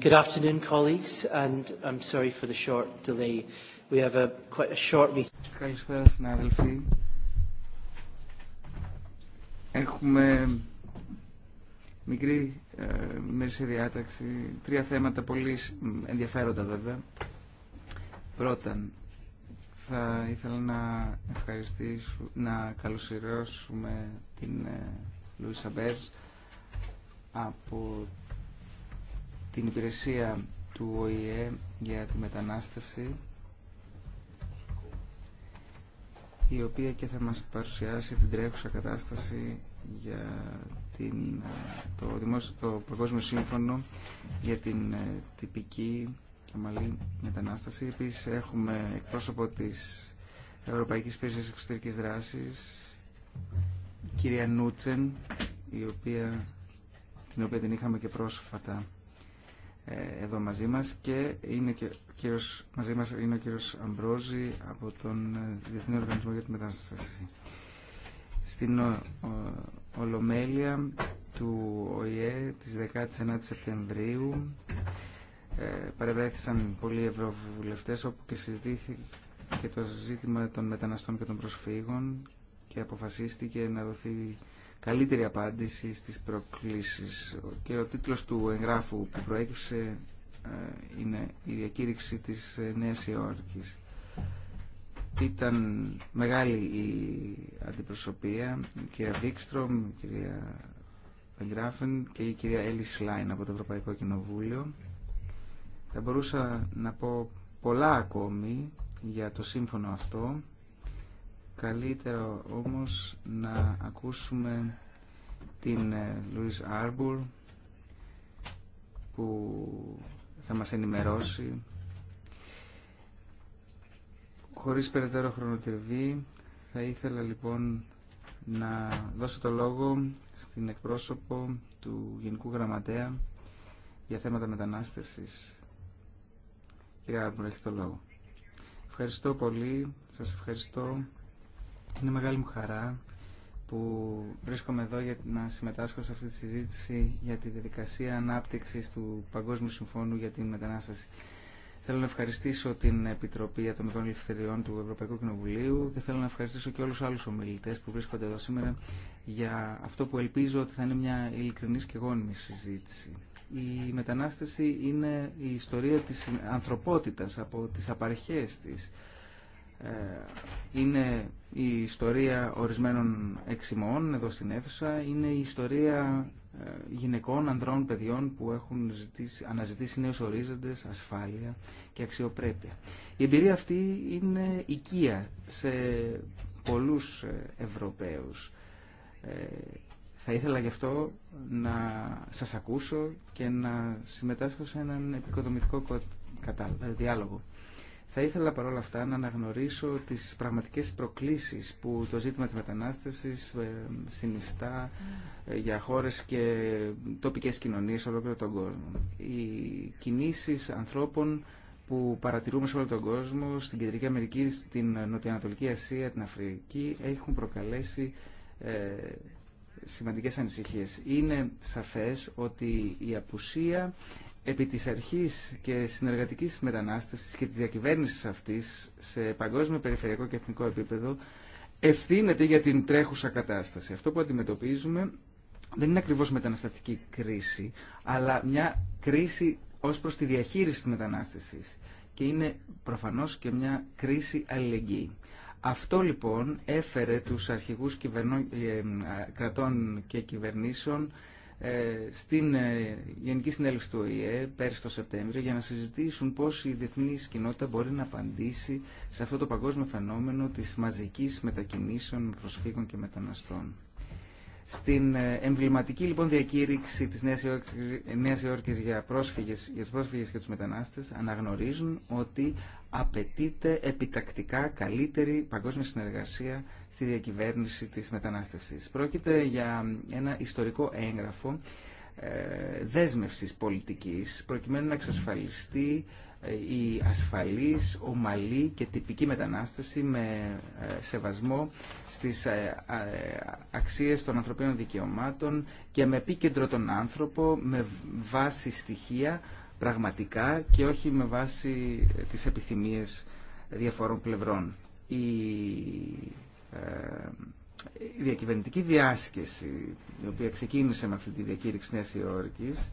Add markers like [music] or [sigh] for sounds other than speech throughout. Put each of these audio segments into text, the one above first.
Good afternoon, colleagues, and I'm sorry for the short delay. We have a quite a short meeting. Καλησπέρα, συνάδελφοι. Έχουμε μικρή ε, μέρη διάταξη. Τρία θέματα πολύ ενδιαφέροντα βέβαια. Πρώτον, θα ήθελα να ευχαριστήσω, να καλωσορίσουμε την ε, Λούισα Μπέρς από την υπηρεσία του ΟΗΕ για τη μετανάστευση η οποία και θα μας παρουσιάσει την τρέχουσα κατάσταση για την, το, δημόσιο, το Παγκόσμιο Σύμφωνο για την ε, τυπική και μετανάσταση. μετανάστευση. Επίσης έχουμε εκπρόσωπο της Ευρωπαϊκής Υπηρεσίας Εξωτερικής Δράσης κυρία Νούτσεν η οποία, την οποία την είχαμε και πρόσφατα εδώ μαζί μας και είναι και ο κύριος, μαζί μας είναι ο κύριος Αμπρόζη από τον Διεθνή Οργανισμό για τη μετανάστευση Στην Ολομέλεια του ΟΗΕ της 19 Σεπτεμβρίου ε, παρευρέθησαν πολλοί ευρωβουλευτές όπου και συζητήθηκε το ζήτημα των μεταναστών και των προσφύγων και αποφασίστηκε να δοθεί καλύτερη απάντηση στις προκλήσεις. Και ο τίτλος του εγγράφου που προέκυψε ε, είναι η διακήρυξη της ε, Νέας Υόρκης. Ήταν μεγάλη η αντιπροσωπεία, η κυρία Βίκστρομ, η κυρία Εγγράφεν και η κυρία Έλλη Σλάιν από το Ευρωπαϊκό Κοινοβούλιο. Θα μπορούσα να πω πολλά ακόμη για το σύμφωνο αυτό Καλύτερο όμως να ακούσουμε την Λουίς ε, Άρμπουρ που θα μας ενημερώσει χωρίς περαιτέρω χρονοτριβή θα ήθελα λοιπόν να δώσω το λόγο στην εκπρόσωπο του Γενικού Γραμματέα για θέματα μετανάστευσης. Κύριε Άρμπουρ, έχει το λόγο. Ευχαριστώ πολύ. Σας ευχαριστώ είναι μεγάλη μου χαρά που βρίσκομαι εδώ για να συμμετάσχω σε αυτή τη συζήτηση για τη διαδικασία ανάπτυξης του Παγκόσμιου Συμφώνου για την Μετανάσταση. Θέλω να ευχαριστήσω την Επιτροπή Ατομικών Ελευθεριών του Ευρωπαϊκού Κοινοβουλίου και θέλω να ευχαριστήσω και όλους τους άλλους ομιλητές που βρίσκονται εδώ σήμερα για αυτό που ελπίζω ότι θα είναι μια ειλικρινής και γόνιμη συζήτηση. Η μετανάσταση είναι η ιστορία της ανθρωπότητα από τις απαρχέ της ε, είναι η ιστορία ορισμένων εξημών εδώ στην αίθουσα, είναι η ιστορία ε, γυναικών, ανδρών, παιδιών που έχουν ζητήσει, αναζητήσει νέους ορίζοντες, ασφάλεια και αξιοπρέπεια. Η εμπειρία αυτή είναι οικία σε πολλούς ε, Ευρωπαίους. θα ήθελα γι' αυτό να σας ακούσω και να συμμετάσχω σε έναν επικοδομητικό διάλογο. Θα ήθελα παρόλα αυτά να αναγνωρίσω τις πραγματικές προκλήσεις που το ζήτημα της μετανάστευσης ε, συνιστά ε, για χώρες και τοπικές κοινωνίες ολόκληρο τον κόσμο. Οι κινήσεις ανθρώπων που παρατηρούμε σε όλο τον κόσμο, στην Κεντρική Αμερική, στην Νοτιοανατολική Ασία, την Αφρική, έχουν προκαλέσει ε, σημαντικές ανησυχίες. Είναι σαφές ότι η απουσία επί της αρχής και συνεργατικής μετανάστευσης και της διακυβέρνηση αυτής σε παγκόσμιο, περιφερειακό και εθνικό επίπεδο ευθύνεται για την τρέχουσα κατάσταση. Αυτό που αντιμετωπίζουμε δεν είναι ακριβώς μεταναστευτική κρίση, αλλά μια κρίση ως προς τη διαχείριση της μετανάστευσης και είναι προφανώς και μια κρίση αλληλεγγύη. Αυτό λοιπόν έφερε τους αρχηγούς ε, ε, κρατών και κυβερνήσεων ε, στην ε, Γενική Συνέλευση του ΟΗΕ πέρυσι το Σεπτέμβριο για να συζητήσουν πώς η διεθνής κοινότητα μπορεί να απαντήσει σε αυτό το παγκόσμιο φαινόμενο της μαζικής μετακινήσεων προσφύγων και μεταναστών. Στην ε, εμβληματική λοιπόν διακήρυξη της Νέας Υόρκης, Νέας για, πρόσφυγες, για τους πρόσφυγες και τους μετανάστες αναγνωρίζουν ότι απαιτείται επιτακτικά καλύτερη παγκόσμια συνεργασία στη διακυβέρνηση της μετανάστευσης. Πρόκειται για ένα ιστορικό έγγραφο ε, δέσμευσης πολιτικής προκειμένου να εξασφαλιστεί ε, η ασφαλής, ομαλή και τυπική μετανάστευση με ε, σεβασμό στις αξίες των ανθρωπίνων δικαιωμάτων και με επίκεντρο τον άνθρωπο, με βάση στοιχεία πραγματικά και όχι με βάση τις επιθυμίες διαφορών πλευρών. Η ε, η διακυβερνητική διάσκεση η οποία ξεκίνησε με αυτή τη διακήρυξη Νέας Υόρκης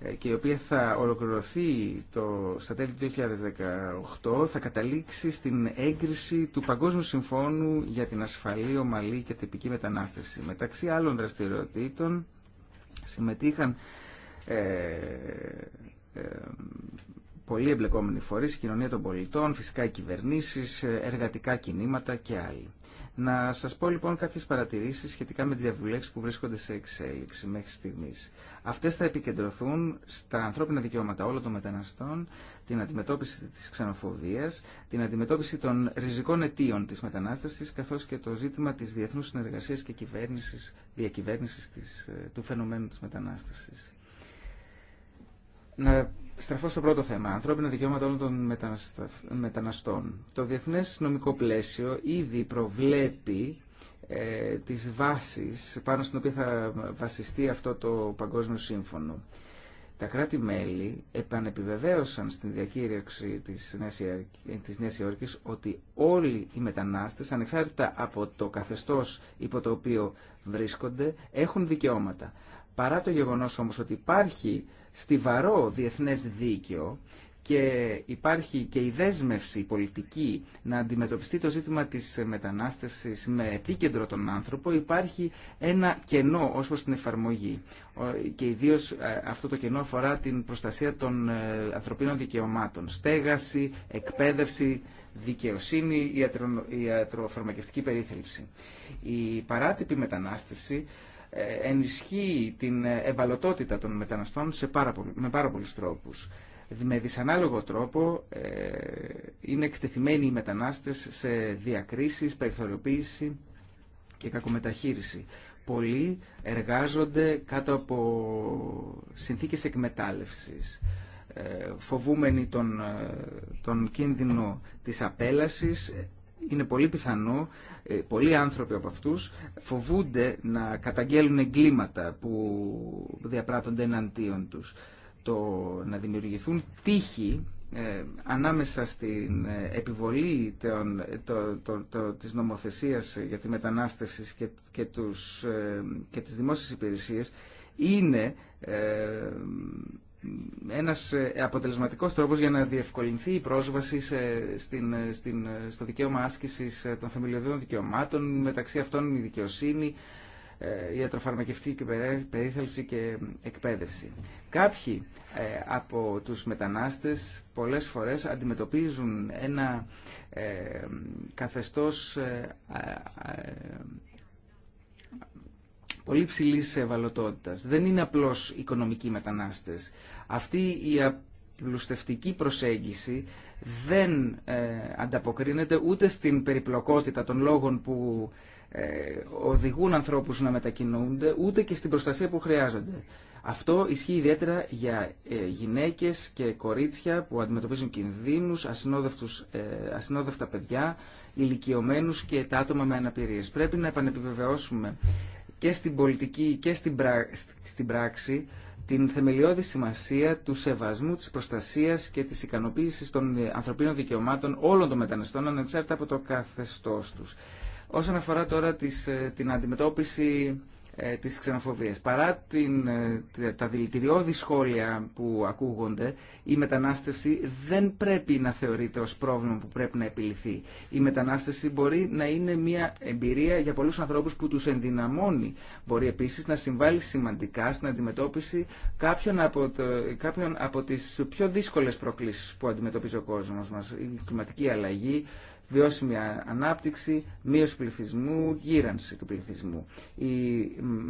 ε, και η οποία θα ολοκληρωθεί το, στα τέλη του 2018 θα καταλήξει στην έγκριση του Παγκόσμιου Συμφώνου για την ασφαλή, ομαλή και τυπική μετανάστευση. Μεταξύ άλλων δραστηριοτήτων συμμετείχαν ε, ε, πολλοί εμπλεκόμενοι φορείς, κοινωνία των πολιτών, φυσικά οι κυβερνήσεις, ε, εργατικά κινήματα και άλλοι. Να σας πω λοιπόν κάποιε παρατηρήσεις σχετικά με τι διαβουλεύσει που βρίσκονται σε εξέλιξη μέχρι στιγμής. Αυτές θα επικεντρωθούν στα ανθρώπινα δικαιώματα όλων των μεταναστών, την αντιμετώπιση της ξενοφοβίας, την αντιμετώπιση των ριζικών αιτίων της μετανάστευση, καθώς και το ζήτημα της διεθνού συνεργασία και διακυβέρνηση ε, του φαινομένου τη μετανάστευση στραφώ στο πρώτο θέμα, ανθρώπινα δικαιώματα όλων των μεταναστών. Το διεθνές νομικό πλαίσιο ήδη προβλέπει ε, τις βάσεις πάνω στην οποία θα βασιστεί αυτό το παγκόσμιο σύμφωνο. Τα κράτη-μέλη επανεπιβεβαίωσαν στην διακήρυξη της Νέα της ότι όλοι οι μετανάστες, ανεξάρτητα από το καθεστώς υπό το οποίο βρίσκονται, έχουν δικαιώματα. Παρά το γεγονός όμως ότι υπάρχει στιβαρό διεθνές δίκαιο και υπάρχει και η δέσμευση πολιτική να αντιμετωπιστεί το ζήτημα της μετανάστευσης με επίκεντρο τον άνθρωπο, υπάρχει ένα κενό ως προς την εφαρμογή. Και ιδίω ε, αυτό το κενό αφορά την προστασία των ε, ανθρωπίνων δικαιωμάτων. Στέγαση, εκπαίδευση, δικαιοσύνη, ιατροφαρμακευτική περίθαλψη. Η παράτυπη μετανάστευση ε, ενισχύει την ε, ευαλωτότητα των μεταναστών σε με πάρα πολλούς τρόπους. Με δυσανάλογο τρόπο ε, είναι εκτεθειμένοι οι μετανάστες σε διακρίσεις, περιθωριοποίηση και κακομεταχείριση. Πολλοί εργάζονται κάτω από συνθήκες εκμετάλλευσης, ε, φοβούμενοι τον, τον κίνδυνο της απέλασης. Είναι πολύ πιθανό ε, πολλοί άνθρωποι από αυτούς φοβούνται να καταγγέλουν εγκλήματα που διαπράττονται εναντίον τους. Το να δημιουργηθούν τύχοι ε, ανάμεσα στην ε, επιβολή των, το, το, της νομοθεσίας για τη μετανάστευση και, και, τους, και τις δημόσιες υπηρεσίες είναι ένας ε, αποτελεσματικός τρόπος για να διευκολυνθεί η πρόσβαση στην, ε, στην, ε, στο δικαίωμα άσκησης των θεμελιωδών δικαιωμάτων, μεταξύ αυτών η δικαιοσύνη, η ιατροφαρμακευτική περίθαλψη και εκπαίδευση. Κάποιοι από τους μετανάστες πολλές φορές αντιμετωπίζουν ένα καθεστώς πολύ ψηλής ευαλωτότητας. Δεν είναι απλώς οικονομικοί μετανάστες. Αυτή η απλουστευτική προσέγγιση δεν ε, ανταποκρίνεται ούτε στην περιπλοκότητα των λόγων που ε, οδηγούν ανθρώπους να μετακινούνται, ούτε και στην προστασία που χρειάζονται. Αυτό ισχύει ιδιαίτερα για ε, γυναίκες και κορίτσια που αντιμετωπίζουν κινδύνους, ασυνόδευτους, ασυνόδευτα παιδιά, ηλικιωμένους και τα άτομα με αναπηρίες. Πρέπει να επανεπιβεβαιώσουμε και στην πολιτική και στην πράξη την θεμελιώδη σημασία του σεβασμού, της προστασίας και της ικανοποίησης των ανθρωπίνων δικαιωμάτων όλων των μεταναστών ανεξάρτητα από το καθεστώς τους. Όσον αφορά τώρα ε, την αντιμετώπιση ε, της ξενοφοβίας. Παρά την, ε, τα δηλητηριώδη σχόλια που ακούγονται, η μετανάστευση δεν πρέπει να θεωρείται ως πρόβλημα που πρέπει να επιληθεί. Η μετανάστευση μπορεί να είναι μια εμπειρία για πολλούς ανθρώπους που τους ενδυναμώνει. Μπορεί επίσης να συμβάλλει σημαντικά στην αντιμετώπιση κάποιων από, το, κάποιων από τις πιο δύσκολες προκλήσεις που αντιμετωπίζει ο κόσμος μας. Η κλιματική αλλαγή, βιώσιμη ανάπτυξη, μείωση πληθυσμού, γύρανση του πληθυσμού. Η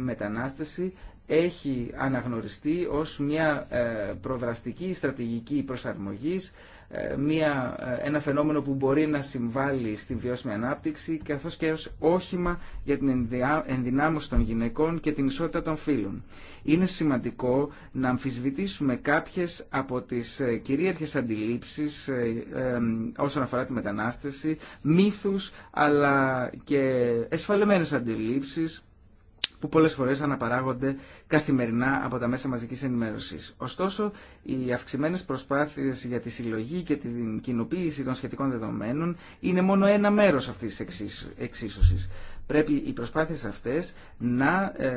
μετανάστευση έχει αναγνωριστεί ως μια ε, προδραστική στρατηγική προσαρμογής, ε, μια, ε, ένα φαινόμενο που μπορεί να συμβάλλει στη βιώσιμη ανάπτυξη καθώς και ως όχημα για την ενδυνάμωση των γυναικών και την ισότητα των φίλων. Είναι σημαντικό να αμφισβητήσουμε κάποιες από τις κυρίαρχες αντιλήψεις όσον αφορά τη μετανάστευση, μύθους αλλά και εσφαλεμένες αντιλήψεις που πολλές φορές αναπαράγονται καθημερινά από τα μέσα μαζικής ενημέρωσης. Ωστόσο, οι αυξημένες προσπάθειες για τη συλλογή και την κοινοποίηση των σχετικών δεδομένων είναι μόνο ένα μέρος αυτής της εξίσωσης. Πρέπει οι προσπάθειες αυτές να ε,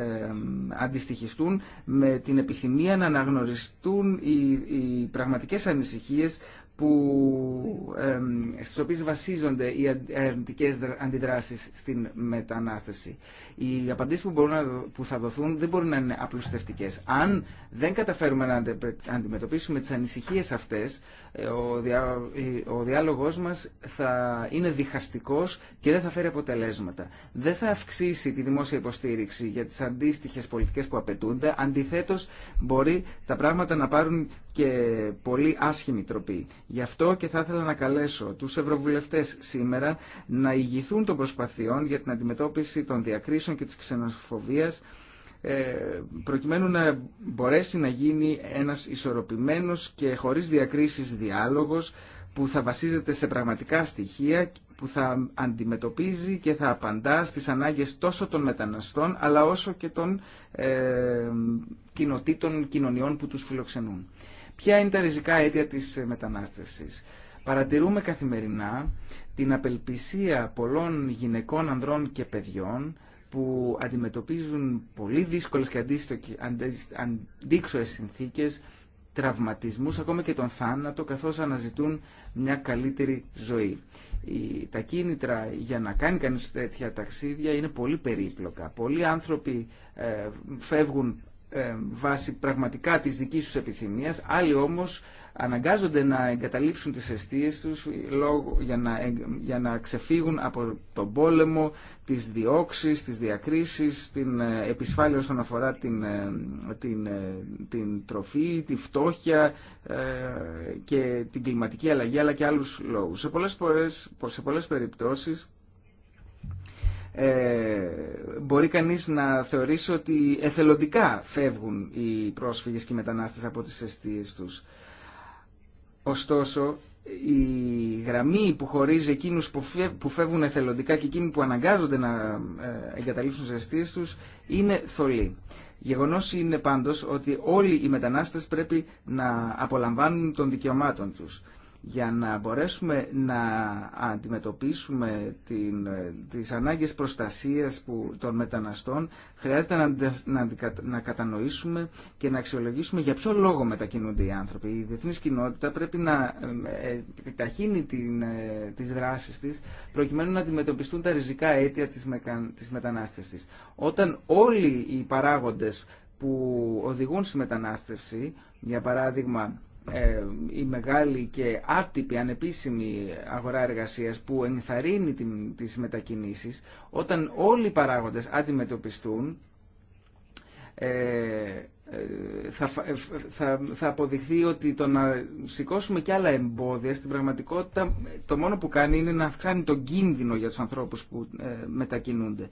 αντιστοιχιστούν με την επιθυμία να αναγνωριστούν οι, οι πραγματικές ανησυχίες που, ε, στις οποίες βασίζονται οι αρνητικέ αντιδράσεις στην μετανάστευση. Οι απαντήσεις που, μπορούν που θα δοθούν δεν μπορούν να είναι απλουστευτικές. Αν δεν καταφέρουμε να αντιμετωπίσουμε τις ανησυχίες αυτές, ο, διά, ο διάλογός μας θα είναι διχαστικός και δεν θα φέρει αποτελέσματα. Δεν θα αυξήσει τη δημόσια υποστήριξη για τις αντίστοιχες πολιτικές που απαιτούνται. Αντιθέτως, μπορεί τα πράγματα να πάρουν και πολύ άσχημη τροπή. Γι' αυτό και θα ήθελα να καλέσω τους ευρωβουλευτές σήμερα να ηγηθούν των προσπαθειών για την αντιμετώπιση των διακρίσεων και της ξενοφοβίας ε, προκειμένου να μπορέσει να γίνει ένας ισορροπημένος και χωρίς διακρίσεις διάλογος που θα βασίζεται σε πραγματικά στοιχεία που θα αντιμετωπίζει και θα απαντά στις ανάγκες τόσο των μεταναστών αλλά όσο και των ε, κοινοτήτων, κοινωνιών που τους φιλοξενούν. Ποια είναι τα ριζικά αίτια της μετανάστευσης. Παρατηρούμε καθημερινά την απελπισία πολλών γυναικών, ανδρών και παιδιών που αντιμετωπίζουν πολύ δύσκολες και αντίξωες συνθήκες, τραυματισμούς, ακόμα και τον θάνατο, καθώς αναζητούν μια καλύτερη ζωή. Τα κίνητρα για να κάνει κανείς τέτοια ταξίδια είναι πολύ περίπλοκα. Πολλοί άνθρωποι ε, φεύγουν ε, βάσει πραγματικά της δικής τους επιθυμίας, άλλοι όμως αναγκάζονται να εγκαταλείψουν τις αιστείες τους για να, για να ξεφύγουν από τον πόλεμο, τις διώξεις, τις διακρίσεις, την ε, επισφάλεια όσον αφορά την, ε, την, ε, την τροφή, τη φτώχεια και την κλιματική αλλαγή αλλά και άλλους λόγους. Σε πολλές, φορές, σε περιπτώσεις μπορεί κανείς να θεωρήσει ότι εθελοντικά φεύγουν οι πρόσφυγες και οι μετανάστες από τις αιστείες τους. Ωστόσο, η γραμμή που χωρίζει εκείνους που φεύγουν εθελοντικά και εκείνοι που αναγκάζονται να ε, εγκαταλείψουν τις τους είναι θολή. Γεγονός είναι πάντως ότι όλοι οι μετανάστες πρέπει να απολαμβάνουν των δικαιωμάτων τους για να μπορέσουμε να αντιμετωπίσουμε την, τις ανάγκες προστασίας που, των μεταναστών χρειάζεται να, κατανοήσουμε και να αξιολογήσουμε για ποιο λόγο μετακινούνται οι άνθρωποι. Η διεθνή κοινότητα πρέπει να ε, επιταχύνει την, ε, τις δράσεις της προκειμένου να αντιμετωπιστούν τα ριζικά αίτια της, της μετανάστευσης. Όταν όλοι οι παράγοντες που οδηγούν στη μετανάστευση, για παράδειγμα ε, η μεγάλη και άτυπη ανεπίσημη αγορά εργασίας που ενθαρρύνει τις μετακινήσεις, όταν όλοι οι παράγοντες αντιμετωπιστούν, ε, ε, θα, θα, θα αποδειχθεί ότι το να σηκώσουμε κι άλλα εμπόδια στην πραγματικότητα το μόνο που κάνει είναι να αυξάνει τον κίνδυνο για τους ανθρώπους που μετακινούνται.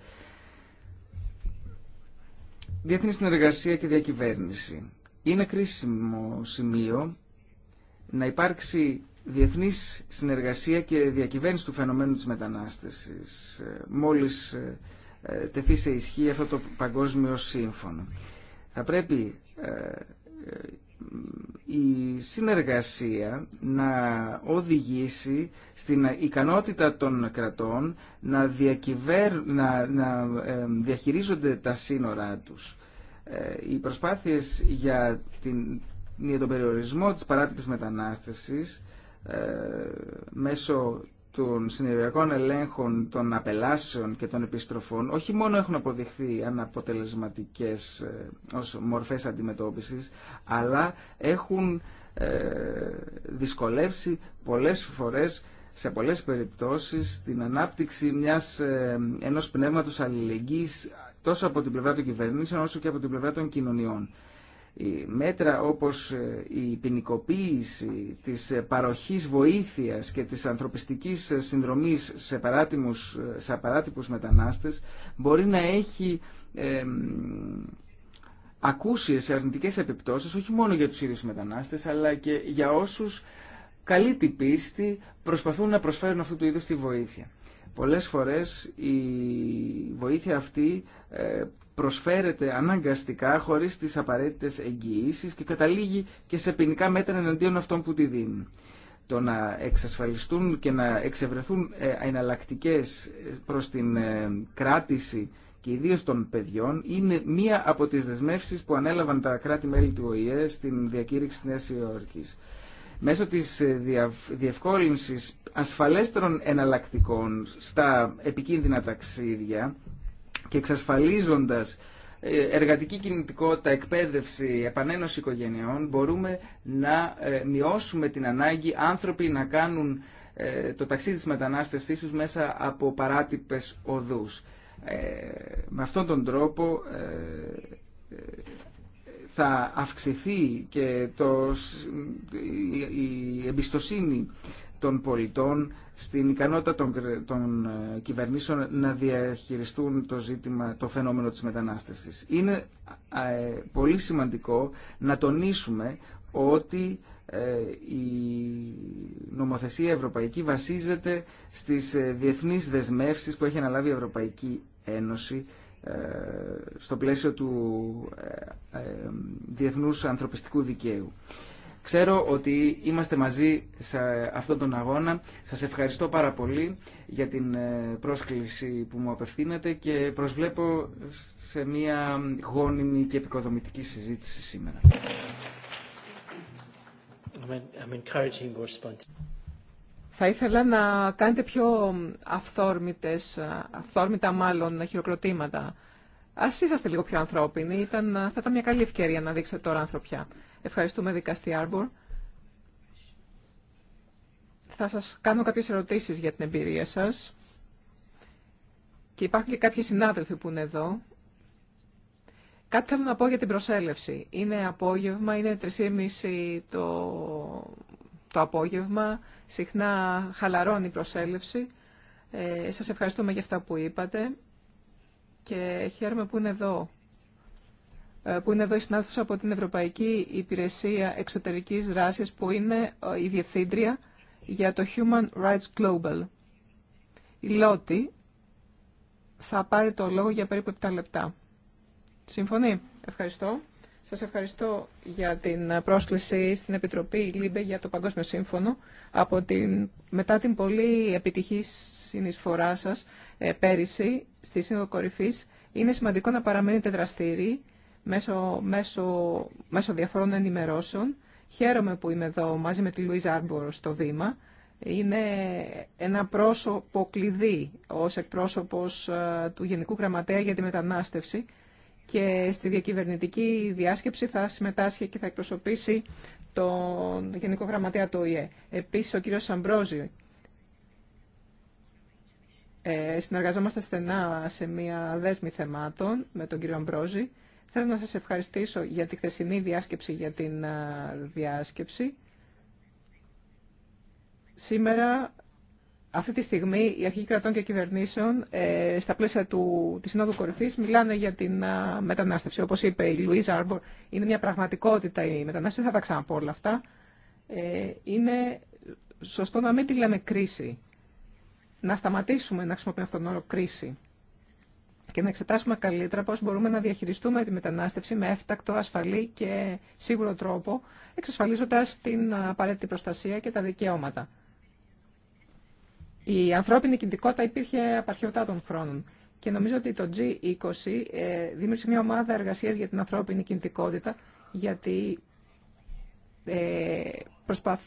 Διεθνή συνεργασία και διακυβέρνηση. Είναι κρίσιμο σημείο να υπάρξει διεθνής συνεργασία και διακυβέρνηση του φαινομένου της μετανάστευσης ε, μόλις ε, ε, τεθεί σε ισχύ αυτό το παγκόσμιο σύμφωνο. Θα πρέπει η συνεργασία να οδηγήσει στην ικανότητα των κρατών να, διακυβέρ, να, διαχειρίζονται τα σύνορά τους. Οι προσπάθειες για την, για τον περιορισμό της παράτυπης μετανάστευσης ε, μέσω των συνεργειακών ελέγχων των απελάσεων και των επιστροφών όχι μόνο έχουν αποδειχθεί αναποτελεσματικές ε, ως μορφές αντιμετώπισης αλλά έχουν ε, δυσκολεύσει πολλές φορές σε πολλές περιπτώσεις την ανάπτυξη μιας, ε, ενός πνεύματος αλληλεγγύης τόσο από την πλευρά των κυβερνήσεων όσο και από την πλευρά των κοινωνιών μέτρα όπως ε, η ποινικοποίηση της ε, παροχής βοήθειας και της ανθρωπιστικής ε, συνδρομής σε, παράτιμους, σε μετανάστες μπορεί να έχει ε, ακούσιες αρνητικές επιπτώσεις όχι μόνο για τους ίδιους μετανάστες αλλά και για όσους καλή την πίστη προσπαθούν να προσφέρουν αυτού του είδους τη βοήθεια. Πολλές φορές η βοήθεια αυτή προσφέρεται αναγκαστικά χωρίς τις απαραίτητες εγγυήσει και καταλήγει και σε ποινικά μέτρα εναντίον αυτών που τη δίνουν. Το να εξασφαλιστούν και να εξευρεθούν ε, εναλλακτικέ ε, προς την ε, κράτηση και ιδίως των παιδιών είναι μία από τις δεσμεύσει που ανέλαβαν τα κράτη-μέλη του ΟΗΕ στην διακήρυξη της Νέα Υόρκη. Μέσω της διευκόλυνση ασφαλέστερων εναλλακτικών στα επικίνδυνα ταξίδια και εξασφαλίζοντας ε, εργατική κινητικότητα, εκπαίδευση, επανένωση οικογενειών, μπορούμε να ε, μειώσουμε την ανάγκη άνθρωποι να κάνουν ε, το ταξίδι της μετανάστευσής τους μέσα από παράτυπες οδούς. Με αυτόν τον τρόπο θα αυξηθεί και το, η εμπιστοσύνη των πολιτών στην ικανότητα των, των ε, κυβερνήσεων να διαχειριστούν το ζήτημα, το φαινόμενο της μετανάστευσης. Είναι ε, πολύ σημαντικό να τονίσουμε ότι ε, η νομοθεσία ευρωπαϊκή βασίζεται στις διεθνείς δεσμεύσεις που έχει αναλάβει η Ευρωπαϊκή Ένωση στο πλαίσιο του διεθνούς ανθρωπιστικού δικαίου. Ξέρω ότι είμαστε μαζί σε αυτόν τον αγώνα. Σας ευχαριστώ πάρα πολύ για την ε, πρόσκληση που μου απευθύνατε και προσβλέπω σε μια γόνιμη και επικοδομητική συζήτηση σήμερα. Θα ήθελα να κάνετε πιο αυθόρμητες, ε, αυθόρμητα μάλλον χειροκροτήματα. Ας είσαστε λίγο πιο ανθρώπινοι, ήταν, θα ήταν μια καλή ευκαιρία να δείξετε τώρα ανθρωπιά. Ευχαριστούμε, δικαστή Άρμπορ. Θα σας κάνω κάποιες ερωτήσεις για την εμπειρία σας. Και υπάρχουν και κάποιοι συνάδελφοι που είναι εδώ. Κάτι θέλω να πω για την προσέλευση. Είναι απόγευμα, είναι 3.30 το, το απόγευμα. Συχνά χαλαρώνει η προσέλευση. Ε, σας ευχαριστούμε για αυτά που είπατε και χαίρομαι που είναι εδώ ε, που είναι εδώ η συνάδελφος από την Ευρωπαϊκή Υπηρεσία Εξωτερικής Δράσης, που είναι ε, η Διευθύντρια για το Human Rights Global. Η Λότη θα πάρει το λόγο για περίπου 7 λεπτά. Συμφωνεί. Ευχαριστώ. Σας ευχαριστώ για την πρόσκληση στην Επιτροπή ΛΥΜΠΕ για το Παγκόσμιο Σύμφωνο. Από την, μετά την πολύ επιτυχή συνεισφορά σας ε, πέρυσι στη Σύνοδο Κορυφής, είναι σημαντικό να παραμένετε δραστήριοι μέσω, μέσω, μέσω διαφορών ενημερώσεων. Χαίρομαι που είμαι εδώ μαζί με τη Λουίζα Άρμπορ στο Δήμα. Είναι ένα πρόσωπο κλειδί ως εκπρόσωπος ε, του Γενικού Γραμματέα για τη Μετανάστευση και στη διακυβερνητική διάσκεψη θα συμμετάσχει και θα εκπροσωπήσει τον Γενικό Γραμματέα του ΟΗΕ. Επίσης, ο κύριος Σαμπρόζιο. Ε, συνεργαζόμαστε στενά σε μια δέσμη θεμάτων με τον κύριο Αμπρόζη Θέλω να σας ευχαριστήσω για τη χθεσινή διάσκεψη, για την διάσκεψη. Σήμερα, αυτή τη στιγμή, οι αρχηγοί κρατών και κυβερνήσεων, ε, στα πλαίσια του, της Συνόδου Κορυφής, μιλάνε για την μετανάστευση. Όπως είπε η Λουίζα Άρμπορ, είναι μια πραγματικότητα η μετανάστευση, δεν θα τα ξαναπώ όλα αυτά. Ε, είναι σωστό να μην τη λέμε κρίση. Να σταματήσουμε να χρησιμοποιούμε αυτόν τον όρο κρίση και να εξετάσουμε καλύτερα πώς μπορούμε να διαχειριστούμε τη μετανάστευση με έφτακτο, ασφαλή και σίγουρο τρόπο, εξασφαλίζοντας την απαραίτητη προστασία και τα δικαιώματα. Η ανθρώπινη κινητικότητα υπήρχε απαρχαιωτά των χρόνων. Και νομίζω ότι το G20 ε, δημιούργησε μια ομάδα εργασίας για την ανθρώπινη κινητικότητα, γιατί ε, προσπαθ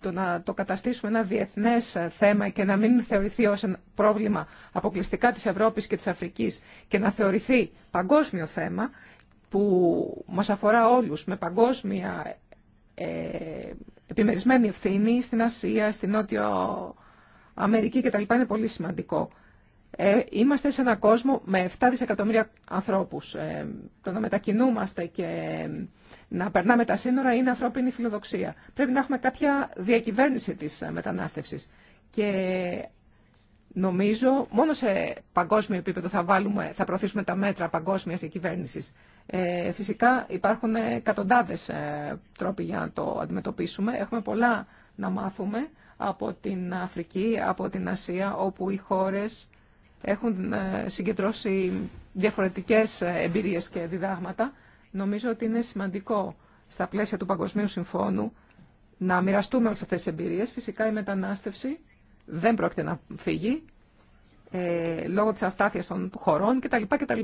το να το καταστήσουμε ένα διεθνές θέμα και να μην θεωρηθεί ως ένα πρόβλημα αποκλειστικά της Ευρώπης και της Αφρικής και να θεωρηθεί παγκόσμιο θέμα που μας αφορά όλους με παγκόσμια ε, επιμερισμένη ευθύνη στην Ασία, στην Νότιο Αμερική κτλ. είναι πολύ σημαντικό. Ε, είμαστε σε έναν κόσμο με 7 δισεκατομμύρια ανθρώπους. Ε, το να μετακινούμαστε και να περνάμε τα σύνορα είναι ανθρώπινη φιλοδοξία. Πρέπει να έχουμε κάποια διακυβέρνηση της ε, μετανάστευσης. Και νομίζω μόνο σε παγκόσμιο επίπεδο θα, βάλουμε, θα προωθήσουμε τα μέτρα παγκόσμιας διακυβέρνησης. Ε, φυσικά υπάρχουν εκατοντάδες τρόποι για να το αντιμετωπίσουμε. Έχουμε πολλά να μάθουμε από την Αφρική, από την Ασία, όπου οι χώρες έχουν ε, συγκεντρώσει διαφορετικές ε, εμπειρίες και διδάγματα. Νομίζω ότι είναι σημαντικό στα πλαίσια του Παγκοσμίου Συμφώνου να μοιραστούμε όλες αυτές τις εμπειρίες. Φυσικά η μετανάστευση δεν πρόκειται να φύγει ε, λόγω της αστάθειας των χωρών κτλ. κτλ.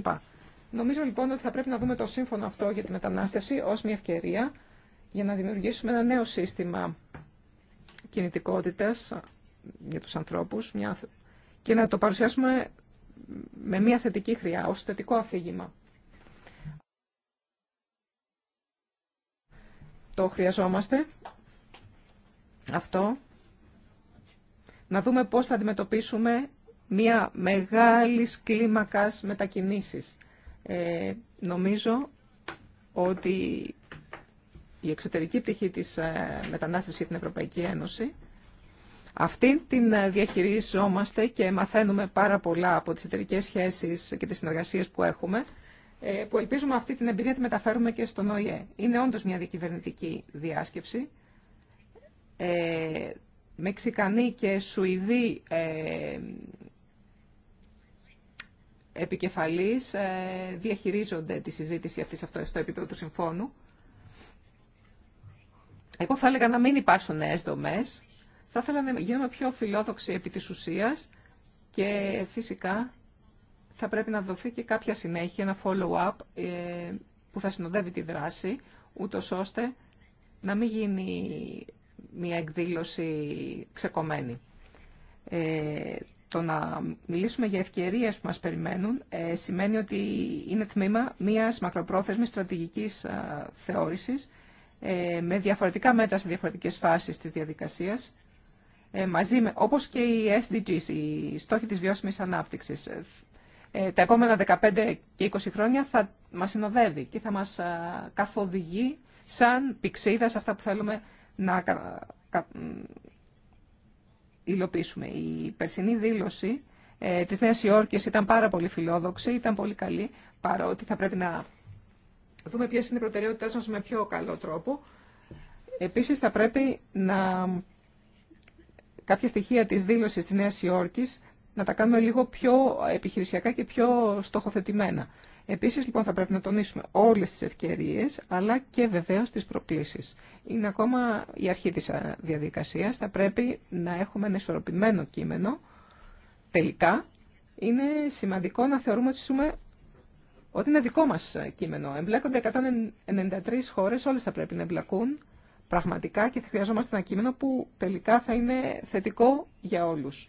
Νομίζω λοιπόν ότι θα πρέπει να δούμε το σύμφωνο αυτό για τη μετανάστευση ως μια ευκαιρία για να δημιουργήσουμε ένα νέο σύστημα κινητικότητας για τους ανθρώπους, μια και να το παρουσιάσουμε με μια θετική χρειά, ως θετικό αφήγημα. Το χρειαζόμαστε αυτό. Να δούμε πώς θα αντιμετωπίσουμε μια μεγάλη κλίμακας μετακινήσεις. Ε, νομίζω ότι η εξωτερική πτυχή της ε, μετανάστευσης για την Ευρωπαϊκή Ένωση αυτή την ε, διαχειριζόμαστε και μαθαίνουμε πάρα πολλά από τις εταιρικέ σχέσεις και τις συνεργασίες που έχουμε, ε, που ελπίζουμε αυτή την εμπειρία τη μεταφέρουμε και στον ΟΗΕ. Είναι όντως μια διακυβερνητική διάσκεψη. Ε, Μεξικανοί και Σουηδοί ε, επικεφαλής ε, διαχειρίζονται τη συζήτηση αυτή στο επίπεδο του συμφώνου. Εγώ θα έλεγα να μην υπάρξουν νέες δομές, θα ήθελα να γίνουμε πιο φιλόδοξοι επί της ουσίας και φυσικά θα πρέπει να δοθεί και κάποια συνέχεια, ένα follow-up ε, που θα συνοδεύει τη δράση, ούτω ώστε να μην γίνει μια εκδήλωση ξεκομμένη. Ε, το να μιλήσουμε για ευκαιρίες που μας περιμένουν ε, σημαίνει ότι είναι τμήμα μιας μακροπρόθεσμης στρατηγικής ε, θεώρησης ε, με διαφορετικά μέτρα σε διαφορετικές φάσεις της διαδικασίας ε, μαζί με, όπως και οι SDGs, οι στόχοι της βιώσιμης ανάπτυξης, ε, ε, τα επόμενα 15 και 20 χρόνια θα μας συνοδεύει και θα μας καθοδηγεί σαν πηξίδα σε αυτά που θέλουμε να υλοποιήσουμε. Η περσινή δήλωση ε, της Νέας Υόρκης ήταν πάρα πολύ φιλόδοξη, ήταν πολύ καλή, παρότι θα πρέπει να δούμε ποιες είναι οι προτεραιότητες μας με πιο καλό τρόπο. Επίσης θα πρέπει να κάποια στοιχεία της δήλωσης της Νέας Υόρκης να τα κάνουμε λίγο πιο επιχειρησιακά και πιο στοχοθετημένα. Επίσης, λοιπόν, θα πρέπει να τονίσουμε όλες τις ευκαιρίες, αλλά και βεβαίως τις προκλήσεις. Είναι ακόμα η αρχή της διαδικασίας. Θα πρέπει να έχουμε ένα ισορροπημένο κείμενο. Τελικά, είναι σημαντικό να θεωρούμε ότι είναι δικό μας κείμενο. Εμπλέκονται 193 χώρες, όλες θα πρέπει να εμπλακούν πραγματικά και χρειαζόμαστε ένα κείμενο που τελικά θα είναι θετικό για όλους.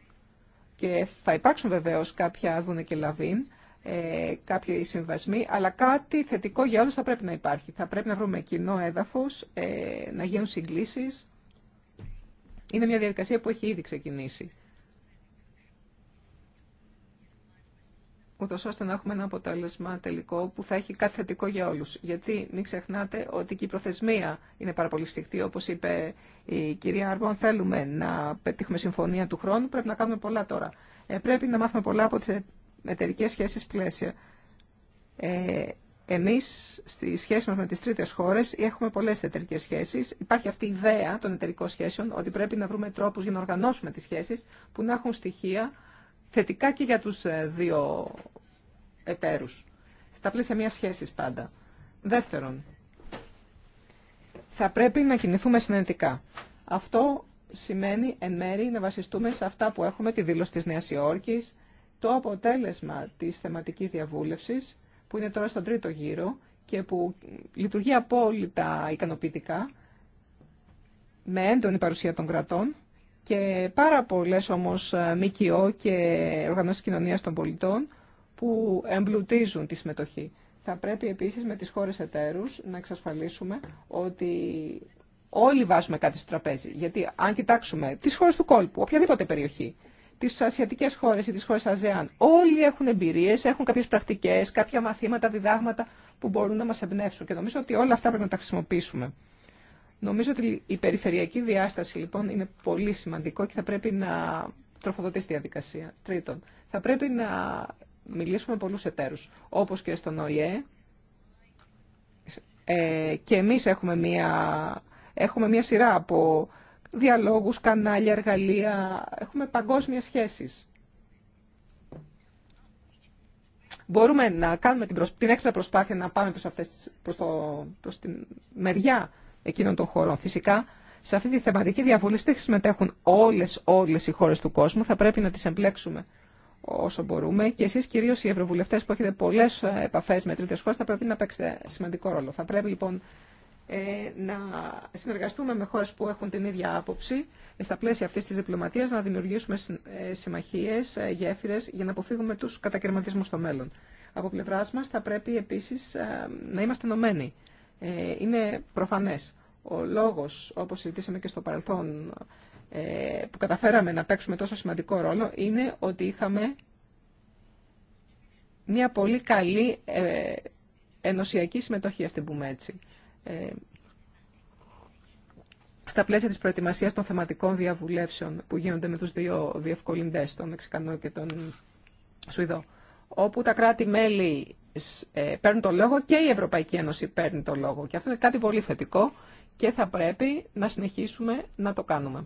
Και θα υπάρξουν βεβαίως κάποια δούνε και λαβήν, ε, κάποιοι συμβασμοί, αλλά κάτι θετικό για όλους θα πρέπει να υπάρχει. Θα πρέπει να βρούμε κοινό έδαφος, ε, να γίνουν συγκλήσεις. Είναι μια διαδικασία που έχει ήδη ξεκινήσει. ούτως ώστε να έχουμε ένα αποτέλεσμα τελικό που θα έχει κάτι θετικό για όλους. Γιατί μην ξεχνάτε ότι και η προθεσμία είναι πάρα πολύ σφιχτή. Όπως είπε η κυρία Αν θέλουμε να πετύχουμε συμφωνία του χρόνου, πρέπει να κάνουμε πολλά τώρα. Ε, πρέπει να μάθουμε πολλά από τις εταιρικέ σχέσεις πλαίσια. Ε, εμείς στη σχέση μας με τις τρίτες χώρες έχουμε πολλές εταιρικές σχέσεις. Υπάρχει αυτή η ιδέα των εταιρικών σχέσεων ότι πρέπει να βρούμε τρόπους για να οργανώσουμε τις σχέσεις που να έχουν στοιχεία θετικά και για τους ε, δύο εταίρους. Στα πλαίσια μια σχέση πάντα. Δεύτερον, θα πρέπει να κινηθούμε συνεντικά. Αυτό σημαίνει εν μέρη να βασιστούμε σε αυτά που έχουμε τη δήλωση της Νέας Υόρκης, το αποτέλεσμα της θεματικής διαβούλευσης, που είναι τώρα στον τρίτο γύρο και που λειτουργεί απόλυτα ικανοποιητικά, με έντονη παρουσία των κρατών, και πάρα πολλές όμως ε, ΜΚΟ και οργανώσεις κοινωνίας των πολιτών που εμπλουτίζουν τη συμμετοχή. Θα πρέπει επίσης με τις χώρες εταίρους να εξασφαλίσουμε ότι όλοι βάζουμε κάτι στο τραπέζι. Γιατί αν κοιτάξουμε τις χώρες του κόλπου, οποιαδήποτε περιοχή, τις ασιατικές χώρες ή τις χώρες ΑΖΕΑΝ, όλοι έχουν εμπειρίες, έχουν κάποιες πρακτικές, κάποια μαθήματα, διδάγματα που μπορούν να μας εμπνεύσουν. Και νομίζω ότι όλα αυτά πρέπει να τα χρησιμοποιήσουμε. Νομίζω ότι η περιφερειακή διάσταση λοιπόν είναι πολύ σημαντικό και θα πρέπει να τροφοδοτήσει τη διαδικασία. Τρίτον, θα πρέπει να μιλήσουμε με πολλούς εταίρους, όπως και στον ΟΗΕ. Ε, και εμείς έχουμε μία, έχουμε μία σειρά από διαλόγους, κανάλια, εργαλεία, έχουμε παγκόσμιες σχέσεις. Μπορούμε να κάνουμε την, προσ... την έξτρα προσπάθεια να πάμε προς, αυτές, προς, το... προς την μεριά εκείνων των χωρών. Φυσικά, σε αυτή τη θεματική διαβολή δεν συμμετέχουν όλε όλες οι χώρε του κόσμου. Θα πρέπει να τι εμπλέξουμε όσο μπορούμε. Και εσεί κυρίω οι ευρωβουλευτέ που έχετε πολλέ ε, επαφέ με τρίτες χώρε, θα πρέπει να παίξετε σημαντικό ρόλο. Θα πρέπει λοιπόν ε, να συνεργαστούμε με χώρε που έχουν την ίδια άποψη στα πλαίσια αυτή τη διπλωματία, να δημιουργήσουμε ε, συμμαχίε, γέφυρε για να αποφύγουμε του κατακαιρματισμού στο μέλλον. Από πλευρά μα θα πρέπει επίση να είμαστε ενωμένοι ε, είναι προφανές. Ο λόγος, όπως συζητήσαμε και στο παρελθόν, ε, που καταφέραμε να παίξουμε τόσο σημαντικό ρόλο, είναι ότι είχαμε μια πολύ καλή ε, ενωσιακή συμμετοχή, στην πούμε έτσι, στα πλαίσια της προετοιμασίας των θεματικών διαβουλεύσεων που γίνονται με τους δύο διευκολυντές, τον Μεξικανό και τον Σουηδό όπου τα κράτη-μέλη ε, παίρνουν το λόγο και η Ευρωπαϊκή Ένωση παίρνει το λόγο. Και αυτό είναι κάτι πολύ θετικό και θα πρέπει να συνεχίσουμε να το κάνουμε.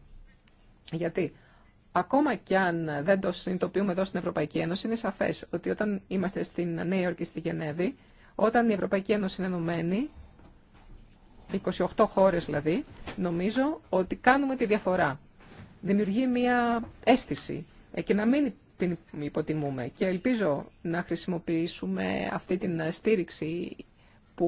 Γιατί ακόμα κι αν δεν το συνειδητοποιούμε εδώ στην Ευρωπαϊκή Ένωση, είναι σαφές ότι όταν είμαστε στην Νέα Υόρκη, στη Γενέβη, όταν η Ευρωπαϊκή Ένωση είναι ενωμένη, 28 χώρες δηλαδή, νομίζω ότι κάνουμε τη διαφορά. Δημιουργεί μια αίσθηση ε, και να μην την υποτιμούμε. Και ελπίζω να χρησιμοποιήσουμε αυτή την στήριξη που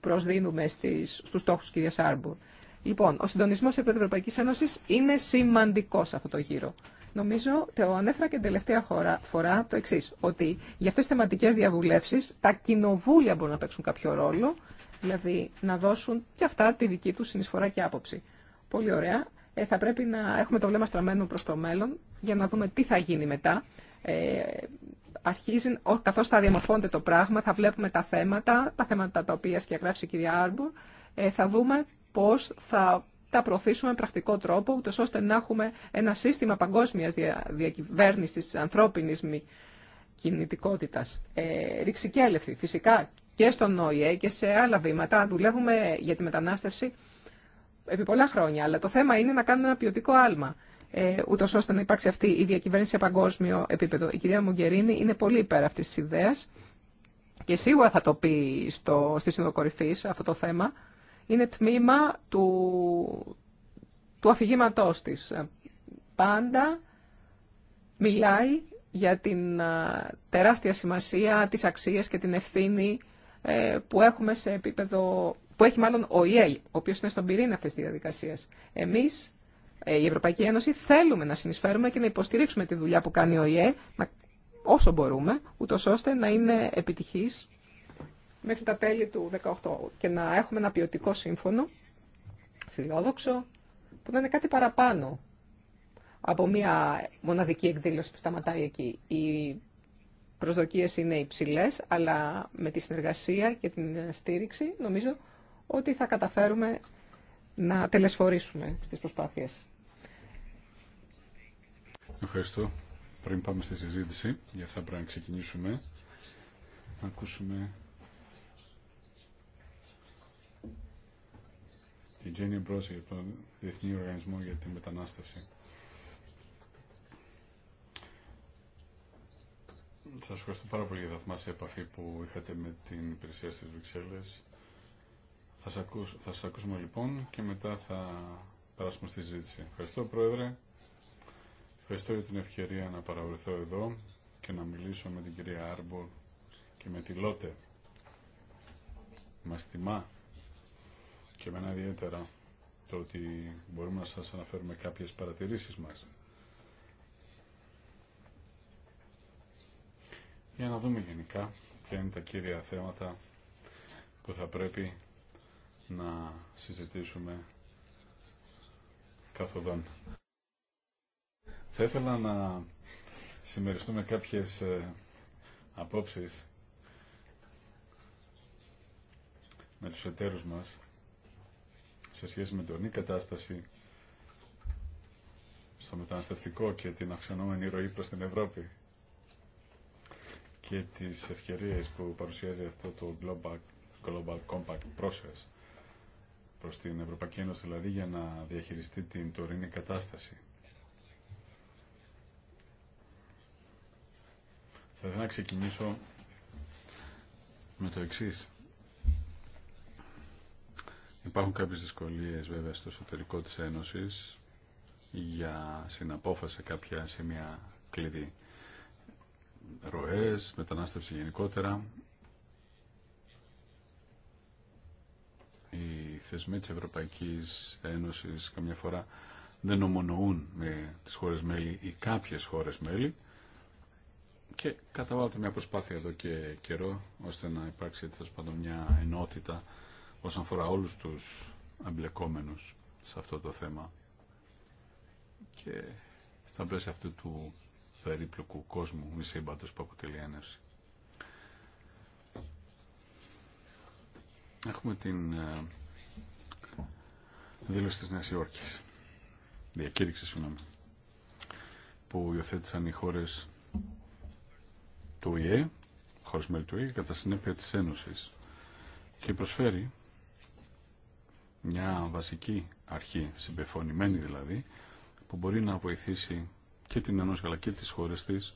προσδίνουμε στις, στους στόχους κυρίας Άρμπουρ. Λοιπόν, ο συντονισμό τη Ευρωπαϊκή Ένωση είναι σημαντικό σε αυτό το γύρο. Νομίζω, το ανέφερα και την τελευταία φορά το εξή, ότι για αυτέ τι θεματικέ διαβουλεύσει τα κοινοβούλια μπορούν να παίξουν κάποιο ρόλο, δηλαδή να δώσουν και αυτά τη δική του συνεισφορά και άποψη. Πολύ ωραία. Ε, θα πρέπει να έχουμε το βλέμμα στραμμένο προς το μέλλον για να δούμε τι θα γίνει μετά. Ε, αρχίζει, καθώς θα διαμορφώνεται το πράγμα, θα βλέπουμε τα θέματα, τα θέματα τα οποία σκιαγράφησε η κυρία Άρμπορ, ε, θα δούμε πώς θα τα προωθήσουμε με πρακτικό τρόπο, ούτω ώστε να έχουμε ένα σύστημα παγκόσμιας διακυβέρνησης της ανθρώπινης κινητικότητας. Ε, έλευση, φυσικά, και στον ΟΗΕ και σε άλλα βήματα. Δουλεύουμε για τη μετανάστευση επί πολλά χρόνια. Αλλά το θέμα είναι να κάνουμε ένα ποιοτικό άλμα, ε, ούτω ώστε να υπάρξει αυτή η διακυβέρνηση σε παγκόσμιο επίπεδο. Η κυρία Μουγκερίνη είναι πολύ υπέρ αυτή τη ιδέα και σίγουρα θα το πει στο, στη Σύνοδο αυτό το θέμα. Είναι τμήμα του, του αφηγήματό τη. Πάντα μιλάει για την ε, τεράστια σημασία, τις αξίες και την ευθύνη ε, που έχουμε σε επίπεδο που έχει μάλλον ο ΙΕΛ, ο οποίο είναι στον πυρήνα αυτή τη διαδικασία. Εμεί, ε, η Ευρωπαϊκή Ένωση, θέλουμε να συνεισφέρουμε και να υποστηρίξουμε τη δουλειά που κάνει ο ΙΕΛ όσο μπορούμε, ούτω ώστε να είναι επιτυχής μέχρι τα τέλη του 2018 και να έχουμε ένα ποιοτικό σύμφωνο, φιλόδοξο, που να είναι κάτι παραπάνω από μια μοναδική εκδήλωση που σταματάει εκεί. Οι προσδοκίες είναι υψηλές, αλλά με τη συνεργασία και την στήριξη νομίζω ότι θα καταφέρουμε να τελεσφορήσουμε στις προσπάθειες. Ευχαριστώ. Πριν πάμε στη συζήτηση, για θα πρέπει να ξεκινήσουμε, να ακούσουμε την Τζένια Μπρόση για τον Διεθνή Οργανισμό για την Μετανάστευση. Σας ευχαριστώ πάρα πολύ για τη θαυμάσια επαφή που είχατε με την υπηρεσία στις Βρυξέλλες θα σας, ακούσουμε, λοιπόν και μετά θα περάσουμε στη ζήτηση. Ευχαριστώ Πρόεδρε. Ευχαριστώ για την ευκαιρία να παραβρεθώ εδώ και να μιλήσω με την κυρία Άρμπορ και με τη Λότε. Μας τιμά και εμένα ιδιαίτερα το ότι μπορούμε να σας αναφέρουμε κάποιες παρατηρήσεις μας. Για να δούμε γενικά ποια είναι τα κύρια θέματα που θα πρέπει να συζητήσουμε καθοδόν. Θα ήθελα να συμμεριστούμε κάποιες ε, απόψεις με τους εταίρους μας σε σχέση με την κατάσταση στο μεταναστευτικό και την αυξανόμενη ροή προς την Ευρώπη και τις ευκαιρίες που παρουσιάζει αυτό το Global Compact Process προς την Ευρωπαϊκή Ένωση, δηλαδή για να διαχειριστεί την τωρινή κατάσταση. Θα ήθελα να ξεκινήσω με το εξή. Υπάρχουν κάποιες δυσκολίες βέβαια στο εσωτερικό της Ένωσης για συναπόφαση κάποια μια κλειδί. Ροές, μετανάστευση γενικότερα, θεσμοί της Ευρωπαϊκής Ένωσης καμιά φορά δεν ομονοούν με τις χώρες μέλη ή κάποιες χώρες μέλη και καταβάλλεται μια προσπάθεια εδώ και καιρό ώστε να υπάρξει έτσι μια ενότητα όσον αφορά όλους τους εμπλεκόμενους σε αυτό το θέμα και στα πλαίσια αυτού του περίπλοκου κόσμου μη σύμπαντος που αποτελεί Έχουμε την ε, δήλωση της Νέας Υόρκης, διακήρυξη συγγνώμη, που υιοθέτησαν οι χώρες του ΙΕ χώρες μέλη του ΙΕ κατά συνέπεια της Ένωσης και προσφέρει μια βασική αρχή, συμπεφωνημένη δηλαδή, που μπορεί να βοηθήσει και την Ένωση αλλά και τις χώρες της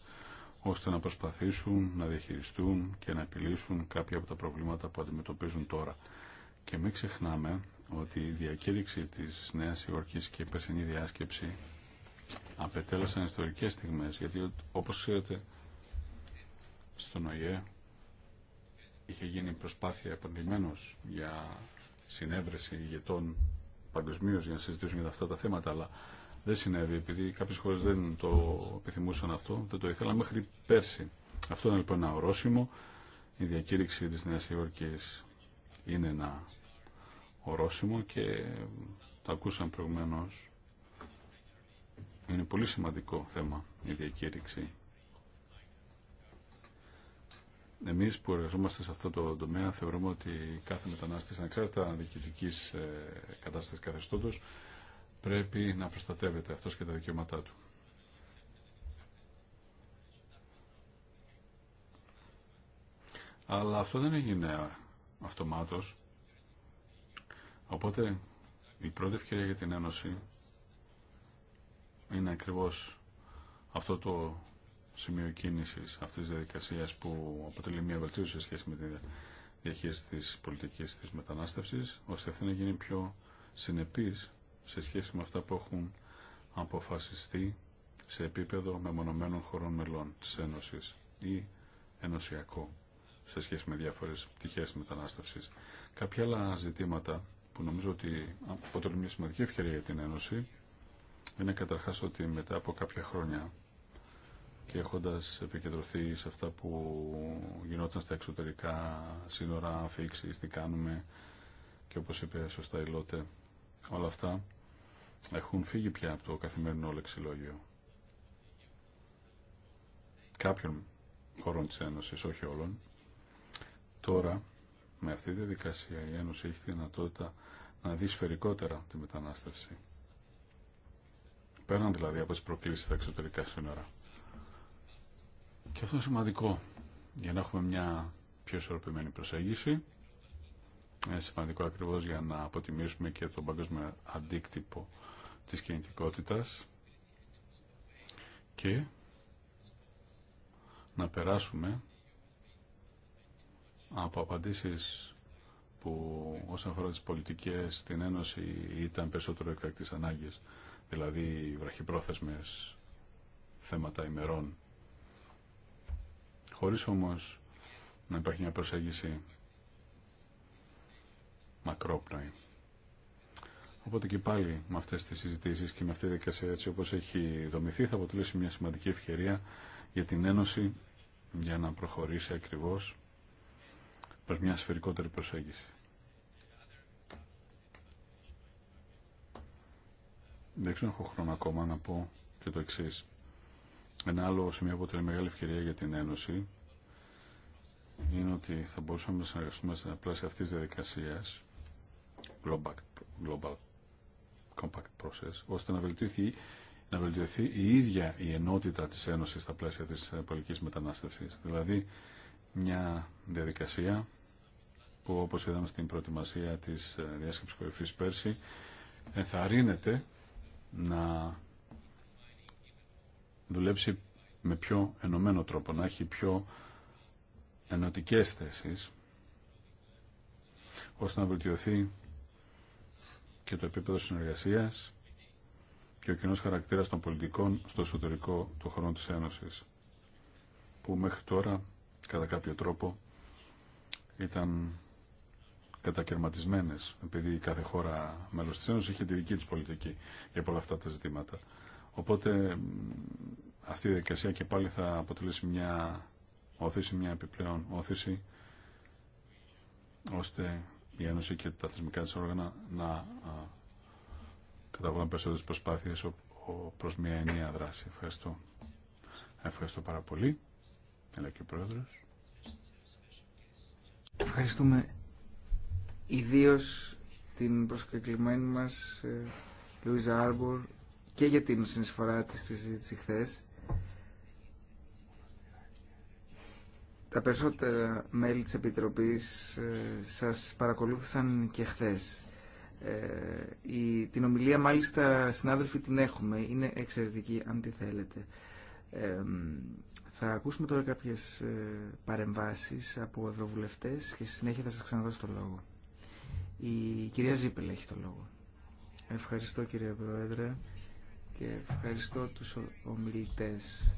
ώστε να προσπαθήσουν να διαχειριστούν και να επιλύσουν κάποια από τα προβλήματα που αντιμετωπίζουν τώρα. Και μην ξεχνάμε ότι η διακήρυξη της Νέας Υόρκης και η περσινή διάσκεψη απετέλεσαν ιστορικές στιγμές γιατί όπως ξέρετε στον ΟΗΕ είχε γίνει προσπάθεια επανειλημμένως για συνέβρεση ηγετών παγκοσμίω για να συζητήσουν για αυτά τα θέματα αλλά δεν συνέβη επειδή κάποιε χώρε δεν το επιθυμούσαν αυτό, δεν το ήθελαν μέχρι πέρσι. Αυτό είναι λοιπόν ένα ορόσημο. Η διακήρυξη της Νέας Υόρκης είναι ένα ορόσημο και το ακούσαμε προηγουμένως. Είναι πολύ σημαντικό θέμα η διακήρυξη. Εμείς που εργαζόμαστε σε αυτό το τομέα θεωρούμε ότι κάθε μετανάστης ανεξάρτητα διοικητικής ε, κατάστασης καθεστώτος πρέπει να προστατεύεται αυτός και τα δικαιώματά του. Αλλά αυτό δεν έγινε αυτομάτως. Οπότε η πρώτη ευκαιρία για την Ένωση είναι ακριβώς αυτό το σημείο κίνησης αυτής της διαδικασίας που αποτελεί μια βελτίωση σε σχέση με τη διαχείριση της πολιτικής της μετανάστευσης, ώστε αυτή να γίνει πιο συνεπής σε σχέση με αυτά που έχουν αποφασιστεί σε επίπεδο μεμονωμένων χωρών μελών της Ένωσης ή ενωσιακό σε σχέση με διάφορες πτυχές μετανάστευσης. Κάποια άλλα ζητήματα που νομίζω ότι αποτελεί μια σημαντική ευκαιρία για την Ένωση είναι καταρχάς ότι μετά από κάποια χρόνια και έχοντας επικεντρωθεί σε αυτά που γινόταν στα εξωτερικά σύνορα, αφήξεις, τι κάνουμε και όπως είπε σωστά η Λότε, όλα αυτά έχουν φύγει πια από το καθημερινό λεξιλόγιο κάποιων χωρών της ένωση, όχι όλων. Τώρα με αυτή τη δικασία η Ένωση έχει τη δυνατότητα να δει σφαιρικότερα τη μετανάστευση. Πέραν δηλαδή από τι προκλήσεις στα εξωτερικά σύνορα. Και αυτό είναι σημαντικό για να έχουμε μια πιο ισορροπημένη προσέγγιση. Είναι σημαντικό ακριβώς για να αποτιμήσουμε και τον παγκόσμιο αντίκτυπο της κινητικότητα και να περάσουμε από απαντήσεις που όσον αφορά τις πολιτικές στην Ένωση ήταν περισσότερο εκτακτής ανάγκης, δηλαδή βραχυπρόθεσμες θέματα ημερών, χωρίς όμως να υπάρχει μια προσέγγιση μακρόπνοη. Οπότε και πάλι με αυτές τις συζητήσεις και με αυτή τη δικασία έτσι όπως έχει δομηθεί θα αποτελέσει μια σημαντική ευκαιρία για την Ένωση για να προχωρήσει ακριβώς προς μια σφαιρικότερη προσέγγιση. Δεν ξέρω έχω χρόνο ακόμα να πω και το εξή. Ένα άλλο σημείο που είναι μεγάλη ευκαιρία για την Ένωση είναι ότι θα μπορούσαμε να συνεργαστούμε στα πλαίσια αυτή τη διαδικασία global, global Compact Process, ώστε να βελτιωθεί, να βελτιωθεί η ίδια η ενότητα της Ένωσης στα πλαίσια της πολιτικής μετανάστευσης. Δηλαδή, μια διαδικασία που όπως είδαμε στην προετοιμασία της ε, διάσκεψης κορυφής πέρσι ενθαρρύνεται να δουλέψει με πιο ενωμένο τρόπο, να έχει πιο ενωτικές θέσεις ώστε να βελτιωθεί και το επίπεδο συνεργασίας και ο κοινό χαρακτήρας των πολιτικών στο εσωτερικό του χρόνου της Ένωσης που μέχρι τώρα κατά κάποιο τρόπο ήταν κατακαιρματισμένε, επειδή κάθε χώρα μέλο τη Ένωση είχε τη δική της πολιτική για πολλά αυτά τα ζητήματα. Οπότε αυτή η διαδικασία και πάλι θα αποτελέσει μια οθήση, μια επιπλέον οθήση, ώστε η Ένωση και τα θεσμικά τη όργανα να καταβάλουν περισσότερε προσπάθειε προ μια ενιαία δράση. Ευχαριστώ. Ευχαριστώ πάρα πολύ. Έλα και ο Πρόεδρος. Ευχαριστούμε Ιδίω την προσκεκλημένη μας ε, Λουίζα Άρμπορ και για την συνεισφορά τη στη συζήτηση χθε. Τα περισσότερα μέλη της Επιτροπής ε, σας παρακολούθησαν και χθες. Ε, η, την ομιλία μάλιστα συνάδελφοι την έχουμε, είναι εξαιρετική αν τη θέλετε. θα ακούσουμε τώρα κάποιες παρεμβάσεις από ευρωβουλευτές και στη συνέχεια θα σας ξαναδώσω το λόγο. Η κυρία Ζήπελ έχει το λόγο. Ευχαριστώ κύριε Πρόεδρε και ευχαριστώ τους ομιλητές.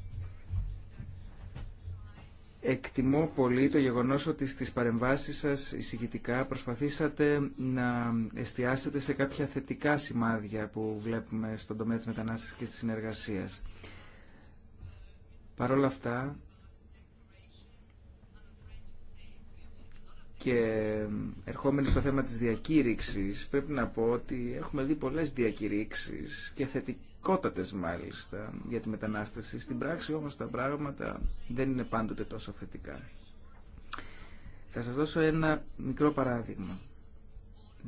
Εκτιμώ πολύ το γεγονός ότι στις παρεμβάσεις σας εισηγητικά προσπαθήσατε να εστιάσετε σε κάποια θετικά σημάδια που βλέπουμε στον τομέα της μετανάστευσης και της συνεργασίας. Παρ' όλα αυτά, Και ερχόμενοι στο θέμα της διακήρυξης, πρέπει να πω ότι έχουμε δει πολλές διακήρυξεις και θετικότατες μάλιστα για τη μετανάστευση. Στην πράξη όμως τα πράγματα δεν είναι πάντοτε τόσο θετικά. Θα σας δώσω ένα μικρό παράδειγμα.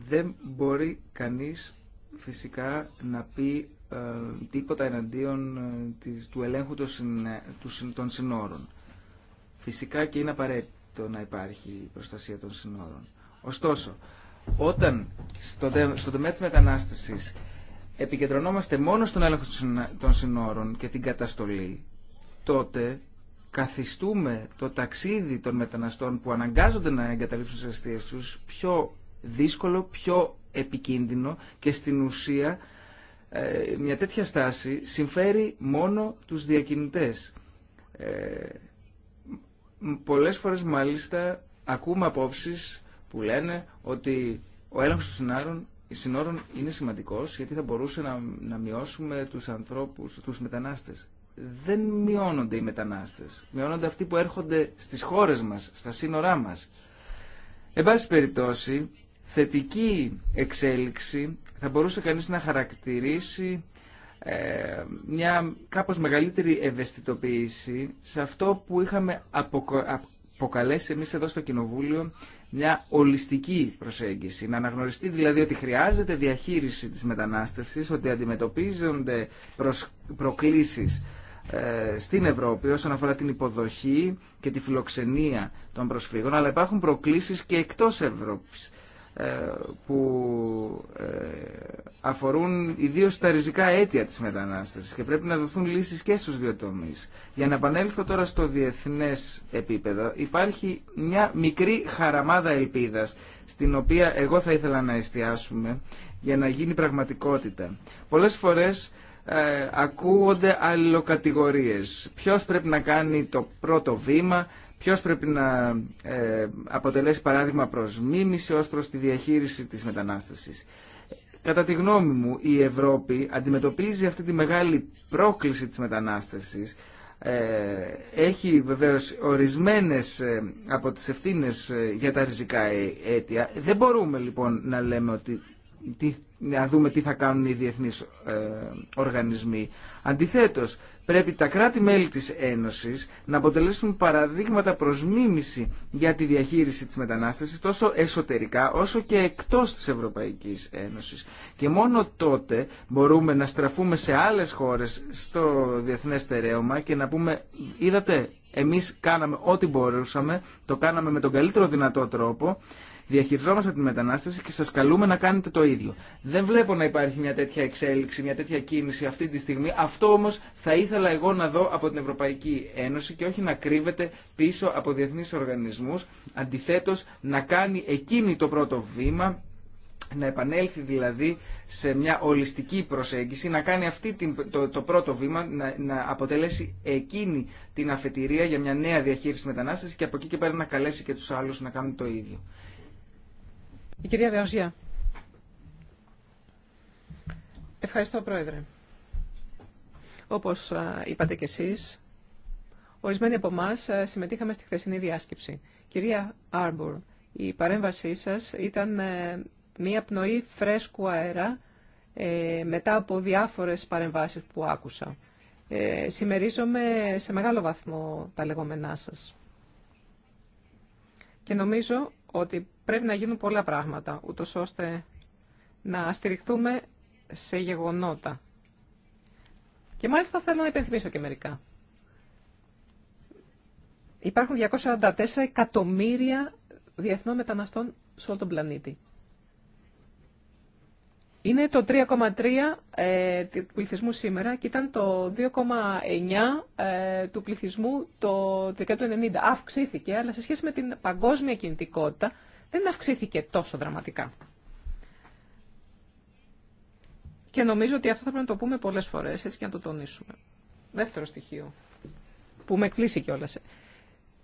Δεν μπορεί κανείς φυσικά να πει ε, τίποτα εναντίον ε, της, του ελέγχου των, ε, των συνόρων. Φυσικά και είναι απαραίτητο το να υπάρχει προστασία των συνόρων. Ωστόσο, όταν στο τομέα τη μετανάστευση επικεντρωνόμαστε μόνο στον έλεγχο των συνόρων και την καταστολή, τότε καθιστούμε το ταξίδι των μεταναστών που αναγκάζονται να εγκαταλείψουν τι αστείε του πιο δύσκολο, πιο επικίνδυνο και στην ουσία ε, μια τέτοια στάση συμφέρει μόνο τους διακινητές. Ε, πολλές φορές μάλιστα ακούμε απόψεις που λένε ότι ο έλεγχος των συνάρων συνόρων είναι σημαντικός γιατί θα μπορούσε να, να μειώσουμε τους ανθρώπους, τους μετανάστες. Δεν μειώνονται οι μετανάστες. Μειώνονται αυτοί που έρχονται στις χώρες μας, στα σύνορά μας. Εν πάση περιπτώσει, θετική εξέλιξη θα μπορούσε κανείς να χαρακτηρίσει ε, μια κάπως μεγαλύτερη ευαισθητοποίηση σε αυτό που είχαμε αποκαλέσει εμείς εδώ στο Κοινοβούλιο μια ολιστική προσέγγιση. Να αναγνωριστεί δηλαδή ότι χρειάζεται διαχείριση της μετανάστευσης, ότι αντιμετωπίζονται προκλήσεις ε, στην Ευρώπη όσον αφορά την υποδοχή και τη φιλοξενία των προσφύγων, αλλά υπάρχουν προκλήσεις και εκτός Ευρώπης. Ε, που ε, αφορούν ιδίως τα ριζικά αίτια της μετανάστευσης και πρέπει να δοθούν λύσεις και στους δύο τομείς. Για να επανέλθω τώρα στο διεθνές επίπεδο υπάρχει μια μικρή χαραμάδα ελπίδας στην οποία εγώ θα ήθελα να εστιάσουμε για να γίνει πραγματικότητα. Πολλές φορές ε, ακούγονται αλληλοκατηγορίες. Ποιος πρέπει να κάνει το πρώτο βήμα, Ποιος πρέπει να ε, αποτελέσει παράδειγμα προς μίμηση ως προς τη διαχείριση της μετανάστευσης. Κατά τη γνώμη μου η Ευρώπη αντιμετωπίζει αυτή τη μεγάλη πρόκληση της μετανάστευσης. Ε, έχει βεβαίως ορισμένες ε, από τις ευθύνες για τα ριζικά αίτια. Δεν μπορούμε λοιπόν να λέμε ότι να δούμε τι θα κάνουν οι διεθνείς ε, οργανισμοί. Αντιθέτως, πρέπει τα κράτη-μέλη της Ένωσης να αποτελέσουν παραδείγματα προς μίμηση για τη διαχείριση της μετανάστευσης τόσο εσωτερικά όσο και εκτός της Ευρωπαϊκής Ένωσης. Και μόνο τότε μπορούμε να στραφούμε σε άλλες χώρες στο διεθνές στερέωμα και να πούμε «Είδατε, εμείς κάναμε ό,τι μπορούσαμε, το κάναμε με τον καλύτερο δυνατό τρόπο» Διαχειριζόμαστε την μετανάστευση και σα καλούμε να κάνετε το ίδιο. Δεν βλέπω να υπάρχει μια τέτοια εξέλιξη, μια τέτοια κίνηση αυτή τη στιγμή. Αυτό όμω θα ήθελα εγώ να δω από την Ευρωπαϊκή Ένωση και όχι να κρύβεται πίσω από διεθνεί οργανισμού. Αντιθέτω, να κάνει εκείνη το πρώτο βήμα να επανέλθει δηλαδή σε μια ολιστική προσέγγιση, να κάνει αυτή την, το, το πρώτο βήμα, να, να αποτελέσει εκείνη την αφετηρία για μια νέα διαχείριση μετανάστευση και από εκεί και πέρα να καλέσει και τους άλλους να κάνουν το ίδιο. Η κυρία Δεοζιά. Ευχαριστώ, Πρόεδρε. Όπως είπατε κι εσείς, ορισμένοι από εμά συμμετείχαμε στη χθεσινή διάσκεψη. Κυρία Άρμπορ, η παρέμβασή σας ήταν ε, μία πνοή φρέσκου αέρα ε, μετά από διάφορες παρεμβάσεις που άκουσα. Σημερίζομαι συμμερίζομαι σε μεγάλο βαθμό τα λεγόμενά σας. Και νομίζω ότι πρέπει να γίνουν πολλά πράγματα, ούτως ώστε να στηριχθούμε σε γεγονότα. Και μάλιστα θέλω να υπενθυμίσω και μερικά. Υπάρχουν 244 εκατομμύρια διεθνών μεταναστών σε όλο τον πλανήτη. Είναι το 3,3 ε, του πληθυσμού σήμερα και ήταν το 2,9 ε, του πληθυσμού το 1990. Αυξήθηκε, αλλά σε σχέση με την παγκόσμια κινητικότητα δεν αυξήθηκε τόσο δραματικά. Και νομίζω ότι αυτό θα πρέπει να το πούμε πολλές φορές, έτσι και να το τονίσουμε. Δεύτερο στοιχείο, που με εκπλήσει κιόλας.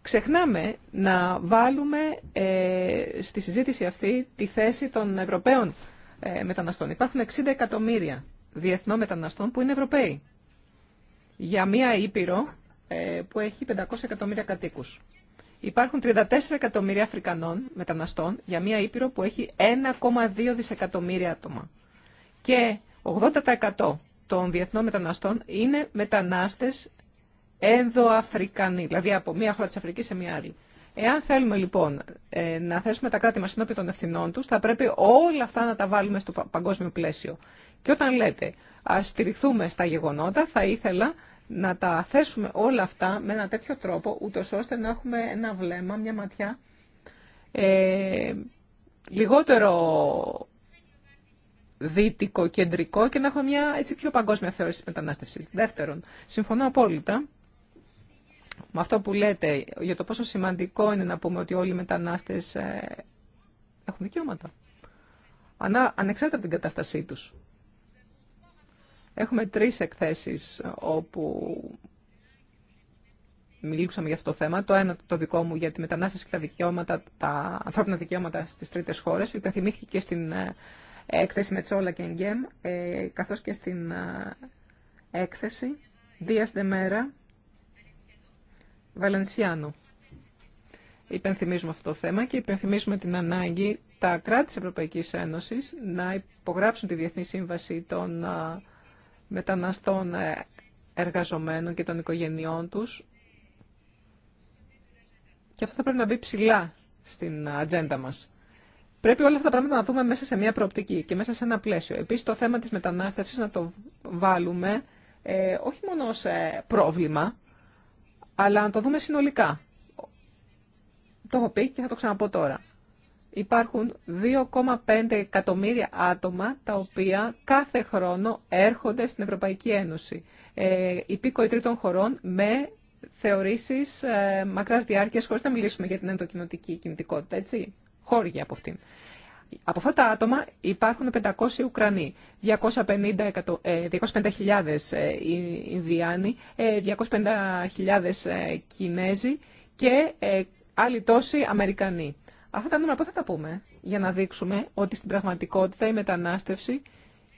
Ξεχνάμε να βάλουμε ε, στη συζήτηση αυτή τη θέση των Ευρωπαίων ε, μεταναστών. Υπάρχουν 60 εκατομμύρια διεθνών μεταναστών που είναι Ευρωπαίοι. Για μία Ήπειρο ε, που έχει 500 εκατομμύρια κατοίκους. Υπάρχουν 34 εκατομμύρια Αφρικανών μεταναστών για μια Ήπειρο που έχει 1,2 δισεκατομμύρια άτομα. Και 80% των διεθνών μεταναστών είναι μετανάστες ενδοαφρικανοί, δηλαδή από μια χώρα της Αφρικής σε μια άλλη. Εάν θέλουμε λοιπόν ε, να θέσουμε τα κράτη μας ενώπιον των ευθυνών τους, θα πρέπει όλα αυτά να τα βάλουμε στο παγκόσμιο πλαίσιο. Και όταν λέτε ας στηριχθούμε στα γεγονότα, θα ήθελα να τα θέσουμε όλα αυτά με ένα τέτοιο τρόπο, ούτω ώστε να έχουμε ένα βλέμμα, μια ματιά, ε, λιγότερο δυτικό, κεντρικό και να έχουμε μια έτσι πιο παγκόσμια θεώρηση της μετανάστευσης. Δεύτερον, συμφωνώ απόλυτα με αυτό που λέτε για το πόσο σημαντικό είναι να πούμε ότι όλοι οι μετανάστες ε, έχουν δικαιώματα. Ανά, ανεξάρτητα από την κατάστασή τους. Έχουμε τρεις εκθέσεις όπου μιλήσαμε για αυτό το θέμα. Το ένα το δικό μου για τη μετανάστευση και τα δικαιώματα, τα ανθρώπινα δικαιώματα στις τρίτες χώρες. Υπενθυμήθηκε και στην ε, έκθεση Μετσόλα και Εγγέμ, ε, καθώς και στην ε, έκθεση Δίας Δεμέρα Βαλενσιάνου. Υπενθυμίζουμε αυτό το θέμα και υπενθυμίζουμε την ανάγκη τα κράτη της Ευρωπαϊκής Ένωσης να υπογράψουν τη Διεθνή Σύμβαση των μεταναστών ε, εργαζομένων και των οικογενειών τους. Και αυτό θα πρέπει να μπει ψηλά στην ατζέντα μας. Πρέπει όλα αυτά τα πράγματα να δούμε μέσα σε μια προοπτική και μέσα σε ένα πλαίσιο. Επίσης το θέμα της μετανάστευσης να το βάλουμε ε, όχι μόνο σε πρόβλημα, αλλά να το δούμε συνολικά. Το έχω πει και θα το ξαναπώ τώρα υπάρχουν 2,5 εκατομμύρια άτομα τα οποία κάθε χρόνο έρχονται στην Ευρωπαϊκή Ένωση. Ε, υπήκοοι τρίτων χωρών με θεωρήσεις ε, μακράς διάρκειας χωρίς να μιλήσουμε για την εντοκινοτική κινητικότητα, έτσι, χώρια από αυτήν. Από αυτά τα άτομα υπάρχουν 500 Ουκρανοί, 250.000 250 ε, ε, Ινδιάνοι, 250.000 ε, Κινέζοι και άλλοι τόσοι Αμερικανοί. Αυτά τα νούμερα πού θα τα πούμε για να δείξουμε ότι στην πραγματικότητα η μετανάστευση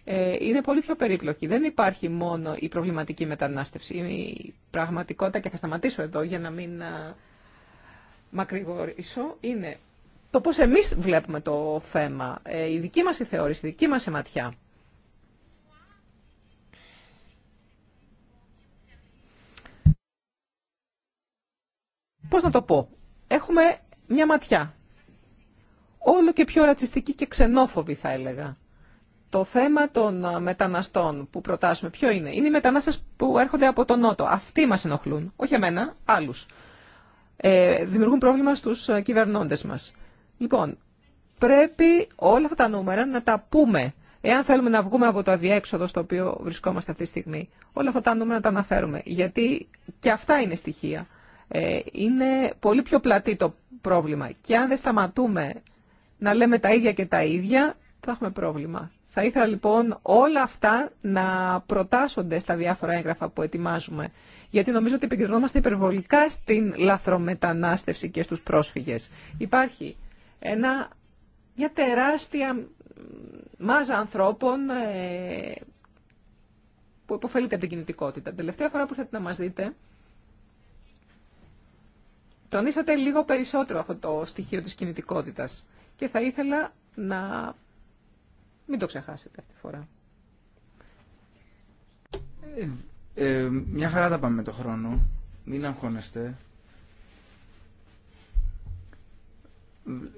ε, είναι πολύ πιο περίπλοκη. Δεν υπάρχει μόνο η προβληματική μετανάστευση. Είναι η πραγματικότητα και θα σταματήσω εδώ για να μην ε, μακρηγορήσω. Είναι το πώς εμείς βλέπουμε το θέμα, ε, η δική μας η θεώρηση, η δική μας η ματιά. Πώς να το πω. Έχουμε μια ματιά όλο και πιο ρατσιστική και ξενόφοβη θα έλεγα. Το θέμα των μεταναστών που προτάσουμε ποιο είναι. Είναι οι μετανάστες που έρχονται από τον Νότο. Αυτοί μας ενοχλούν, όχι εμένα, άλλους. Ε, δημιουργούν πρόβλημα στους κυβερνώντες μας. Λοιπόν, πρέπει όλα αυτά τα νούμερα να τα πούμε. Εάν θέλουμε να βγούμε από το αδιέξοδο στο οποίο βρισκόμαστε αυτή τη στιγμή, όλα αυτά τα νούμερα να τα αναφέρουμε. Γιατί και αυτά είναι στοιχεία. Ε, είναι πολύ πιο πλατή το πρόβλημα. Και αν δεν σταματούμε να λέμε τα ίδια και τα ίδια, θα έχουμε πρόβλημα. Θα ήθελα λοιπόν όλα αυτά να προτάσσονται στα διάφορα έγγραφα που ετοιμάζουμε. Γιατί νομίζω ότι επικεντρωνόμαστε υπερβολικά στην λαθρομετανάστευση και στους πρόσφυγες. Υπάρχει ένα, μια τεράστια μάζα ανθρώπων ε, που υποφελείται από την κινητικότητα. Την τελευταία φορά που ήρθατε να μας δείτε, τονίσατε λίγο περισσότερο αυτό το στοιχείο της κινητικότητας και θα ήθελα να μην το ξεχάσετε αυτή τη φορά. Ε, ε, μια χαρά θα πάμε με το χρόνο. Μην αγχώνεστε.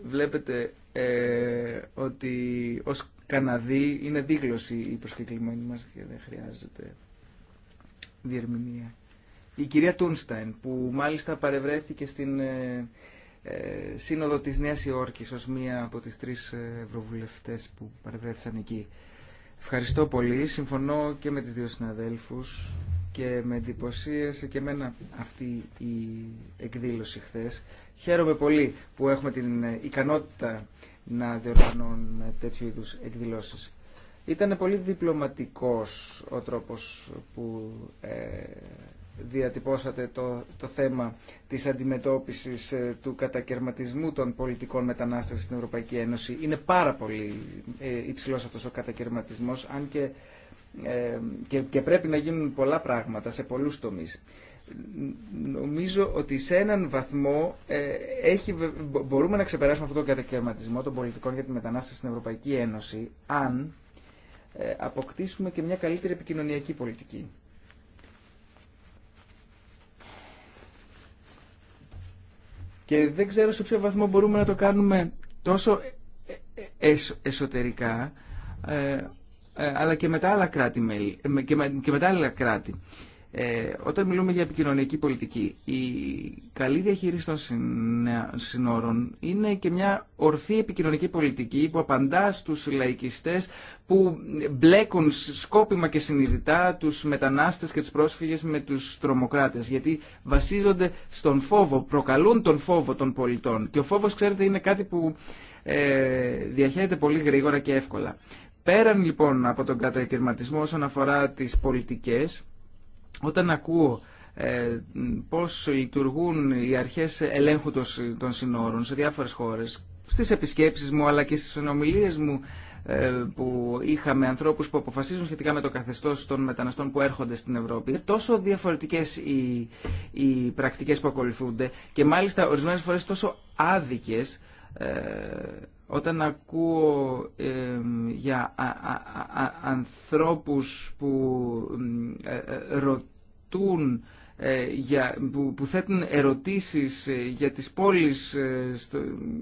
Βλέπετε ε, ότι ως Καναδί είναι δίγλωση η προσκεκλημένη μας και δεν χρειάζεται διερμηνία. Η κυρία Τούνσταϊν που μάλιστα παρευρέθηκε στην ε, σύνοδο της Νέας Υόρκης ως μία από τις τρεις ε, ευρωβουλευτές που παρευρέθησαν εκεί. Ευχαριστώ πολύ. Συμφωνώ και με τις δύο συναδέλφους και με εντυπωσίασε και εμένα αυτή η εκδήλωση χθες. Χαίρομαι πολύ που έχουμε την ε, ικανότητα να διοργανώνουμε τέτοιου είδους εκδηλώσεις. Ήταν πολύ διπλωματικός ο τρόπος που διατυπώσατε το, το θέμα της αντιμετώπισης ε, του κατακαιρματισμού των πολιτικών μετανάστευση στην Ευρωπαϊκή Ένωση. Είναι πάρα πολύ ε, υψηλός αυτός ο κατακαιρματισμός, αν και, ε, και, και πρέπει να γίνουν πολλά πράγματα σε πολλούς τομείς. Νομίζω ότι σε έναν βαθμό ε, μπορούμε να ξεπεράσουμε αυτόν τον κατακαιρματισμό των πολιτικών για τη μετανάστευση στην Ευρωπαϊκή Ένωση, αν αποκτήσουμε και μια καλύτερη επικοινωνιακή πολιτική. Και δεν ξέρω σε ποιο βαθμό μπορούμε να το κάνουμε τόσο ε, ε, ε, εσωτερικά, αλλά και με τα άλλα κράτη. Και με τα άλλα κράτη. Ε, όταν μιλούμε για επικοινωνιακή πολιτική, η καλή διαχείριση των συνόρων είναι και μια ορθή επικοινωνική πολιτική που απαντά στους λαϊκιστές που μπλέκουν σκόπιμα και συνειδητά τους μετανάστες και τους πρόσφυγες με τους τρομοκράτες γιατί βασίζονται στον φόβο, προκαλούν τον φόβο των πολιτών και ο φόβος ξέρετε είναι κάτι που ε, διαχέεται πολύ γρήγορα και εύκολα. Πέραν λοιπόν από τον κατακαιρματισμό όσον αφορά τις πολιτικές, όταν ακούω ε, πώς λειτουργούν οι αρχές ελέγχου των συνόρων σε διάφορες χώρες, στις επισκέψεις μου αλλά και στις συνομιλίες μου ε, που είχα με ανθρώπους που αποφασίζουν σχετικά με το καθεστώς των μεταναστών που έρχονται στην Ευρώπη. Είναι τόσο διαφορετικές οι, οι πρακτικές που ακολουθούνται και μάλιστα ορισμένες φορές τόσο άδικες ε, όταν ακούω ε, για ανθρώπους που ρωτούν, για, που, θέτουν ερωτήσεις ε, για τις πόλεις ε,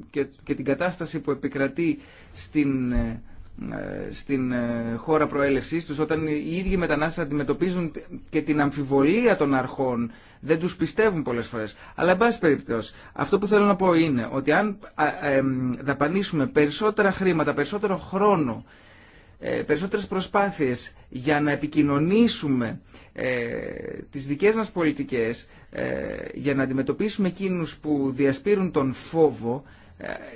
και, και την κατάσταση που επικρατεί στην ε, ε, στην ε, χώρα προέλευση τους όταν οι ίδιοι μετανάστες αντιμετωπίζουν και την αμφιβολία των αρχών δεν τους πιστεύουν πολλές φορές αλλά εν πάση περιπτώσει αυτό που θέλω να πω είναι ότι αν δαπανίσουμε περισσότερα χρήματα περισσότερο χρόνο ε, περισσότερες προσπάθειες για να επικοινωνήσουμε τις δικές μα πολιτικέ για να αντιμετωπίσουμε εκείνου που διασπείρουν τον φόβο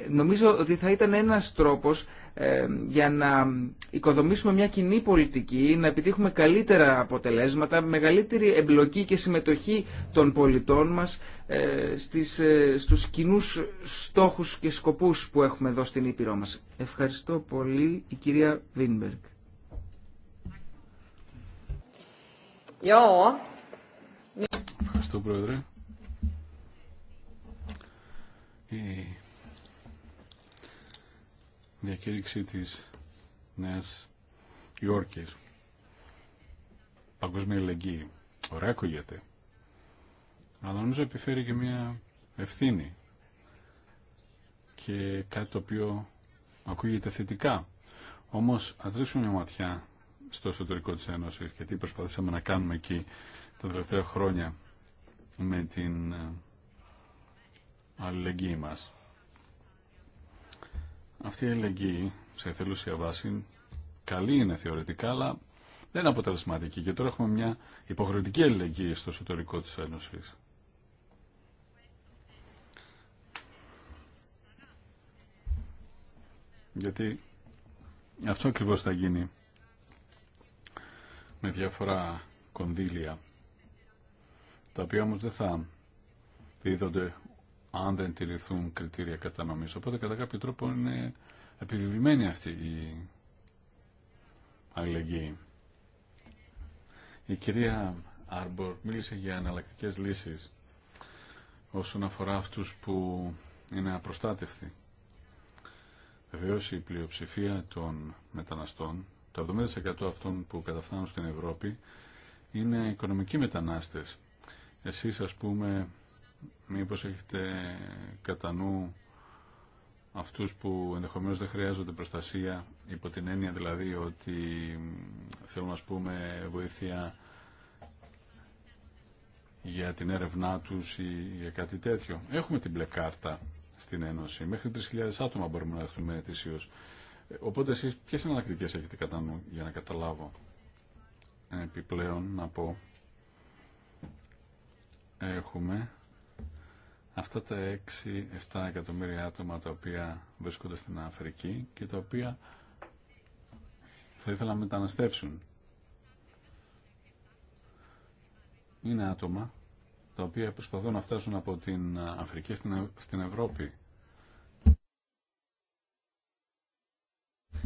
νομίζω ότι θα ήταν ένα τρόπο. Ε, για να οικοδομήσουμε μια κοινή πολιτική, να επιτύχουμε καλύτερα αποτελέσματα, μεγαλύτερη εμπλοκή και συμμετοχή των πολιτών μας ε, στις, ε, στους κοινούς στόχους και σκοπούς που έχουμε εδώ στην Ήπειρό μας. Ευχαριστώ πολύ η κυρία Βίνμπεργκ. Ευχαριστώ, διακήρυξη της Νέας Υόρκης. Παγκόσμια ελεγγύη. Ωραία ακούγεται. Αλλά νομίζω επιφέρει και μια ευθύνη και κάτι το οποίο ακούγεται θετικά. Όμως ας δείξουμε μια ματιά στο εσωτερικό της Ένωσης και τι προσπαθήσαμε να κάνουμε εκεί τα τελευταία χρόνια με την ε, αλληλεγγύη μας. Αυτή η ελεγγύη σε θελούσια βάση καλή είναι θεωρητικά, αλλά δεν είναι αποτελεσματική. Και τώρα έχουμε μια υποχρεωτική ελεγγύη στο εσωτερικό της Ένωσης. Γιατί αυτό ακριβώς θα γίνει με διάφορα κονδύλια, τα οποία όμως δεν θα δίδονται αν δεν τηρηθούν κριτήρια κατανομής. Οπότε κατά κάποιο τρόπο είναι επιβεβαιωμένη αυτή η αλληλεγγύη. Η κυρία Άρμπορ μίλησε για εναλλακτικέ λύσεις όσον αφορά αυτούς που είναι απροστάτευτοι. Βεβαίω η πλειοψηφία των μεταναστών, το 70% αυτών που καταφθάνουν στην Ευρώπη, είναι οικονομικοί μετανάστες. Εσείς ας πούμε Μήπως έχετε κατά νου αυτούς που ενδεχομένως δεν χρειάζονται προστασία υπό την έννοια δηλαδή ότι θέλουμε να πούμε βοήθεια για την έρευνά τους ή για κάτι τέτοιο. Έχουμε την μπλε κάρτα στην Ένωση. Μέχρι 3.000 άτομα μπορούμε να δεχτούμε αιτησίως. Ε, οπότε εσείς ποιες εναλλακτικές έχετε κατά νου για να καταλάβω. Επιπλέον να πω έχουμε αυτά τα 6-7 εκατομμύρια άτομα τα οποία βρίσκονται στην Αφρική και τα οποία θα ήθελα να μεταναστεύσουν. Είναι άτομα τα οποία προσπαθούν να φτάσουν από την Αφρική στην ε, Ευρώπη.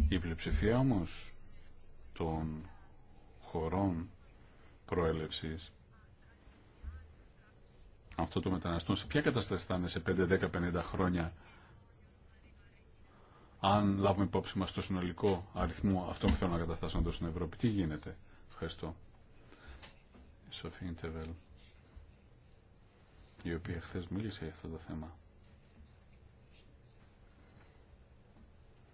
Η πλειοψηφία όμως των χωρών προέλευσης αυτό το μεταναστών, σε ποια κατάσταση θα είναι σε 5, 10, 50 χρόνια, αν λάβουμε υπόψη μα το συνολικό αριθμό αυτών που θέλουν να καταστάσουν εδώ στην Ευρώπη. Τι γίνεται. Ευχαριστώ. Η οποία χθε μίλησε για αυτό το θέμα.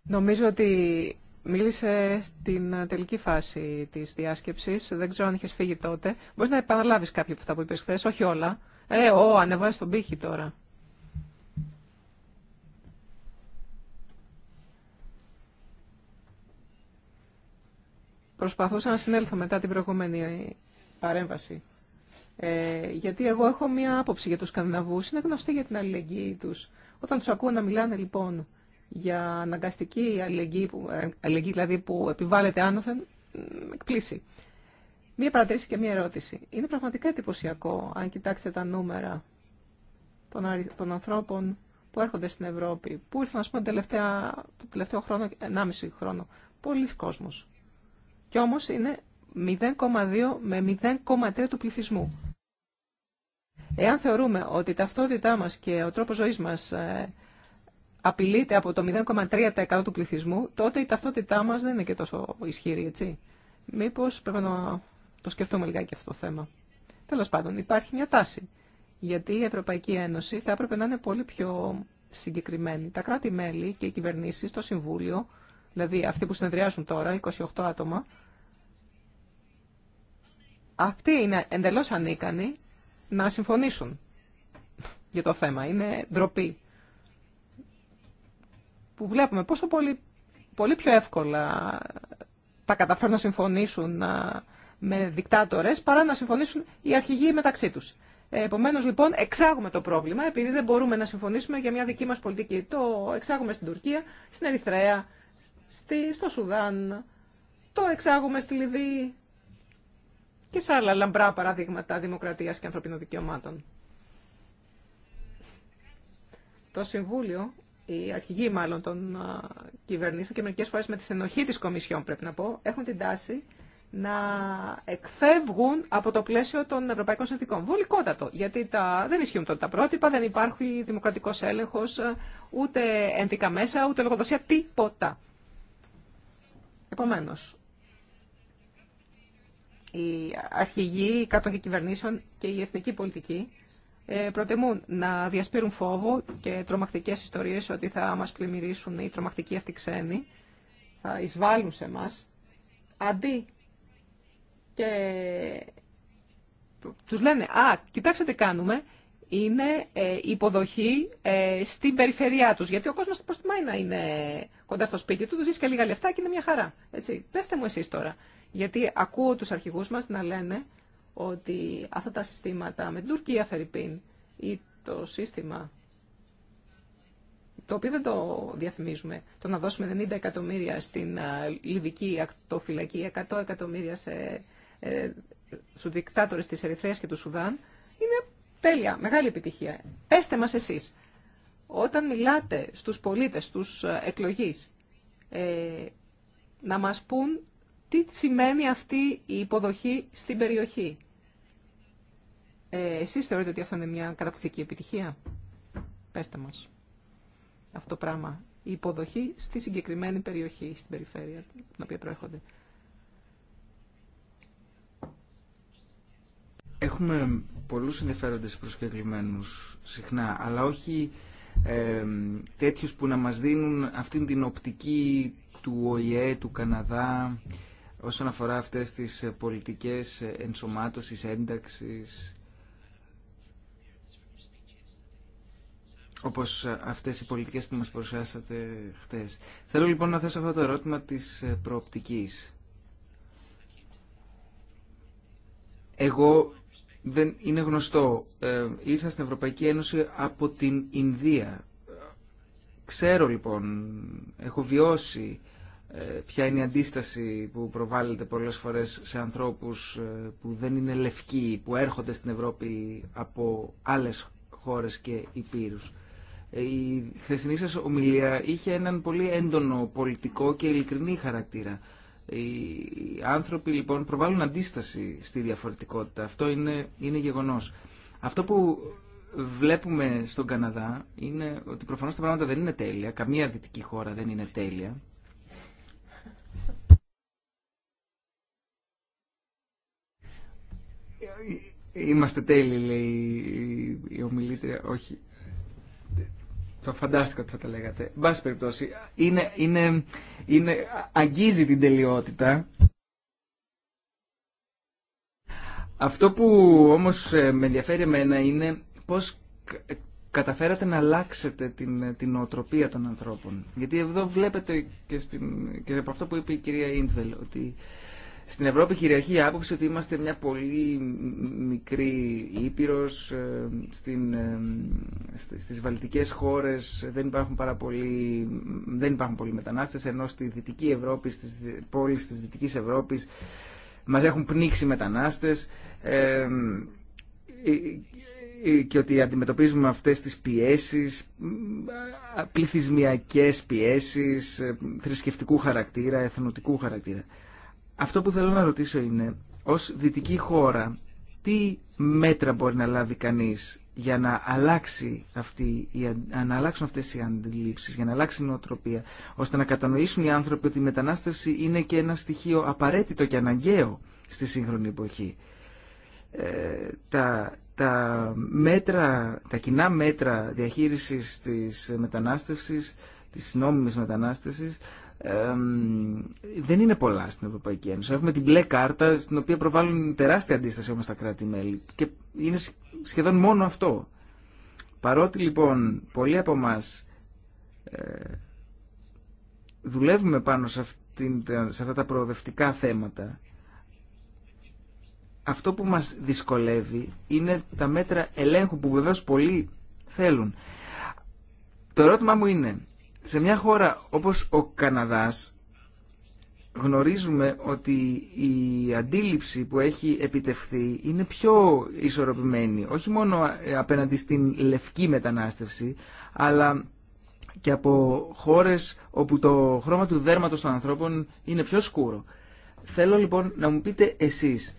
Νομίζω ότι μίλησε στην τελική φάση της διάσκεψης. Δεν ξέρω αν είχες φύγει τότε. Μπορείς να επαναλάβεις κάποια από αυτά που είπες χθε, όχι όλα. Ε, ο, ανεβάζει τον πύχη τώρα. Προσπαθούσα να συνέλθω μετά την προηγούμενη παρέμβαση. Ε, γιατί εγώ έχω μία άποψη για τους Σκανδιναβούς. Είναι γνωστή για την αλληλεγγύη τους. Όταν τους ακούω να μιλάνε λοιπόν για αναγκαστική αλληλεγγύη, που, ε, αλληλεγγύη δηλαδή που επιβάλλεται άνωθεν, εκπλήσει. Μία παρατήρηση και μία ερώτηση. Είναι πραγματικά εντυπωσιακό, αν κοιτάξετε τα νούμερα των, των ανθρώπων που έρχονται στην Ευρώπη, που ήρθαν, ας πούμε, το τελευταίο χρόνο, 1,5 χρόνο, πολλοί κόσμος. Και όμω είναι 0,2 με 0,3 του πληθυσμού. Εάν θεωρούμε ότι η ταυτότητά μα και ο τρόπος ζωής μας ε, απειλείται από το 0,3% του πληθυσμού, τότε η ταυτότητά μα δεν είναι και τόσο ισχύρη, έτσι. Μήπω πρέπει να το σκεφτούμε λιγάκι αυτό το θέμα. Τέλος πάντων, υπάρχει μια τάση. Γιατί η Ευρωπαϊκή Ένωση θα έπρεπε να είναι πολύ πιο συγκεκριμένη. Τα κράτη-μέλη και οι κυβερνήσει, το Συμβούλιο, δηλαδή αυτοί που συνεδριάζουν τώρα, 28 άτομα, αυτοί είναι εντελώς ανίκανοι να συμφωνήσουν για το θέμα. Είναι ντροπή. Που βλέπουμε πόσο πολύ, πολύ πιο εύκολα τα καταφέρουν να συμφωνήσουν να με δικτάτορε παρά να συμφωνήσουν οι αρχηγοί μεταξύ του. Ε, Επομένω, λοιπόν, εξάγουμε το πρόβλημα, επειδή δεν μπορούμε να συμφωνήσουμε για μια δική μα πολιτική. Το εξάγουμε στην Τουρκία, στην Ερυθρέα, στη, στο Σουδάν, το εξάγουμε στη Λιβύη και σε άλλα λαμπρά παραδείγματα δημοκρατία και ανθρωπίνων δικαιωμάτων. Το Συμβούλιο, οι αρχηγοί μάλλον των κυβερνήσεων και μερικέ φορέ με τη συνοχή τη Κομισιόν, πρέπει να πω, έχουν την τάση να εκφεύγουν από το πλαίσιο των ευρωπαϊκών συνθήκων. Βολικότατο, γιατί τα, δεν ισχύουν τότε τα πρότυπα, δεν υπάρχει δημοκρατικός έλεγχος, ούτε ενδικά μέσα, ούτε λογοδοσία, τίποτα. Επομένως, οι αρχηγοί, οι και κυβερνήσεων και η εθνική πολιτική ε, προτεμούν να διασπείρουν φόβο και τρομακτικέ ιστορίε ότι θα μα πλημμυρίσουν οι τρομακτικοί αυτοί ξένοι, θα εισβάλλουν σε εμά, αντί και τους λένε «Α, κοιτάξτε τι κάνουμε» είναι ε, υποδοχή ε, στην περιφερειά τους. Γιατί ο κόσμος προστιμάει να είναι κοντά στο σπίτι του, του ζήσει και λίγα λεφτά και είναι μια χαρά. Έτσι. Πεστε μου εσείς τώρα. Γιατί ακούω τους αρχηγούς μας να λένε ότι αυτά τα συστήματα με την Τουρκία Φερρυπίν ή το σύστημα το οποίο δεν το διαφημίζουμε, το να δώσουμε 90 εκατομμύρια στην ε, Λιβική ακτοφυλακή, 100 εκατομμύρια σε ε, στους δικτάτορες της Ερυθρέας και του Σουδάν, είναι τέλεια, μεγάλη επιτυχία. Πέστε μας εσείς, όταν μιλάτε στους πολίτες, στους ε, εκλογείς, ε, να μας πούν τι σημαίνει αυτή η υποδοχή στην περιοχή. Ε, εσείς θεωρείτε ότι αυτό είναι μια καταπληκτική επιτυχία. Πέστε μας αυτό το πράγμα. Η υποδοχή στη συγκεκριμένη περιοχή, στην περιφέρεια, την οποία προέρχονται. Έχουμε πολλούς ενδιαφέροντες προσκεκλημένους συχνά, αλλά όχι ε, τέτοιους που να μας δίνουν αυτήν την οπτική του ΟΗΕ, του Καναδά, όσον αφορά αυτές τις πολιτικές ενσωμάτωσης, ένταξης, όπως αυτές οι πολιτικές που μας παρουσιάσατε χτες. Θέλω λοιπόν να θέσω αυτό το ερώτημα της προοπτικής. Εγώ δεν είναι γνωστό. Ε, ήρθα στην Ευρωπαϊκή Ένωση από την Ινδία. Ξέρω λοιπόν, έχω βιώσει ε, ποια είναι η αντίσταση που προβάλλεται πολλές φορές σε ανθρώπους ε, που δεν είναι λευκοί, που έρχονται στην Ευρώπη από άλλες χώρες και υπήρους. Η χθεσινή σας ομιλία είχε έναν πολύ έντονο πολιτικό και ειλικρινή χαρακτήρα. Οι άνθρωποι λοιπόν προβάλλουν αντίσταση στη διαφορετικότητα. Αυτό είναι, είναι γεγονός. Αυτό που βλέπουμε στον Καναδά είναι ότι προφανώς τα πράγματα δεν είναι τέλεια. Καμία δυτική χώρα δεν είναι τέλεια. Ε, ε, ε, είμαστε τέλειοι, λέει η ομιλήτρια. Όχι, το φαντάστηκα ότι θα τα λέγατε. Εν πάση περιπτώσει, είναι, είναι, είναι, αγγίζει την τελειότητα. Αυτό που όμως ε, με ενδιαφέρει εμένα είναι πώς καταφέρατε να αλλάξετε την, την οτροπία των ανθρώπων. Γιατί εδώ βλέπετε και, στην, και από αυτό που είπε η κυρία Ίντβελ, ότι στην Ευρώπη κυριαρχεί η άποψη ότι είμαστε μια πολύ μικρή ήπειρος, ε, στην, ε, στις βαλτικές χώρες δεν υπάρχουν, πάρα πολύ, δεν υπάρχουν πολλοί μετανάστες, ενώ στη Δυτική Ευρώπη, στις πόλεις της Δυτικής Ευρώπης μας έχουν πνίξει μετανάστες ε, ε και ότι αντιμετωπίζουμε αυτές τις πιέσεις, πληθυσμιακές πιέσεις, θρησκευτικού χαρακτήρα, εθνοτικού χαρακτήρα. Αυτό που θέλω να ρωτήσω είναι, ως δυτική χώρα, τι μέτρα μπορεί να λάβει κανείς για να, αλλάξει αυτή, να αλλάξουν αυτές οι αντιλήψεις, για να αλλάξει η νοοτροπία, ώστε να κατανοήσουν οι άνθρωποι ότι η μετανάστευση είναι και ένα στοιχείο απαραίτητο και αναγκαίο στη σύγχρονη εποχή. Ε, τα, τα, μέτρα, τα κοινά μέτρα διαχείρισης της μετανάστευσης, της νόμιμης μετανάστευσης, δεν είναι πολλά στην Ευρωπαϊκή Ένωση. Έχουμε την μπλε κάρτα, στην οποία προβάλλουν τεράστια αντίσταση όμως τα κράτη-μέλη και είναι σχεδόν μόνο αυτό. Παρότι λοιπόν πολλοί από εμά ε, δουλεύουμε πάνω σε, σε αυτά τα προοδευτικά θέματα, αυτό που μας δυσκολεύει είναι τα μέτρα ελέγχου που βεβαίως πολλοί θέλουν. Το ερώτημα μου είναι, σε μια χώρα όπως ο Καναδάς γνωρίζουμε ότι η αντίληψη που έχει επιτευχθεί είναι πιο ισορροπημένη, όχι μόνο απέναντι στην λευκή μετανάστευση, αλλά και από χώρες όπου το χρώμα του δέρματος των ανθρώπων είναι πιο σκούρο. Θέλω λοιπόν να μου πείτε εσείς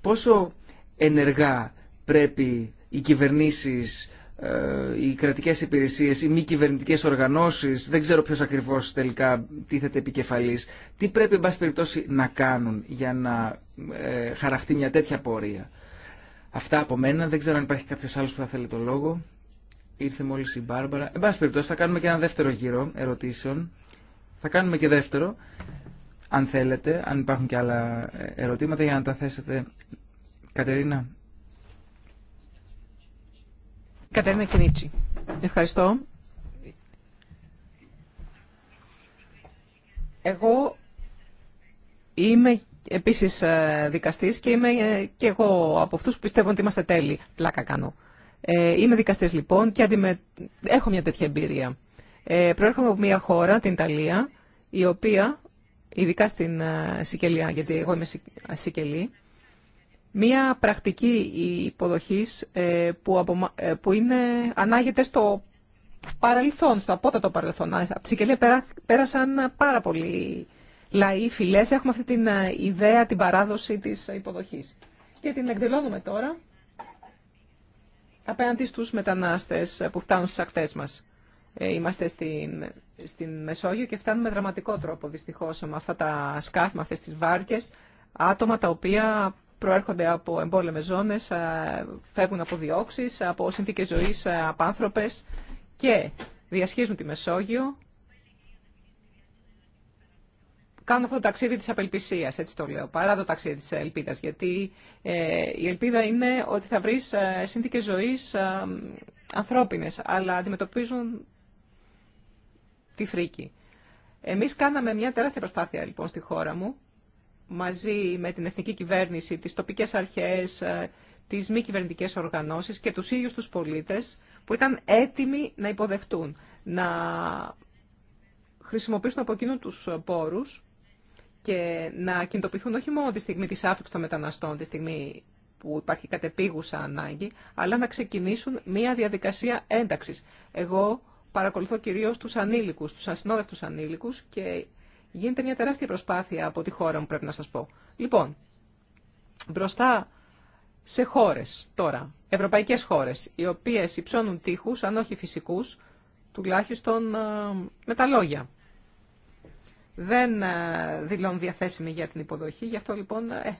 πόσο ενεργά πρέπει οι κυβερνήσεις ε, οι κρατικές υπηρεσίες, οι μη κυβερνητικέ οργανώσεις, δεν ξέρω ποιος ακριβώς τελικά τίθεται επικεφαλής, τι πρέπει εν πάση περιπτώσει να κάνουν για να ε, χαραχτεί μια τέτοια πορεία. Αυτά από μένα, δεν ξέρω αν υπάρχει κάποιος άλλος που θα θέλει το λόγο. Ήρθε μόλις η Μπάρμπαρα. Εν πάση περιπτώσει θα κάνουμε και ένα δεύτερο γύρο ερωτήσεων. Θα κάνουμε και δεύτερο, αν θέλετε, αν υπάρχουν και άλλα ε, ερωτήματα για να τα θέσετε. Κατερίνα, Κατερίνα Κινίτσι. Ευχαριστώ. Εγώ είμαι επίσης ε, δικαστής και είμαι ε, και εγώ από αυτούς που πιστεύουν ότι είμαστε τέλειοι. Πλάκα κάνω. Ε, είμαι δικαστής λοιπόν και αντιμε... έχω μια τέτοια εμπειρία. Ε, προέρχομαι από μια χώρα, την Ιταλία, η οποία, ειδικά στην Σικελία, γιατί εγώ είμαι Σικελή, Μία πρακτική υποδοχής ε, ε, που είναι, ανάγεται στο παρελθόν, στο απότατο παρελθόν. Από τη Σικελία πέρασαν πάρα πολλοί λαοί, φυλές. Έχουμε αυτή την ε, ιδέα, την παράδοση της υποδοχής. Και την εκδηλώνουμε τώρα απέναντι στους μετανάστες που φτάνουν στις ακτές μας. Είμαστε στην, στην Μεσόγειο και φτάνουμε με δραματικό τρόπο δυστυχώς με αυτά τα σκάφη, με αυτές τις βάρκες, άτομα τα οποία προέρχονται από εμπόλεμες ζώνες, φεύγουν από διώξεις, από συνθήκες ζωής άνθρωπες και διασχίζουν τη Μεσόγειο, κάνουν αυτό το ταξίδι της απελπισίας, έτσι το λέω, παρά το ταξίδι της ελπίδας, γιατί ε, η ελπίδα είναι ότι θα βρεις ε, συνθήκες ζωής ε, ανθρώπινες, αλλά αντιμετωπίζουν τη φρίκη. Εμείς κάναμε μια τεράστια προσπάθεια λοιπόν στη χώρα μου, μαζί με την εθνική κυβέρνηση, τις τοπικές αρχές, ε, τις μη κυβερνητικέ οργανώσεις και τους ίδιους τους πολίτες που ήταν έτοιμοι να υποδεχτούν, να χρησιμοποιήσουν από εκείνου τους πόρους και να κινητοποιηθούν όχι μόνο τη στιγμή της άφηξης των μεταναστών, τη στιγμή που υπάρχει κατεπίγουσα ανάγκη, αλλά να ξεκινήσουν μια διαδικασία ένταξης. Εγώ παρακολουθώ κυρίως τους ανήλικους, τους ασυνόδευτους ανήλικους Γίνεται μια τεράστια προσπάθεια από τη χώρα μου, πρέπει να σας πω. Λοιπόν, μπροστά σε χώρες τώρα, ευρωπαϊκές χώρες, οι οποίες υψώνουν τείχους, αν όχι φυσικούς, τουλάχιστον ε, με τα λόγια. Δεν ε, δηλώνουν διαθέσιμη για την υποδοχή, γι' αυτό λοιπόν ε,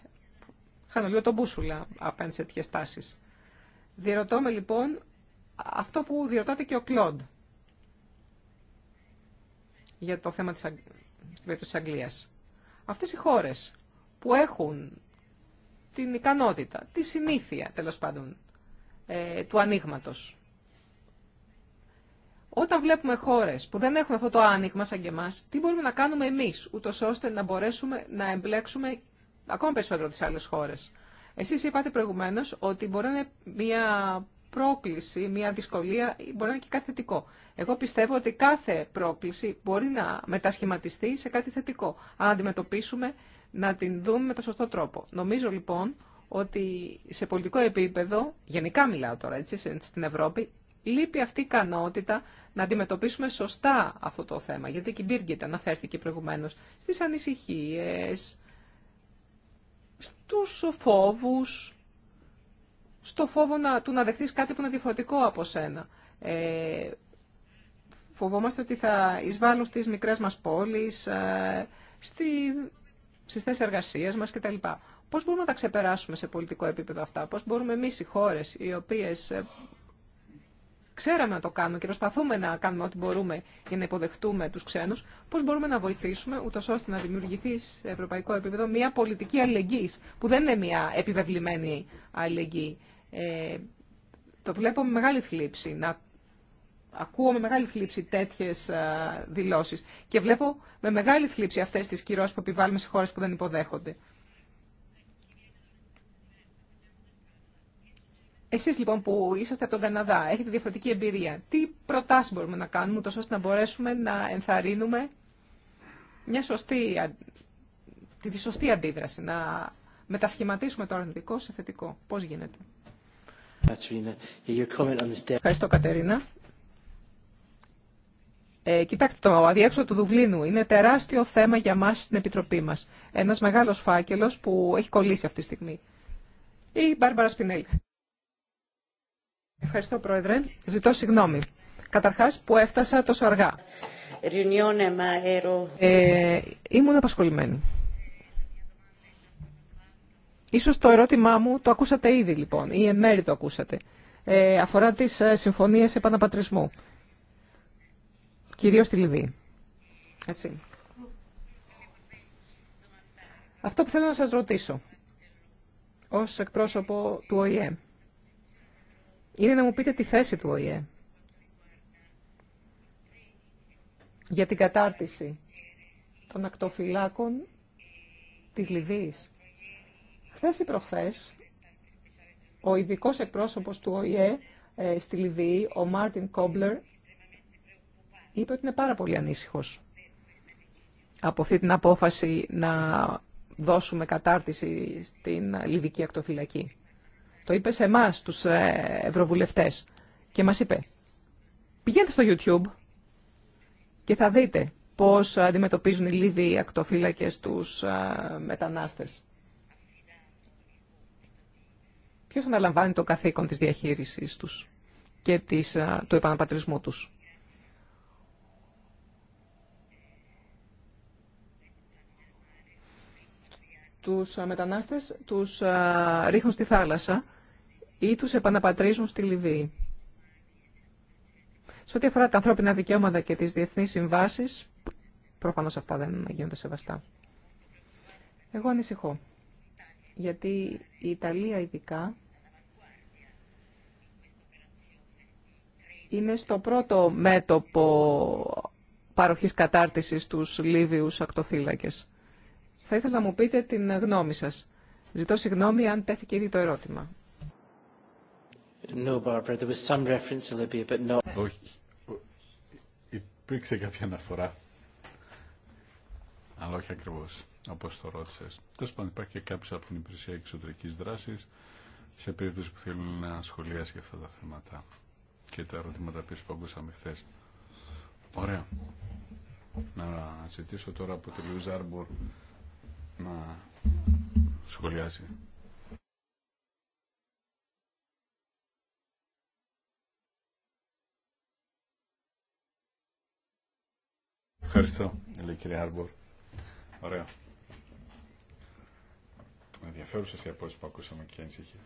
χάνω λίγο τον μπούσουλα απέναντι σε τέτοιες τάσεις. Διερωτώ με λοιπόν αυτό που διερωτάται και ο Κλοντ για το θέμα της στην περίπτωση της Αγγλίας. Αυτές οι χώρες που έχουν την ικανότητα, τη συνήθεια τέλος πάντων ε, του ανοίγματο. Όταν βλέπουμε χώρες που δεν έχουν αυτό το άνοιγμα σαν και εμάς, τι μπορούμε να κάνουμε εμείς, ούτως ώστε να μπορέσουμε να εμπλέξουμε ακόμα περισσότερο τις άλλες χώρες. Εσείς είπατε προηγουμένως ότι μπορεί να είναι μια πρόκληση, μια δυσκολία, μπορεί να είναι και κάτι θετικό. Εγώ πιστεύω ότι κάθε πρόκληση μπορεί να μετασχηματιστεί σε κάτι θετικό, αν αντιμετωπίσουμε να την δούμε με το σωστό τρόπο. Νομίζω λοιπόν ότι σε πολιτικό επίπεδο, γενικά μιλάω τώρα έτσι, στην Ευρώπη, λείπει αυτή η ικανότητα να αντιμετωπίσουμε σωστά αυτό το θέμα. Γιατί και η Μπίργκετ αναφέρθηκε προηγουμένω στι ανησυχίε στου φόβου στο φόβο να, του να δεχθείς κάτι που είναι διαφορετικό από σένα. Ε, φοβόμαστε ότι θα εισβάλλουν στις μικρές μας πόλεις, ε, στη, στις θέσεις εργασίας μας κτλ. Πώς μπορούμε να τα ξεπεράσουμε σε πολιτικό επίπεδο αυτά, πώς μπορούμε εμείς οι χώρες οι οποίες ε, ξέραμε να το κάνουμε και προσπαθούμε να κάνουμε ό,τι μπορούμε για να υποδεχτούμε του ξένου, πώ μπορούμε να βοηθήσουμε, ούτω ώστε να δημιουργηθεί σε ευρωπαϊκό επίπεδο μια πολιτική αλληλεγγύη, που δεν είναι μια επιβεβλημένη αλληλεγγύη. Ε, το βλέπω με μεγάλη θλίψη, να ακούω με μεγάλη θλίψη τέτοιε δηλώσει και βλέπω με μεγάλη θλίψη αυτέ τι κυρώσει που επιβάλλουμε σε χώρε που δεν υποδέχονται. Εσείς λοιπόν που είσαστε από τον Καναδά, έχετε διαφορετική εμπειρία, τι προτάσεις μπορούμε να κάνουμε τόσο ώστε να μπορέσουμε να ενθαρρύνουμε μια σωστή, τη σωστή αντίδραση, να μετασχηματίσουμε το αρνητικό σε θετικό. Πώς γίνεται. Ευχαριστώ Κατερίνα. Ε, κοιτάξτε, το αδιέξοδο του Δουβλίνου είναι τεράστιο θέμα για μας στην Επιτροπή μας. Ένας μεγάλος φάκελος που έχει κολλήσει αυτή τη στιγμή. Η Μπάρμπαρα Σπινέλη. Ευχαριστώ, Πρόεδρε. Ζητώ συγγνώμη. Καταρχάς που έφτασα τόσο αργά. Ε, ήμουν απασχολημένη. Ίσως το ερώτημά μου το ακούσατε ήδη λοιπόν, ή εν μέρη το ακούσατε. Ε, αφορά τις ε, συμφωνίες επαναπατρισμού, κυρίως στη Λιβύη. Αυτό που θέλω να σας ρωτήσω, ως εκπρόσωπο του ΟΗΕ, είναι να μου πείτε τη θέση του ΟΗΕ για την κατάρτιση των ακτοφυλάκων της Λιβύης. Χθες ή προχθές, ο ειδικός εκπρόσωπος του ΟΗΕ ε, στη Λιβύη, ο Μάρτιν Κόμπλερ, είπε ότι είναι πάρα πολύ ανήσυχος από αυτή την απόφαση να δώσουμε κατάρτιση στην Λιβική ακτοφυλακή. Το είπε σε εμά, τους ε, ευρωβουλευτές. Και μας είπε, πηγαίνετε στο YouTube και θα δείτε πώς αντιμετωπίζουν οι Λίβοι ακτοφύλακες τους ε, μετανάστες. Ποιο αναλαμβάνει το καθήκον της διαχείρισης τους και της, ε, του επαναπατρισμού τους. τους ε, μετανάστες τους ε, ρίχνουν στη θάλασσα ή τους επαναπατρίζουν στη Λιβύη. Σε ό,τι αφορά τα ανθρώπινα δικαιώματα και τις διεθνείς συμβάσεις, προφανώς αυτά δεν γίνονται σεβαστά. Εγώ ανησυχώ, γιατί η Ιταλία ειδικά είναι στο πρώτο μέτωπο παροχής κατάρτισης τους Λίβιους ακτοφύλακες. Θα ήθελα να μου πείτε την γνώμη σας. Ζητώ συγγνώμη αν τέθηκε ήδη το ερώτημα. No, Barbara, there was some reference but not... Υπήρξε κάποια αναφορά. Αλλά όχι ακριβώς, όπως το ρώτησες. Τόσο πάντων υπάρχει και κάποιος από την υπηρεσία εξωτερικής δράσης σε περίπτωση που θέλουν να σχολιάσει για αυτά τα θέματα και τα ερωτήματα που ακούσαμε χθε. Ωραία. Να ζητήσω τώρα από Λιουζάρμπορ να σχολιάσει. Ευχαριστώ, λέει κύριε Άρμπορ. Ωραία. Ενδιαφέρουσε η απόψει που ακούσαμε και ανησυχία.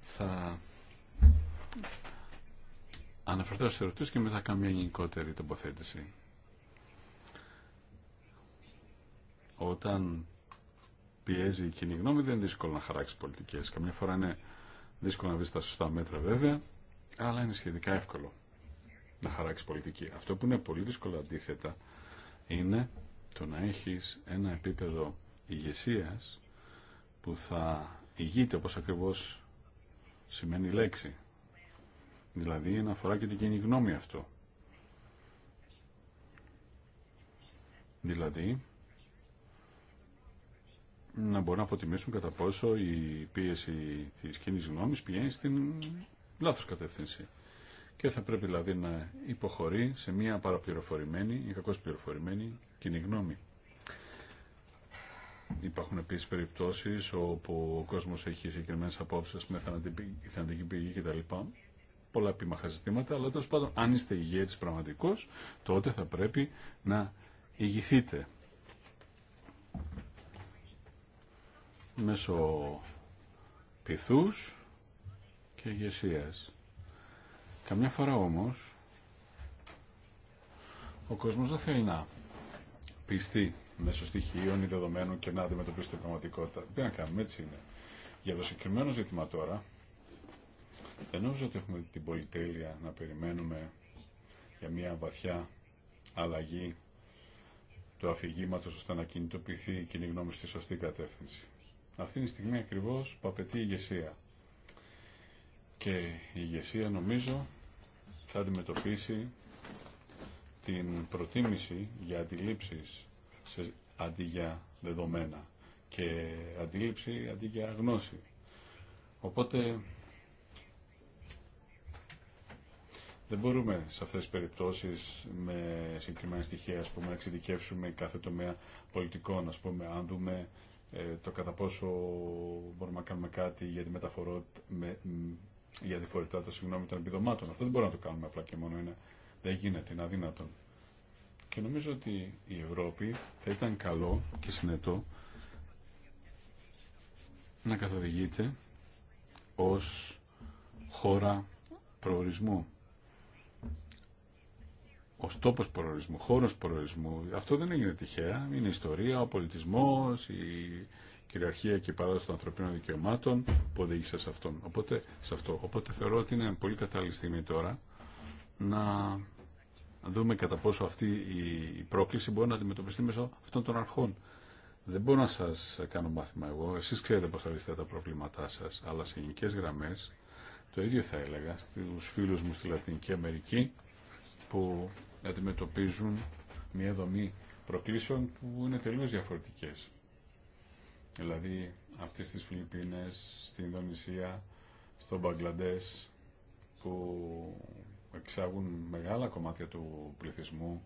Θα αναφερθώ σε ερωτήσει και μετά μια γενικότερη τοποθέτηση. Όταν πιέζει η κοινή γνώμη δεν είναι δύσκολο να χαράξει πολιτικές. Καμιά φορά είναι δύσκολο να βρει τα σωστά μέτρα βέβαια, αλλά είναι σχετικά εύκολο να χαράξει πολιτική. Αυτό που είναι πολύ δύσκολο αντίθετα είναι το να έχεις ένα επίπεδο ηγεσία που θα ηγείται όπως ακριβώς σημαίνει η λέξη. Δηλαδή να αφορά και την κοινή γνώμη αυτό. Δηλαδή να μπορούν να αποτιμήσουν κατά πόσο η πίεση τη κοινή γνώμη πηγαίνει στην λάθος κατεύθυνση. Και θα πρέπει δηλαδή να υποχωρεί σε μια παραπληροφορημένη ή κακώ πληροφορημένη κοινή γνώμη. Υπάρχουν επίση περιπτώσει όπου ο κόσμο έχει συγκεκριμένε απόψει με θανατική πηγή κτλ. Πολλά επίμαχα ζητήματα, αλλά τέλο πάντων, αν είστε ηγέτη πραγματικό, τότε θα πρέπει να ηγηθείτε. μέσω πυθούς και ηγεσία. Καμιά φορά όμως ο κόσμος δεν θέλει να πιστεί μέσω στοιχείων ή δεδομένων και να αντιμετωπίσει την πραγματικότητα. Δεν να κάνουμε, έτσι είναι. Για το συγκεκριμένο ζήτημα τώρα, δεν νομίζω ότι έχουμε την πολυτέλεια να περιμένουμε για μια βαθιά αλλαγή του αφηγήματος ώστε να κινητοποιηθεί η κοινή γνώμη στη σωστή κατεύθυνση. Αυτή τη στιγμή ακριβώς που απαιτεί η ηγεσία. Και η ηγεσία νομίζω θα αντιμετωπίσει την προτίμηση για αντιλήψεις σε, αντί για δεδομένα και αντίληψη αντί για γνώση. Οπότε δεν μπορούμε σε αυτές τις περιπτώσεις με συγκεκριμένα στοιχεία να εξειδικεύσουμε κάθε τομέα πολιτικών. Ας πούμε, αν δούμε ε, το κατά πόσο μπορούμε να κάνουμε κάτι για τη μεταφορά με, για τη συγγνώμη, των επιδομάτων. Αυτό δεν μπορούμε να το κάνουμε απλά και μόνο. Είναι, δεν γίνεται, είναι αδύνατον. Και νομίζω ότι η Ευρώπη θα ήταν καλό και συνετό να καθοδηγείται ως χώρα προορισμού ως τόπος προορισμού, χώρος προορισμού. Αυτό δεν έγινε τυχαία. Είναι η ιστορία, ο πολιτισμός, η κυριαρχία και η παράδοση των ανθρωπίνων δικαιωμάτων που οδήγησε σε, αυτόν. Οπότε, σε αυτό. Οπότε θεωρώ ότι είναι πολύ κατάλληλη στιγμή τώρα να δούμε κατά πόσο αυτή η πρόκληση μπορεί να αντιμετωπιστεί μέσω αυτών των αρχών. Δεν μπορώ να σας κάνω μάθημα εγώ. Εσείς ξέρετε πώς θα λύσετε τα προβλήματά σας. Αλλά σε γενικέ γραμμές το ίδιο θα έλεγα στους φίλους μου στη Λατινική Αμερική που αντιμετωπίζουν μια δομή προκλήσεων που είναι τελείως διαφορετικές. Δηλαδή αυτές στις Φιλιππίνες, στην Ινδονησία, στο Μπαγκλαντές που εξάγουν μεγάλα κομμάτια του πληθυσμού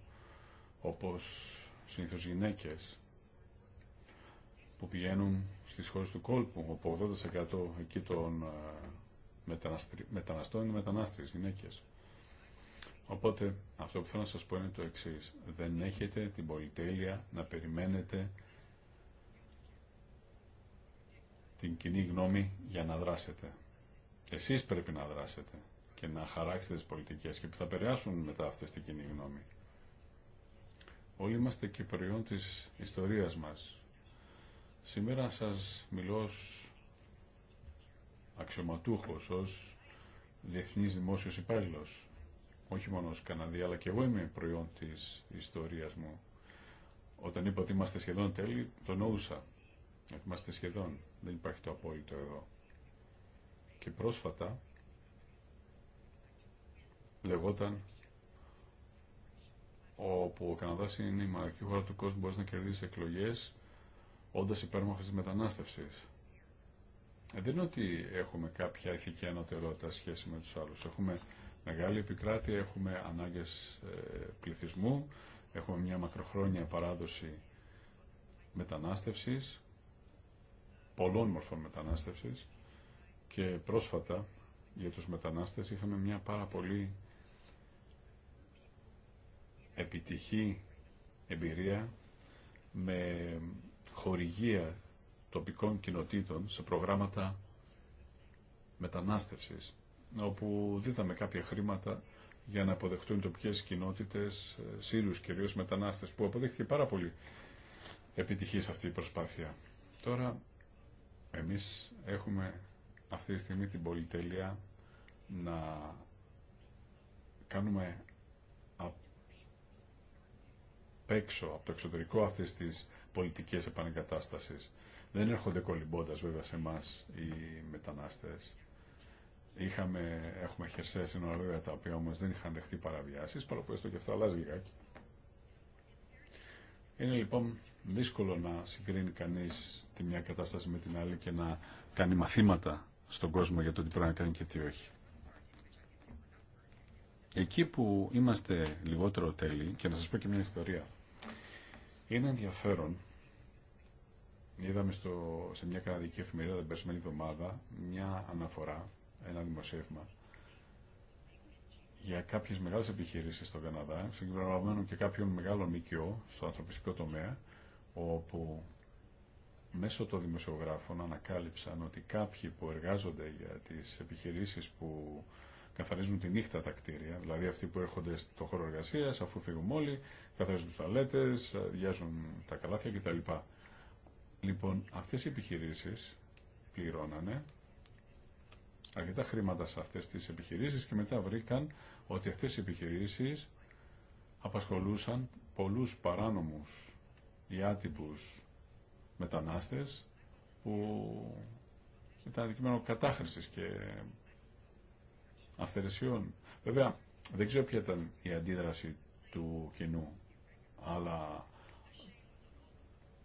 όπως συνήθως γυναίκες που πηγαίνουν στις χώρες του κόλπου όπου 80% εκεί των ε, μεταναστών είναι μετανάστες γυναίκες. Οπότε αυτό που θέλω να σας πω είναι το εξής. Δεν έχετε την πολυτέλεια να περιμένετε την κοινή γνώμη για να δράσετε. Εσείς πρέπει να δράσετε και να χαράξετε τις πολιτικές και που θα περάσουν μετά αυτές την κοινή γνώμη. Όλοι είμαστε και προϊόν της ιστορίας μας. Σήμερα σας μιλώ ως αξιωματούχος, ως διεθνής δημόσιος υπάλληλος όχι μόνο ως Καναδία, αλλά και εγώ είμαι προϊόν της ιστορίας μου. Όταν είπα ότι είμαστε σχεδόν τέλειοι, το νοούσα. Είμαστε σχεδόν. Δεν υπάρχει το απόλυτο εδώ. Και πρόσφατα λεγόταν όπου ο Καναδάς είναι η μοναδική χώρα του κόσμου μπορεί να κερδίσει εκλογές όντας υπέρμαχος της μετανάστευσης. Ε, δεν είναι ότι έχουμε κάποια ηθική ανωτερότητα σχέση με τους άλλους. Έχουμε μεγάλη επικράτεια, έχουμε ανάγκες ε, πληθυσμού, έχουμε μια μακροχρόνια παράδοση μετανάστευσης, πολλών μορφών μετανάστευσης και πρόσφατα για τους μετανάστες είχαμε μια πάρα πολύ επιτυχή εμπειρία με χορηγία τοπικών κοινοτήτων σε προγράμματα μετανάστευσης όπου δίδαμε κάποια χρήματα για να αποδεχτούν τοπικές κοινότητες, ε, Σύριους κυρίως μετανάστες, που αποδείχθηκε πάρα πολύ επιτυχής αυτή η προσπάθεια. Τώρα, εμείς έχουμε αυτή τη στιγμή την πολυτέλεια να κάνουμε απ' έξω, από το εξωτερικό αυτής της πολιτικής επανεγκατάστασης. Δεν έρχονται κολυμπώντας βέβαια σε εμά οι μετανάστες. Είχαμε, έχουμε χερσαία συνορία τα οποία όμως δεν είχαν δεχτεί παραβιάσεις, παρόλο που έστω και αυτό αλλάζει λιγάκι. Είναι λοιπόν δύσκολο να συγκρίνει κανείς τη μια κατάσταση με την άλλη και να κάνει μαθήματα στον κόσμο για το τι πρέπει να κάνει και τι όχι. Εκεί που είμαστε λιγότερο τέλειοι, και να σας πω και μια ιστορία, είναι ενδιαφέρον. Είδαμε σε μια καναδική εφημερίδα την περσμένη εβδομάδα μια αναφορά ένα δημοσίευμα για κάποιες μεγάλες επιχειρήσεις στον Καναδά, συγκεκριμένων και κάποιων μεγάλο ΜΚΟ στο ανθρωπιστικό τομέα, όπου μέσω των δημοσιογράφων ανακάλυψαν ότι κάποιοι που εργάζονται για τις επιχειρήσεις που καθαρίζουν τη νύχτα τα κτίρια, δηλαδή αυτοί που έρχονται στο χώρο εργασία, αφού φύγουν όλοι, καθαρίζουν του αλέτες, διάζουν τα καλάθια κτλ. Λοιπόν, αυτέ οι επιχειρήσει πληρώνανε αρκετά χρήματα σε αυτές τις επιχειρήσεις και μετά βρήκαν ότι αυτές οι επιχειρήσεις απασχολούσαν πολλούς παράνομους ή άτυπους μετανάστες που ήταν αντικείμενο κατάχρησης και αυθαιρεσιών. Βέβαια, δεν ξέρω ποια ήταν η αντίδραση του κοινού, αλλά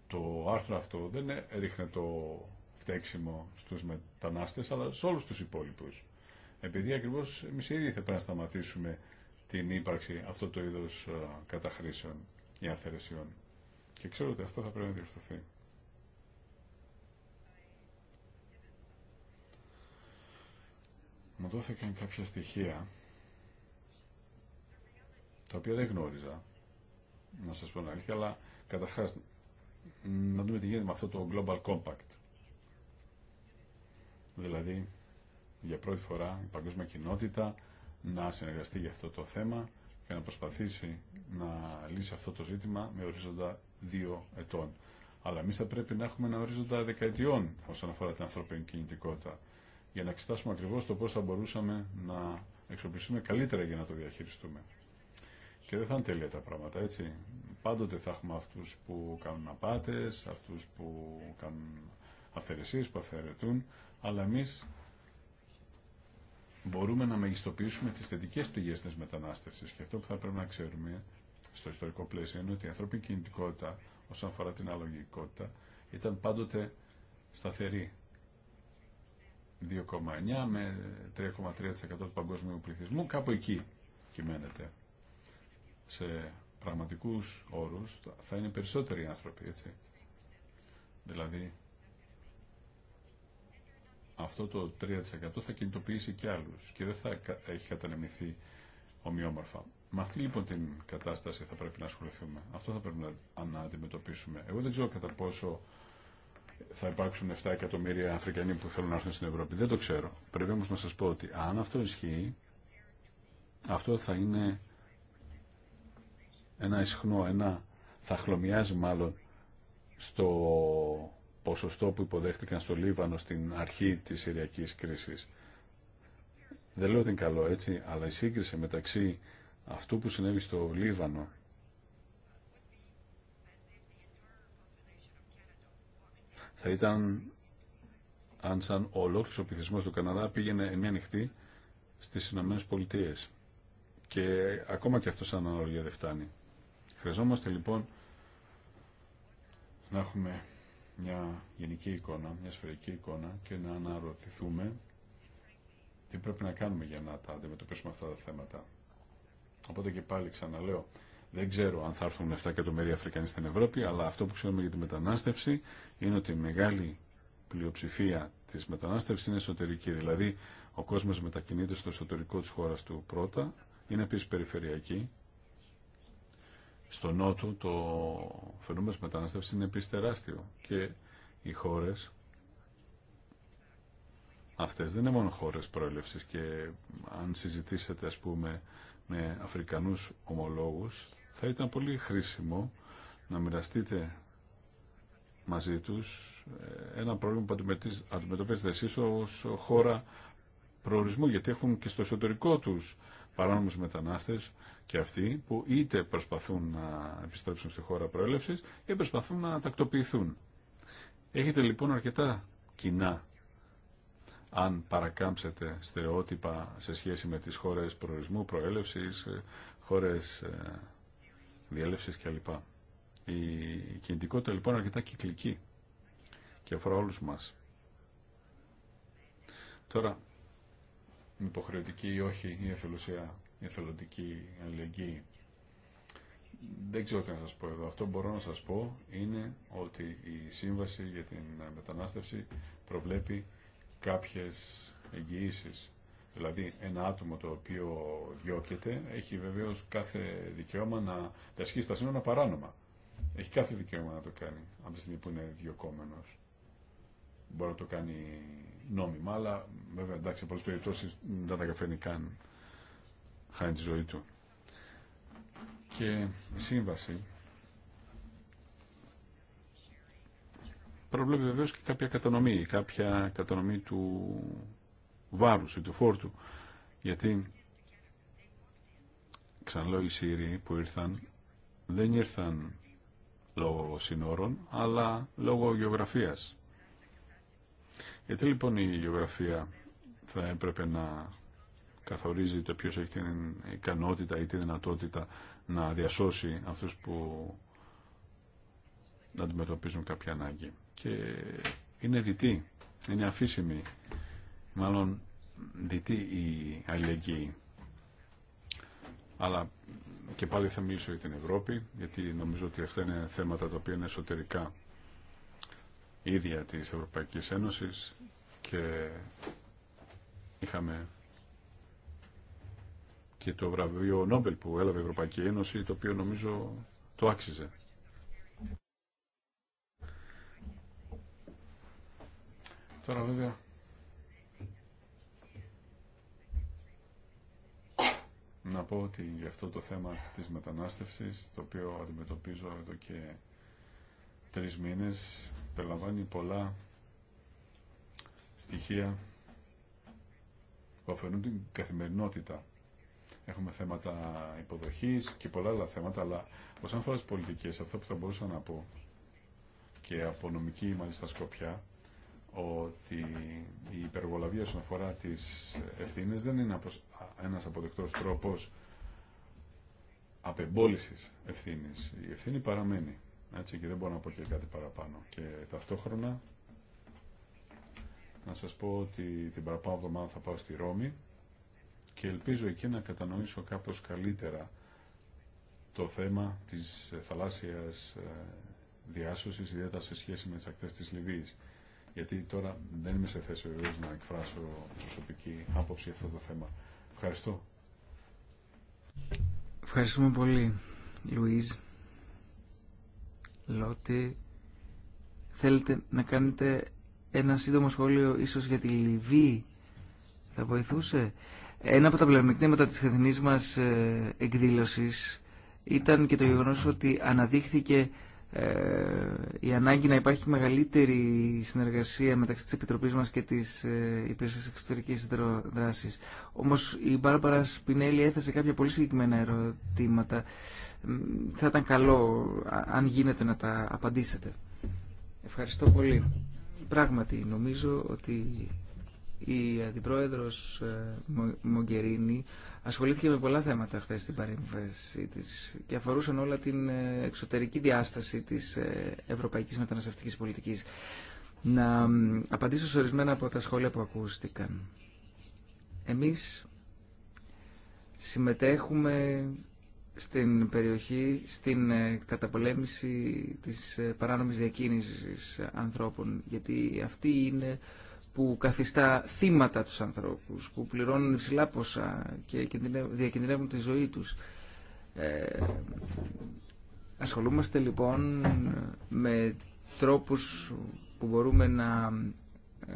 το άρθρο αυτό δεν ρίχνε το αρθρο αυτο δεν έριχνε το φταίξιμο στους μετανάστες, αλλά σε όλους τους υπόλοιπους. Επειδή ακριβώς εμείς ήδη θα πρέπει να σταματήσουμε την ύπαρξη αυτού του είδους ε, καταχρήσεων ή αθαιρεσιών. Και ξέρω ότι αυτό θα πρέπει να διορθωθεί. Μου δόθηκαν κάποια στοιχεία τα οποία δεν γνώριζα να σας πω την αλήθεια, αλλά καταρχάς να δούμε τι γίνεται με αυτό το Global Compact δηλαδή για πρώτη φορά η παγκόσμια κοινότητα να συνεργαστεί για αυτό το θέμα και να προσπαθήσει να λύσει αυτό το ζήτημα με ορίζοντα δύο ετών. Αλλά εμεί θα πρέπει να έχουμε ένα ορίζοντα δεκαετιών όσον αφορά την ανθρώπινη κινητικότητα για να εξετάσουμε ακριβώ το πώ θα μπορούσαμε να εξοπλιστούμε καλύτερα για να το διαχειριστούμε. Και δεν θα είναι τέλεια τα πράγματα, έτσι. Πάντοτε θα έχουμε αυτού που κάνουν απάτε, αυτού που κάνουν αυθαιρεσίε, που αυθαιρετούν, αλλά εμείς μπορούμε να μεγιστοποιήσουμε τις θετικές πηγές της μετανάστευσης και αυτό που θα πρέπει να ξέρουμε στο ιστορικό πλαίσιο είναι ότι η ανθρώπινη κινητικότητα όσον αφορά την αλλογικότητα, ήταν πάντοτε σταθερή 2,9 με 3,3% του παγκόσμιου πληθυσμού κάπου εκεί κυμαίνεται σε πραγματικούς όρους θα είναι περισσότεροι άνθρωποι έτσι δηλαδή αυτό το 3% θα κινητοποιήσει και άλλους και δεν θα έχει κατανεμηθεί ομοιόμορφα. Με αυτή λοιπόν την κατάσταση θα πρέπει να ασχοληθούμε. Αυτό θα πρέπει να αντιμετωπίσουμε. Εγώ δεν ξέρω κατά πόσο θα υπάρξουν 7 εκατομμύρια Αφρικανοί που θέλουν να έρθουν στην Ευρώπη. Δεν το ξέρω. Πρέπει όμως να σας πω ότι αν αυτό ισχύει, αυτό θα είναι ένα ισχνό, ένα θα χλωμιάζει μάλλον στο ποσοστό που υποδέχτηκαν στο Λίβανο στην αρχή της Συριακής κρίσης. Δεν λέω ότι είναι καλό έτσι, αλλά η σύγκριση μεταξύ αυτού που συνέβη στο Λίβανο θα ήταν αν σαν ολόκληρος ο πληθυσμός του Καναδά πήγαινε μια νυχτή στις Ηνωμένε Πολιτείε. Και ακόμα και αυτό σαν αναλογία δεν φτάνει. Χρειαζόμαστε λοιπόν να έχουμε μια γενική εικόνα, μια σφαιρική εικόνα και να αναρωτηθούμε τι πρέπει να κάνουμε για να τα αντιμετωπίσουμε αυτά τα θέματα. Οπότε και πάλι ξαναλέω, δεν ξέρω αν θα έρθουν 7 εκατομμύρια Αφρικανοί στην Ευρώπη, αλλά αυτό που ξέρουμε για τη μετανάστευση είναι ότι η μεγάλη πλειοψηφία τη μετανάστευση είναι εσωτερική. Δηλαδή, ο κόσμο μετακινείται στο εσωτερικό τη χώρα του πρώτα, είναι επίση περιφερειακή στο Νότο το φαινόμενο της είναι επίσης τεράστιο και οι χώρες αυτές δεν είναι μόνο χώρες προέλευσης και αν συζητήσετε ας πούμε με Αφρικανούς ομολόγους θα ήταν πολύ χρήσιμο να μοιραστείτε μαζί τους ε, ένα πρόβλημα που αντιμετωπίζετε εσείς ως χώρα προορισμού γιατί έχουν και στο εσωτερικό τους παράνομους μετανάστες και αυτοί που είτε προσπαθούν να επιστρέψουν στη χώρα προέλευσης ή προσπαθούν να τακτοποιηθούν. Έχετε λοιπόν αρκετά κοινά αν παρακάμψετε στερεότυπα σε σχέση με τις χώρες προορισμού, προέλευσης, χώρες ε, διέλευσης κλπ. Η κινητικότητα λοιπόν είναι αρκετά κυκλική και αφορά όλους μας. Τώρα, υποχρεωτική ή όχι η εθελουσία εθελοντική αλληλεγγύη. Δεν ξέρω τι να σας πω εδώ. Αυτό μπορώ να σας πω είναι ότι η Σύμβαση για την Μετανάστευση προβλέπει κάποιες εγγυήσεις. Δηλαδή ένα άτομο το οποίο διώκεται έχει βεβαίως κάθε δικαίωμα να διασχίσει τα σύνορα παράνομα. Έχει κάθε δικαίωμα να το κάνει αν τη στιγμή που είναι διωκόμενος. Μπορεί να το κάνει νόμιμα, αλλά βέβαια εντάξει, πολλέ δεν τα καφένει καν χάνει τη ζωή του. Και η σύμβαση προβλέπει βεβαίως και κάποια κατανομή, κάποια κατανομή του βάρους ή του φόρτου. Γιατί, ξαναλέω οι Σύριοι που ήρθαν, δεν ήρθαν λόγω συνόρων, αλλά λόγω γεωγραφίας. Γιατί λοιπόν η του φορτου γιατι ξανα οι συριοι που ηρθαν δεν ηρθαν λογω συνορων αλλα λογω γεωγραφιας γιατι λοιπον η γεωγραφια θα έπρεπε να καθορίζει το ποιος έχει την ικανότητα ή τη δυνατότητα να διασώσει αυτούς που να αντιμετωπίζουν κάποια ανάγκη. Και είναι δυτή, είναι αφήσιμη, μάλλον δυτή η αλληλεγγύη. Αλλά και πάλι θα μιλήσω για την Ευρώπη, γιατί νομίζω ότι αυτά είναι θέματα τα οποία είναι εσωτερικά ίδια της Ευρωπαϊκής Ένωσης και είχαμε και το βραβείο Νόμπελ που έλαβε η Ευρωπαϊκή Ένωση, το οποίο νομίζω το άξιζε. Τώρα βέβαια να πω ότι για αυτό το θέμα της μετανάστευσης, το οποίο αντιμετωπίζω εδώ και τρεις μήνες, περιλαμβάνει πολλά στοιχεία που αφορούν την καθημερινότητα Έχουμε θέματα υποδοχής και πολλά άλλα θέματα, αλλά όσον αφορά τι πολιτικές, αυτό που θα μπορούσα να πω και από νομική μάλιστα σκοπιά, ότι η υπεργολαβία όσον αφορά τις ευθύνες δεν είναι ένας αποδεκτός τρόπος απεμπόλησης ευθύνης. Η ευθύνη παραμένει. Έτσι, και δεν μπορώ να πω και κάτι παραπάνω. Και ταυτόχρονα να σας πω ότι την παραπάνω εβδομάδα θα πάω στη Ρώμη και ελπίζω εκεί να κατανοήσω κάπως καλύτερα το θέμα της θαλάσσιας ε, διάσωσης, ιδιαίτερα σε σχέση με τις ακτές της Λιβύης. Γιατί τώρα δεν είμαι σε θέση βεβαίως να εκφράσω προσωπική άποψη για αυτό το θέμα. Ευχαριστώ. Ευχαριστούμε πολύ, Λουίζ. Λότι, θέλετε να κάνετε ένα σύντομο σχόλιο ίσως για τη Λιβύη. Θα βοηθούσε. Ένα από τα πλεονεκτήματα της εθνής μας ε, εκδήλωσης ήταν και το γεγονός ότι αναδείχθηκε ε, η ανάγκη να υπάρχει μεγαλύτερη συνεργασία μεταξύ της Επιτροπής μας και της ε, Υπηρεσίας Εξωτερικής Δράσης. Όμως η Μπάρμπαρα Σπινέλη έθεσε κάποια πολύ συγκεκριμένα ερωτήματα. Θα ήταν καλό αν γίνεται να τα απαντήσετε. Ευχαριστώ πολύ. Πράγματι νομίζω ότι η Αντιπρόεδρος ε, Μογκερίνη ασχολήθηκε με πολλά θέματα χθες στην παρέμβαση της και αφορούσαν όλα την ε, εξωτερική διάσταση της ε, ευρωπαϊκής μεταναστευτικής πολιτικής. Να απαντήσω σε ορισμένα από τα σχόλια που ακούστηκαν. Εμείς συμμετέχουμε στην περιοχή στην καταπολέμηση της παράνομης διακίνησης ανθρώπων γιατί αυτή είναι που καθιστά θύματα τους ανθρώπους, που πληρώνουν υψηλά ποσά και διακινδυνεύουν τη ζωή τους. Ε, ασχολούμαστε λοιπόν με τρόπους που μπορούμε να ε,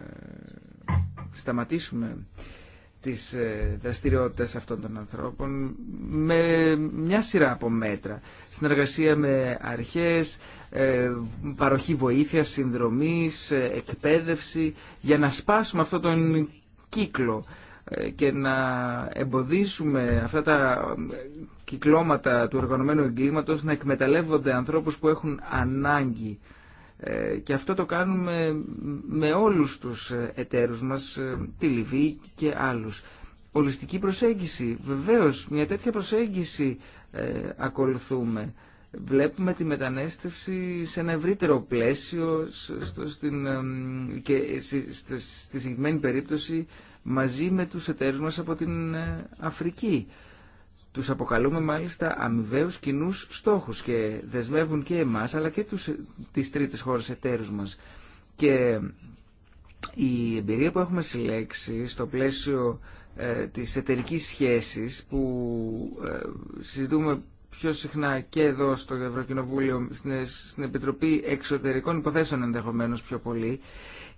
σταματήσουμε τις ε, δραστηριότητες αυτών των ανθρώπων με μια σειρά από μέτρα. Συνεργασία με αρχές, ε, παροχή βοήθειας, συνδρομής, ε, εκπαίδευση, για να σπάσουμε αυτό τον κύκλο ε, και να εμποδίσουμε αυτά τα κυκλώματα του οργανωμένου εγκλήματος να εκμεταλλεύονται ανθρώπους που έχουν ανάγκη. Και αυτό το κάνουμε με όλους τους εταίρους μας, τη Λιβύη και άλλους. Ολιστική προσέγγιση, βεβαίως μια τέτοια προσέγγιση ακολουθούμε βλέπουμε τη μετανέστευση σε ένα ευρύτερο πλαίσιο στο, στην, και στη συγκεκριμένη περίπτωση μαζί με τους εταίρους μας από την ε, Αφρική. Τους αποκαλούμε μάλιστα αμοιβαίους κοινού στόχους και δεσμεύουν και εμάς αλλά και τους, τις τρίτες χώρες εταίρους μας. Και η εμπειρία που έχουμε συλλέξει στο πλαίσιο ε, της εταιρικής σχέσης που ε, συζητούμε πιο συχνά και εδώ στο Ευρωκοινοβούλιο, στην Επιτροπή Εξωτερικών Υποθέσεων ενδεχομένω πιο πολύ,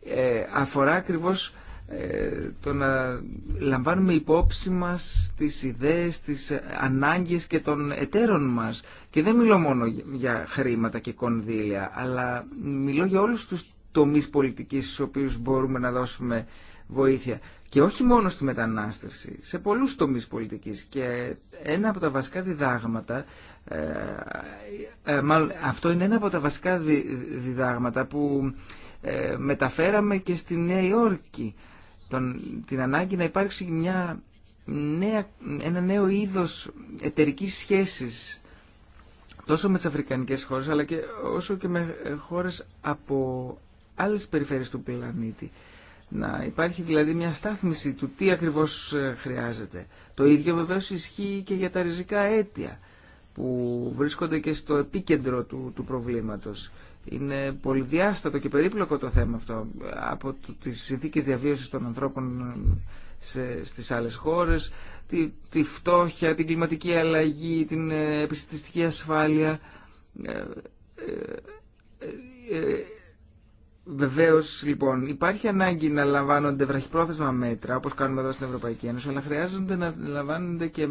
ε, αφορά ακριβώς ε, το να λαμβάνουμε υπόψη μα τι ιδέες, τι ανάγκες και των εταίρων μας. Και δεν μιλώ μόνο για χρήματα και κονδύλια, αλλά μιλώ για όλους τους τομείς πολιτικής στους οποίους μπορούμε να δώσουμε βοήθεια και όχι μόνο στη μετανάστευση, σε πολλούς τομείς πολιτικής. Και ένα από τα βασικά διδάγματα, ε, ε, ε αυτό είναι ένα από τα βασικά διδάγματα που ε, μεταφέραμε και στη Νέα Υόρκη. Τον, την ανάγκη να υπάρξει μια νέα, ένα νέο είδος εταιρικής σχέσης τόσο με τις αφρικανικές χώρες αλλά και όσο και με χώρες από άλλες περιφέρειες του πλανήτη. Να υπάρχει δηλαδή μια στάθμιση του τι ακριβώς ε, χρειάζεται. Το ίδιο βεβαίως ισχύει και για τα ριζικά αίτια που βρίσκονται και στο επίκεντρο του, του προβλήματος. Είναι πολυδιάστατο και περίπλοκο το θέμα αυτό από τις συνθήκες διαβίωσης των ανθρώπων ε, σε, στις άλλες χώρες, τη, τη φτώχεια, την κλιματική αλλαγή, την ε, επιστημιστική ασφάλεια. Βεβαίω, λοιπόν, υπάρχει ανάγκη να λαμβάνονται βραχυπρόθεσμα μέτρα, όπω κάνουμε εδώ στην Ευρωπαϊκή Ένωση, αλλά χρειάζονται να λαμβάνονται και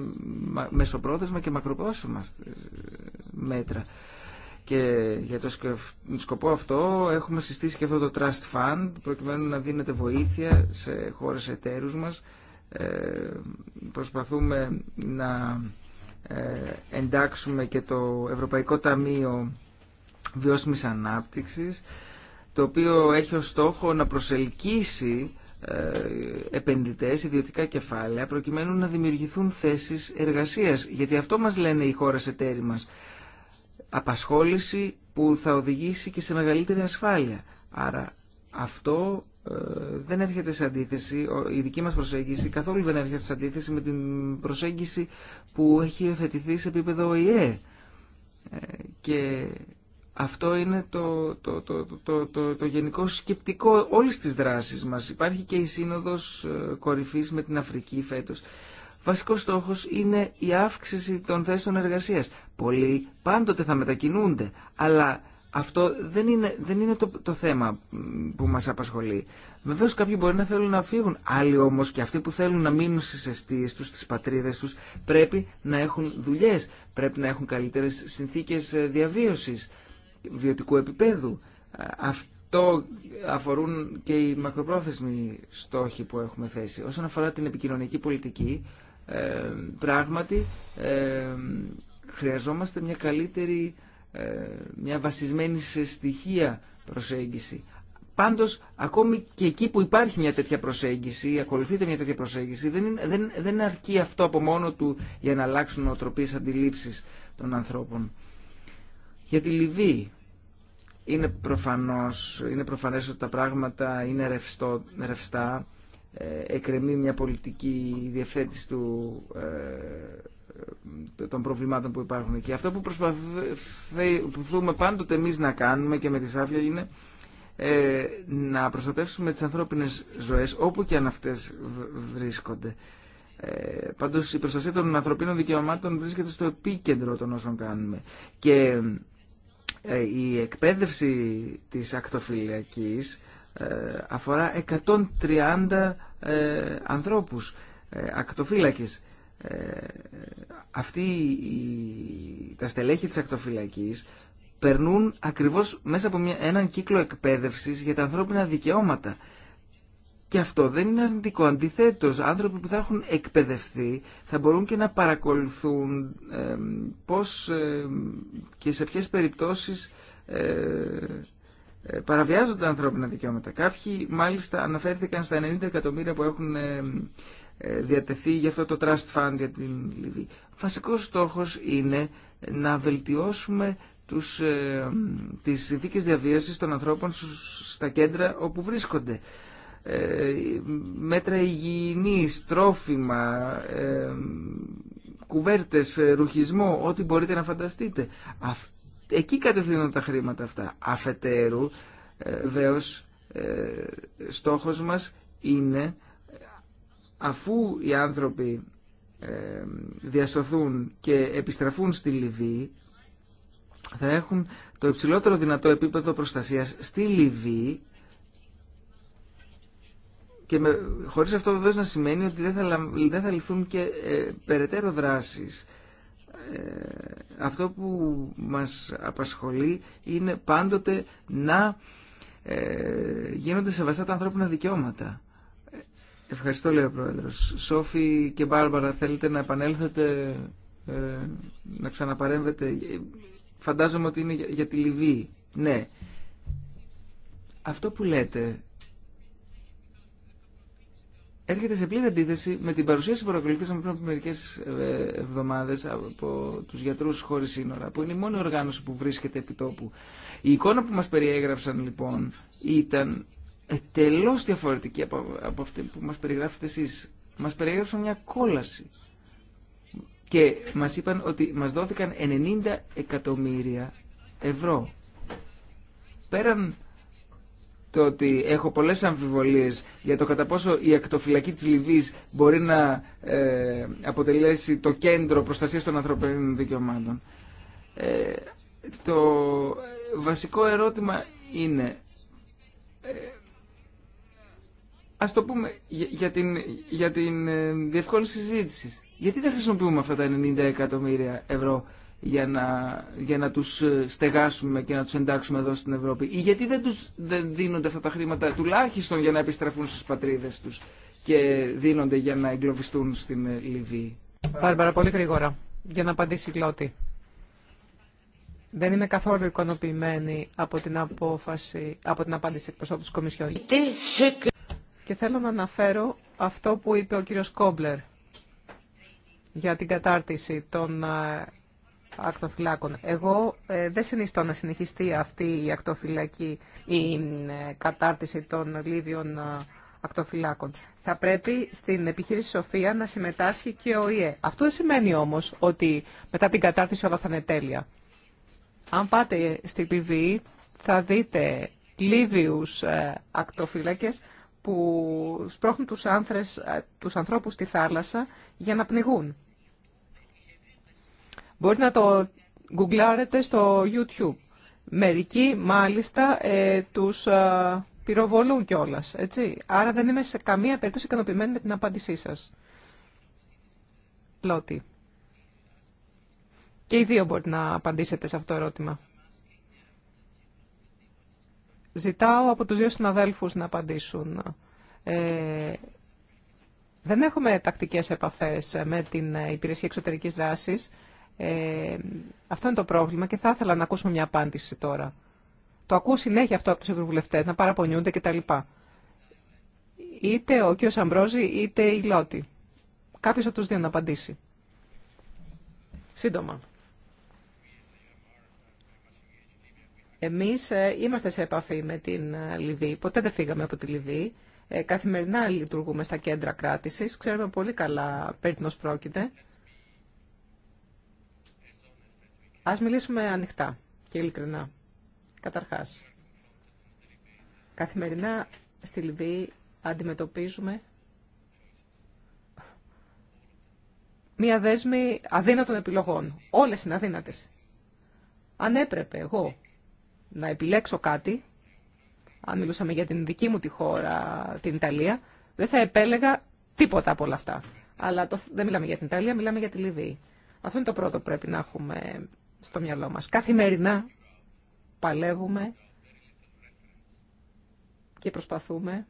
μεσοπρόθεσμα και μακροπρόθεσμα μέτρα. Και για το σκοπό αυτό έχουμε συστήσει και αυτό το Trust Fund, προκειμένου να δίνεται βοήθεια σε χώρες εταίρους μας. Ε, προσπαθούμε να ε, εντάξουμε και το Ευρωπαϊκό Ταμείο Βιώσιμης Ανάπτυξης το οποίο έχει ως στόχο να προσελκύσει ε, επενδυτές, ιδιωτικά κεφάλαια, προκειμένου να δημιουργηθούν θέσεις εργασίας. Γιατί αυτό μας λένε οι χώρες εταίροι μας. Απασχόληση που θα οδηγήσει και σε μεγαλύτερη ασφάλεια. Άρα αυτό ε, δεν έρχεται σε αντίθεση, η δική μας προσέγγιση καθόλου δεν έρχεται σε αντίθεση με την προσέγγιση που έχει υιοθετηθεί σε επίπεδο ΟΗΕ. Ε, και αυτό είναι το, το, το, το, το, γενικό σκεπτικό όλης της δράσης μας. Υπάρχει και η Σύνοδος ε, Κορυφής με την Αφρική φέτος. Βασικός στόχος είναι η αύξηση των θέσεων εργασίας. Πολλοί πάντοτε θα μετακινούνται, αλλά αυτό δεν είναι, δεν είναι το, το θέμα που μας απασχολεί. Βεβαίως κάποιοι μπορεί να θέλουν να φύγουν, άλλοι όμως και αυτοί που θέλουν να μείνουν στις αιστείες τους, στις πατρίδες τους, πρέπει να έχουν δουλειές, πρέπει να έχουν καλύτερες συνθήκες ε, διαβίωσης βιωτικού επίπεδου. Ε, αυτό αφορούν και οι μακροπρόθεσμοι στόχοι που έχουμε θέσει. Όσον αφορά την επικοινωνική πολιτική, ε, πράγματι ε, χρειαζόμαστε μια καλύτερη, μια βασισμένη σε στοιχεία προσέγγιση. Πάντως, ακόμη και εκεί που υπάρχει μια τέτοια προσέγγιση, ακολουθείται μια τέτοια προσέγγιση, δεν, δεν, δεν αρκεί αυτό από μόνο του για να αλλάξουν οτροπίες αντιλήψεις των ανθρώπων. Για τη Λιβύη είναι, προφανώς, είναι προφανές ότι τα πράγματα είναι ρευστό, ρευστά. Ε, εκρεμεί μια πολιτική διευθέτηση του, ε, των προβλημάτων που υπάρχουν εκεί. Αυτό που προσπαθούμε πάντοτε εμείς να κάνουμε και με τη Σάφια είναι ε, να προστατεύσουμε τις ανθρώπινες ζωές όπου και αν αυτές βρίσκονται. Ε, πάντως η προστασία των ανθρωπίνων δικαιωμάτων βρίσκεται στο επίκεντρο των όσων κάνουμε. Και ε, η εκπαίδευση της ακτοφυλακής ε, αφορά 130 ε, ανθρώπους ακτοφύλακες. Αυτοί τα στελέχη της ακτοφυλακής περνούν ακριβώς μέσα από έναν κύκλο εκπαίδευσης για τα ανθρώπινα δικαιώματα και αυτό δεν είναι αρνητικό. Αντιθέτω άνθρωποι που θα έχουν εκπαιδευτεί θα μπορούν και να παρακολουθούν ε, πώς και σε ποιες περιπτώσεις ε, ε, παραβιάζονται ανθρώπινα δικαιώματα. Κάποιοι μάλιστα αναφέρθηκαν στα 90 εκατομμύρια που έχουν ε, διατεθεί για αυτό το Trust Fund για την Λιβύη. Ο στόχο στόχος είναι να βελτιώσουμε τους, τις συνθήκες διαβίωσης των ανθρώπων στα κέντρα όπου βρίσκονται. Ε, μέτρα υγιεινής, τρόφιμα, ε, κουβέρτες, ε, ρουχισμό, ό,τι μπορείτε να φανταστείτε. Εκεί κατευθυνούν τα χρήματα αυτά. Αφετέρου, ε, στόχος μας είναι αφού οι άνθρωποι διασωθούν και επιστραφούν στη Λιβύη θα έχουν το υψηλότερο δυνατό επίπεδο προστασίας στη Λιβύη και με, χωρίς αυτό βεβαίως να σημαίνει ότι δεν θα, δεν και ε, περαιτέρω δράσεις. Ε, αυτό που μας απασχολεί είναι πάντοτε να ε, γίνονται σεβαστά τα ανθρώπινα δικαιώματα. Ευχαριστώ, λέει ο Πρόεδρος. Σόφη και Μπάρμπαρα, θέλετε να επανέλθετε, ε, να ξαναπαρέμβετε. Φαντάζομαι ότι είναι για, για τη Λιβύη. Ναι. Αυτό που λέτε έρχεται σε πλήρη αντίθεση με την παρουσίαση που παρακολουθήσαμε πριν από μερικέ ε, εβδομάδε από του γιατρού χωρί σύνορα, που είναι η μόνη οργάνωση που βρίσκεται επί τόπου. Η εικόνα που μα περιέγραψαν λοιπόν ήταν τελώ διαφορετική από, από αυτή που μα περιγράφετε εσεί. Μα περιέγραψαν μια κόλαση. Και μα είπαν ότι μα δόθηκαν 90 εκατομμύρια ευρώ. Πέραν το ότι έχω πολλές αμφιβολίες για το κατά πόσο η ακτοφυλακή της Λιβύης μπορεί να ε, αποτελέσει το κέντρο προστασίας των ανθρωπίνων δικαιωμάτων. Ε, το βασικό ερώτημα είναι... Ε, ας το πούμε για, την, για την ε, διευκόλυνση συζήτηση. Γιατί δεν χρησιμοποιούμε αυτά τα 90 εκατομμύρια ευρώ για να, για να τους ε, στεγάσουμε και να τους εντάξουμε εδώ στην Ευρώπη ή γιατί δεν τους δεν δίνονται αυτά τα χρήματα τουλάχιστον για να επιστραφούν στις πατρίδες τους και δίνονται για να εγκλωβιστούν στην ε, Λιβύη. Πάρμπαρα πολύ γρήγορα, για να απαντήσει η Δεν είμαι καθόλου ικανοποιημένη από την, απόφαση, από την απάντηση εκπροσώπου της Κομισιόν. Και θέλω να αναφέρω αυτό που είπε ο κύριος Κόμπλερ για την κατάρτιση των ε, ακτοφυλάκων. Εγώ ε, δεν συνιστώ να συνεχιστεί αυτή η ακτοφυλακή, η ε, κατάρτιση των Λίβιων ε, ακτοφυλάκων. Θα πρέπει στην επιχείρηση Σοφία να συμμετάσχει και ο ΙΕ. Αυτό δεν σημαίνει όμως ότι μετά την κατάρτιση όλα θα είναι τέλεια. Αν πάτε στη Λιβύη θα δείτε Λίβιους ε, ακτοφύλακες που σπρώχνουν τους, άνθρες, τους ανθρώπους στη θάλασσα για να πνιγούν. Μπορείτε να το γκουγκλάρετε στο YouTube. Μερικοί μάλιστα ε, τους ε, πυροβολούν κιόλα. έτσι. Άρα δεν είμαι σε καμία περίπτωση ικανοποιημένη με την απάντησή σας. Λότι. Και οι δύο μπορείτε να απαντήσετε σε αυτό το ερώτημα. Ζητάω από τους δύο συναδέλφους να απαντήσουν. Ε, δεν έχουμε τακτικές επαφές με την ε, Υπηρεσία Εξωτερικής Δράσης. Ε, αυτό είναι το πρόβλημα και θα ήθελα να ακούσουμε μια απάντηση τώρα. Το ακούω συνέχεια αυτό από του ευρωβουλευτέ, να παραπονιούνται κτλ. Είτε ο κ. Αμπρόζη είτε η Λότη. Κάποιο από του δύο να απαντήσει. Σύντομα. Εμείς ε, είμαστε σε επαφή με την ε, Λιβύη. Ποτέ δεν φύγαμε από τη Λιβύη. καθημερινά λειτουργούμε στα κέντρα κράτησης. Ξέρουμε πολύ καλά περί πρόκειται. Ας μιλήσουμε ανοιχτά και ειλικρινά. Καταρχάς, καθημερινά στη Λιβύη αντιμετωπίζουμε μία δέσμη αδύνατων επιλογών. Όλες είναι αδύνατες. Αν έπρεπε εγώ να επιλέξω κάτι, αν μιλούσαμε για την δική μου τη χώρα, την Ιταλία, δεν θα επέλεγα τίποτα από όλα αυτά. Αλλά το, δεν μιλάμε για την Ιταλία, μιλάμε για τη Λιβύη. Αυτό είναι το πρώτο που πρέπει να έχουμε στο μυαλό μας. Καθημερινά παλεύουμε και προσπαθούμε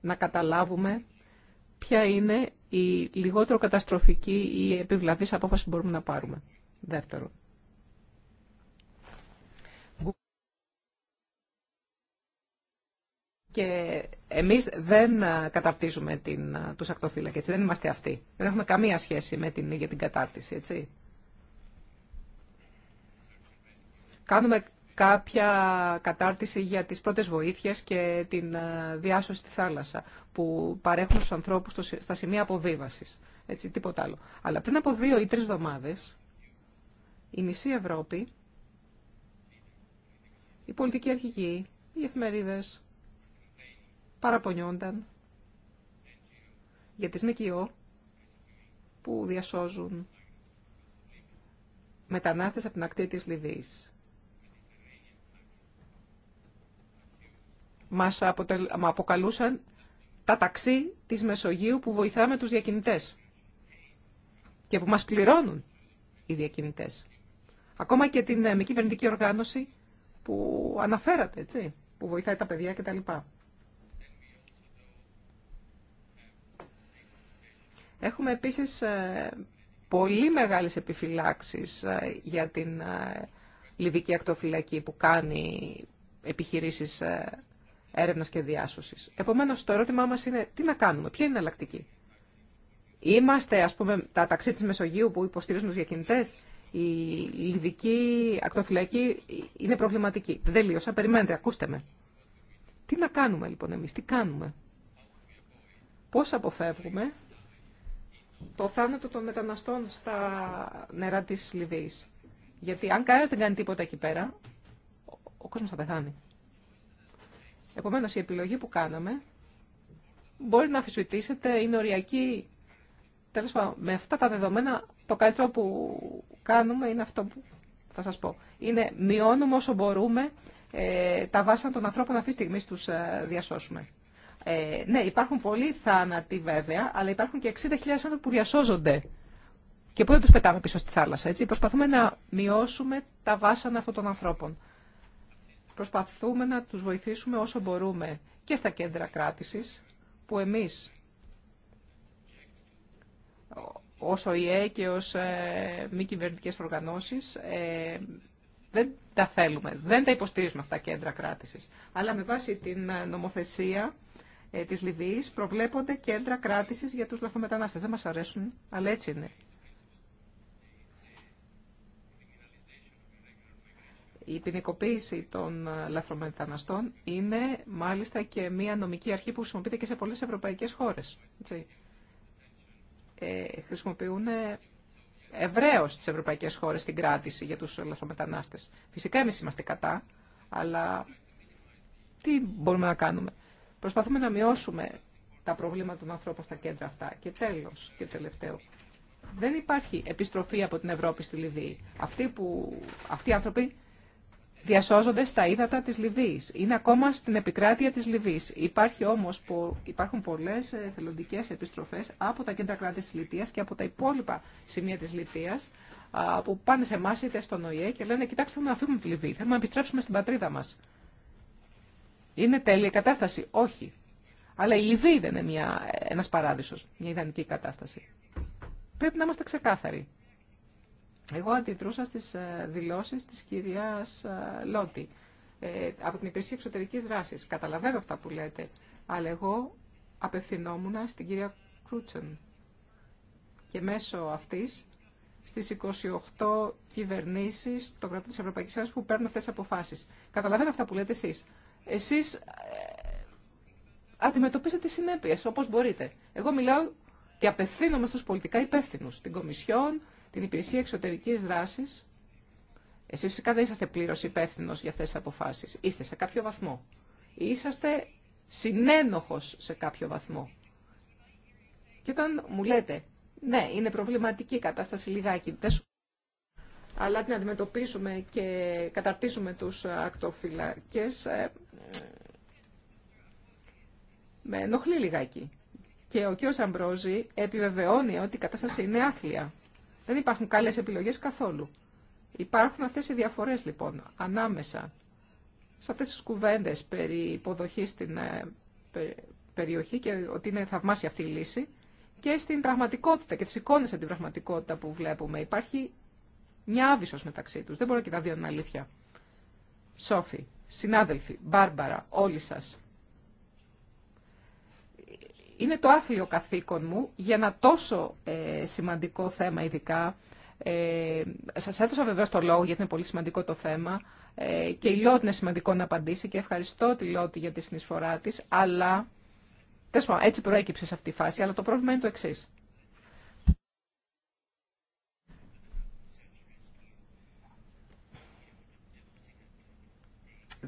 να καταλάβουμε ποια είναι η λιγότερο καταστροφική ή επιβλαβής απόφαση που μπορούμε να πάρουμε. Δεύτερο. Και εμείς δεν καταρτίζουμε την, τους ακτοφύλακες, δεν είμαστε αυτοί. Δεν έχουμε καμία σχέση με την για την κατάρτιση, έτσι. Κάνουμε κάποια κατάρτιση για τις πρώτες βοήθειες και την ε, διάσωση στη θάλασσα που παρέχουν στους ανθρώπους στα σημεία αποβίβασης. Έτσι, τίποτα άλλο. Αλλά πριν από δύο ή τρεις εβδομάδες, η μισή Ευρώπη, η πολιτική πολιτικη αρχικη οι εφημερίδες παραπονιόνταν για τις ΜΚΟ που διασώζουν μετανάστες από την ακτή της Λιβύης. μας αποκαλούσαν τα ταξί της Μεσογείου που βοηθάμε τους διακινητές και που μας πληρώνουν οι διακινητές. Ακόμα και την ε, μη κυβερνητική οργάνωση που αναφέρατε, έτσι, που βοηθάει τα παιδιά κτλ. Έχουμε επίσης ε, πολύ μεγάλες επιφυλάξεις ε, για την Λιβική Ακτοφυλακή που κάνει επιχειρήσεις έρευνα και διάσωση. Επομένω, το ερώτημά μα είναι τι να κάνουμε, ποια είναι η εναλλακτική. Είμαστε, α πούμε, τα ταξί τη Μεσογείου που υποστηρίζουν του διακινητέ, Η λιβική ακτοφυλακή είναι προβληματική. Δεν τελείωσα, περιμένετε, ακούστε με. Τι να κάνουμε λοιπόν εμεί τι κάνουμε. Πώ αποφεύγουμε το θάνατο των μεταναστών στα νερά τη Λιβύης. Γιατί αν κανένα δεν κάνει τίποτα εκεί πέρα, ο κόσμο θα πεθάνει. Επομένως, η επιλογή που κάναμε μπορεί να αφισβητήσετε, είναι οριακή. Τέλο πάντων, με αυτά τα δεδομένα, το καλύτερο που κάνουμε είναι αυτό που θα σας πω. Είναι μειώνουμε όσο μπορούμε ε, τα βάσανα των ανθρώπων αυτή τη στιγμή τους ε, διασώσουμε. Ε, ναι, υπάρχουν πολλοί θάνατοι βέβαια, αλλά υπάρχουν και 60.000 άνθρωποι που διασώζονται και που δεν τους πετάμε πίσω στη θάλασσα. Έτσι. Προσπαθούμε να μειώσουμε τα βάσανα αυτών των ανθρώπων προσπαθούμε να τους βοηθήσουμε όσο μπορούμε και στα κέντρα κράτησης που εμείς ως ΟΗΕ και ως ε, μη κυβερνητικέ οργανώσεις ε, δεν τα θέλουμε, δεν τα υποστηρίζουμε αυτά τα κέντρα κράτησης. Αλλά με βάση την ε, νομοθεσία της Λιβύης προβλέπονται κέντρα κράτησης για τους λαθομετανάστες. Δεν μας αρέσουν, αλλά έτσι είναι. Η ποινικοποίηση των ε, λαθρομεταναστών είναι μάλιστα και μια νομική αρχή που χρησιμοποιείται και σε πολλές ευρωπαϊκές χώρες. Έτσι. Ε, χρησιμοποιούν ε, ευρέω τις ευρωπαϊκές χώρες την κράτηση για τους λαθρομετανάστες. Φυσικά εμείς είμαστε κατά, αλλά τι μπορούμε να κάνουμε. Προσπαθούμε να μειώσουμε τα προβλήματα των ανθρώπων στα κέντρα αυτά. Και τέλος και τελευταίο. Δεν υπάρχει επιστροφή από την Ευρώπη στη Λιβύη. Αυτοί, αυτοί οι άνθρωποι διασώζονται στα ύδατα της Λιβύης. Είναι ακόμα στην επικράτεια της Λιβύης. Υπάρχει όμως που υπάρχουν πολλές θελοντικές επιστροφές από τα κέντρα κράτη της Λιβύης και από τα υπόλοιπα σημεία της Λιβύης που πάνε σε εμάς είτε στον ΟΗΕ και λένε «Κοιτάξτε, θέλουμε να φύγουμε τη Λιβύη, θέλουμε να επιστρέψουμε στην πατρίδα μας». Είναι τέλεια η κατάσταση. Όχι. Αλλά η Λιβύη δεν είναι μια, ένας παράδεισος, μια ιδανική κατάσταση. Πρέπει να είμαστε ξεκάθαροι. Εγώ αντιδρούσα στις ε, δηλώσεις της κυρίας ε, Λότη ε, από την Υπηρεσία Εξωτερικής Δράσης. Καταλαβαίνω αυτά που λέτε, αλλά εγώ απευθυνόμουν στην κυρία Κρούτσεν και μέσω αυτής στις 28 κυβερνήσεις των κρατών της Ευρωπαϊκής Ένωσης που παίρνουν αυτές τις αποφάσεις. Καταλαβαίνω αυτά που λέτε εσείς. Εσείς αντιμετωπίζετε τις συνέπειες όπως μπορείτε. Εγώ μιλάω και απευθύνομαι στους πολιτικά υπεύθυνους, την Κομισιόν, την υπηρεσία εξωτερικής δράσης, εσείς φυσικά δεν είσαστε πλήρως υπεύθυνος για αυτές τις αποφάσεις. Είστε σε κάποιο βαθμό. Είσαστε συνένοχος σε κάποιο βαθμό. Και όταν μου λέτε, ναι, είναι προβληματική η κατάσταση λιγάκι, αλλά την αντιμετωπίσουμε και καταρτίζουμε τους ακτοφυλακές, ε, με ενοχλεί λιγάκι. Και ο κ. Αμπρόζη επιβεβαιώνει ότι η κατάσταση είναι άθλια. Δεν υπάρχουν καλές επιλογές καθόλου. Υπάρχουν αυτές οι διαφορές λοιπόν ανάμεσα σε αυτές τις κουβέντες περί υποδοχής στην ε, περιοχή και ότι είναι θαυμάσια αυτή η λύση και στην πραγματικότητα και τις εικόνες από την πραγματικότητα που βλέπουμε. Υπάρχει μια άβυσος μεταξύ τους. Δεν μπορώ και τα δύο είναι αλήθεια. Σόφι, συνάδελφοι, Μπάρμπαρα, όλοι σας είναι το άθλιο καθήκον μου για ένα τόσο ε, σημαντικό θέμα ειδικά. Ε, σας έδωσα βεβαίως το λόγο γιατί είναι πολύ σημαντικό το θέμα ε, και η Λότη είναι σημαντικό να απαντήσει και ευχαριστώ τη Λότη για τη συνεισφορά της, αλλά έτσι προέκυψε σε αυτή τη φάση, αλλά το πρόβλημα είναι το εξής.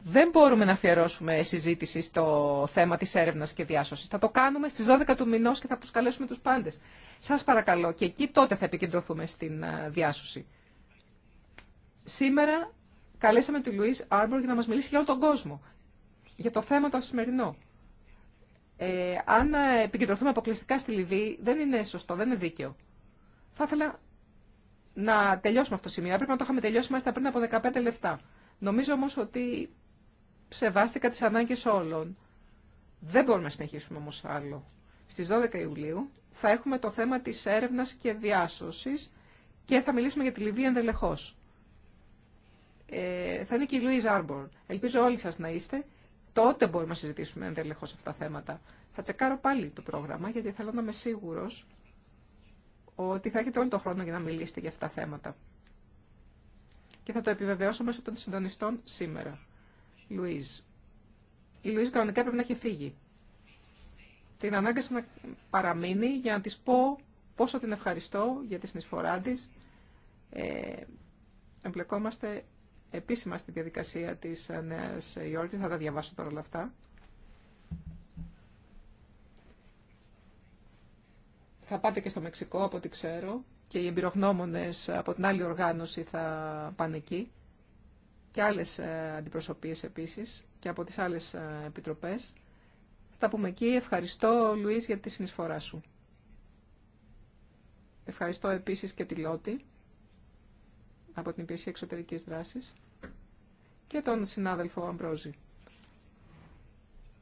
δεν μπορούμε να αφιερώσουμε συζήτηση στο θέμα τη έρευνα και διάσωση. Θα το κάνουμε στι 12 του μηνό και θα προσκαλέσουμε του πάντε. Σα παρακαλώ και εκεί τότε θα επικεντρωθούμε στην διάσωση. Σήμερα καλέσαμε τη Λουίς Άρμπορ για να μα μιλήσει για όλο τον κόσμο, για το θέμα το σημερινό. Ε, αν ε, επικεντρωθούμε αποκλειστικά στη Λιβύη, δεν είναι σωστό, δεν είναι δίκαιο. Θα ήθελα να τελειώσουμε αυτό το σημείο. Πρέπει να το είχαμε τελειώσει μάλιστα πριν από 15 λεπτά. Νομίζω όμω ότι σεβάστηκα τις ανάγκες όλων. Δεν μπορούμε να συνεχίσουμε όμως άλλο. Στις 12 Ιουλίου θα έχουμε το θέμα της έρευνας και διάσωσης και θα μιλήσουμε για τη Λιβύη ενδελεχώς. Ε, θα είναι και η Λουίζ Άρμπορ. Ελπίζω όλοι σας να είστε. Τότε μπορούμε να συζητήσουμε ενδελεχώς αυτά τα θέματα. Θα τσεκάρω πάλι το πρόγραμμα γιατί θέλω να είμαι σίγουρος ότι θα έχετε όλο τον χρόνο για να μιλήσετε για αυτά τα θέματα. Και θα το επιβεβαιώσω μέσω των συντονιστών σήμερα. Λουίζ. Η Λουίζ κανονικά πρέπει να έχει φύγει. Την ανάγκασα να παραμείνει για να της πω πόσο την ευχαριστώ για τη συνεισφορά της. Ε, εμπλεκόμαστε επίσημα στη διαδικασία της Νέας Υόρκης. Θα τα διαβάσω τώρα όλα αυτά. Θα πάτε και στο Μεξικό, από ό,τι ξέρω, και οι εμπειρογνώμονες από την άλλη οργάνωση θα πάνε εκεί και άλλες ε, αντιπροσωπείες επίσης και από τις άλλες ε, επιτροπές. Θα τα πούμε εκεί. Ευχαριστώ, Λουίς, για τη συνεισφορά σου. Ευχαριστώ επίσης και τη Λότη από την Υπηρεσία Εξωτερικής Δράσης και τον συνάδελφο Αμπρόζη.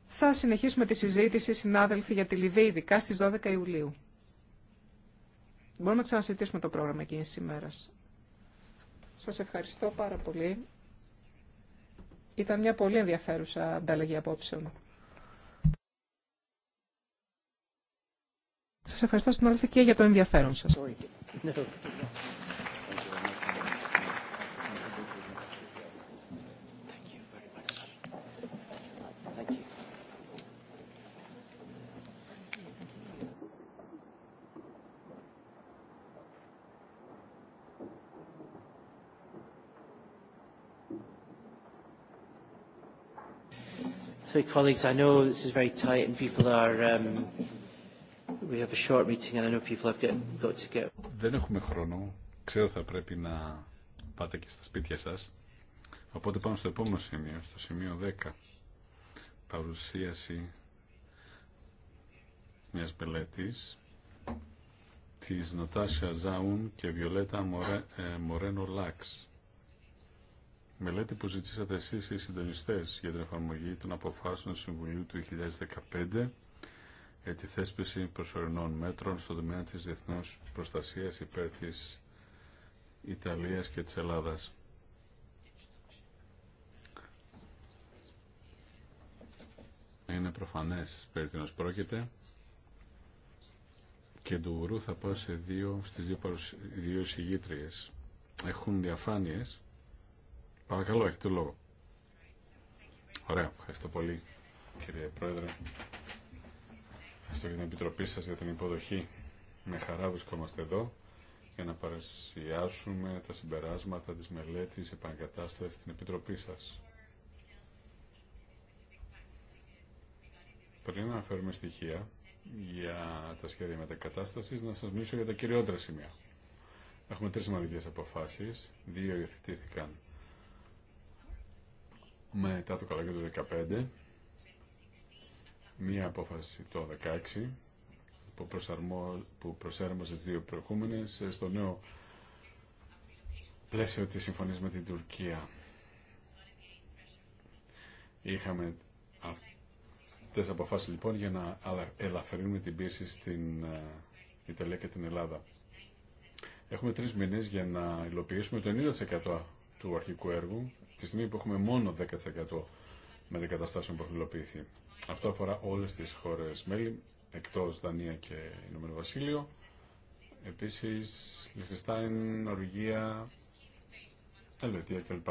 Θα συνεχίσουμε τη συζήτηση, συνάδελφοι, για τη Λιβύη, ειδικά στις 12 Ιουλίου. Μπορούμε να ξανασυζητήσουμε το πρόγραμμα εκείνης της ημέρας. Σας ευχαριστώ πάρα πολύ. Ήταν μια πολύ ενδιαφέρουσα ανταλλαγή απόψεων. Σας ευχαριστώ στην και για το ενδιαφέρον σας. [laughs] colleagues, I know this is very tight and people are... Um, we have a short meeting and I know people have to Δεν έχουμε χρόνο. Ξέρω θα πρέπει να πάτε και στα σπίτια σας. Οπότε πάμε στο επόμενο σημείο, στο σημείο 10. Παρουσίαση μιας μελέτης της Νοτάσια Ζάουν και Βιολέτα Μορέ, ε, Μορένο Λάξ μελέτη που ζητήσατε εσείς οι συντονιστές για την εφαρμογή των αποφάσεων Συμβουλίου του 2015 για τη θέσπιση προσωρινών μέτρων στον τομέα της διεθνούς προστασίας υπέρ της Ιταλίας και της Ελλάδας. Είναι προφανές περί τίνος πρόκειται και του ουρού θα πάω σε δύο, στις δύο, δύο Έχουν διαφάνειες Παρακαλώ, έχετε λόγο. Ωραία, ευχαριστώ πολύ κύριε Πρόεδρε. Ευχαριστώ για την Επιτροπή σας για την υποδοχή. Με χαρά βρισκόμαστε εδώ για να παρουσιάσουμε τα συμπεράσματα της μελέτης επανακατάστασης στην Επιτροπή σας. Πριν να αναφέρουμε στοιχεία για τα σχέδια μετακατάστασης, να σας μιλήσω για τα κυριότερα σημεία. Έχουμε τρεις σημαντικές αποφάσεις, δύο υιοθετήθηκαν μετά το καλοκαίρι του 2015, μία απόφαση το 2016, που, προσαρμο, που προσέρμοσε δύο προηγούμενες στο νέο πλαίσιο της συμφωνίας με την Τουρκία. Είχαμε αυτές αποφάσεις λοιπόν για να ελαφρύνουμε την πίεση στην ε, Ιταλία και την Ελλάδα. Έχουμε τρεις μήνες για να υλοποιήσουμε το 90% του αρχικού έργου τη στιγμή που έχουμε μόνο 10% με καταστάσεων που έχουν υλοποιηθεί. Αυτό αφορά όλε τι χώρε μέλη, εκτό Δανία και Ηνωμένο Βασίλειο. Επίσης, Λιχτεστάιν, Νορβηγία, Ελβετία κλπ.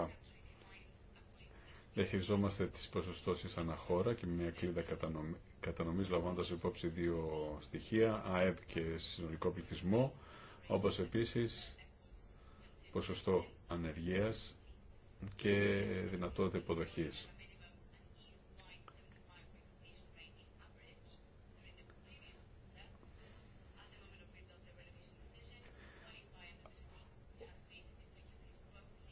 Διαχειριζόμαστε τις ποσοστώσεις αναχώρα και μια κλίδα κατανομή, κατανομής λαμβάνοντας υπόψη δύο στοιχεία, ΑΕΠ και συνολικό πληθυσμό, όπως επίσης ποσοστό ανεργίας και δυνατότητα υποδοχής.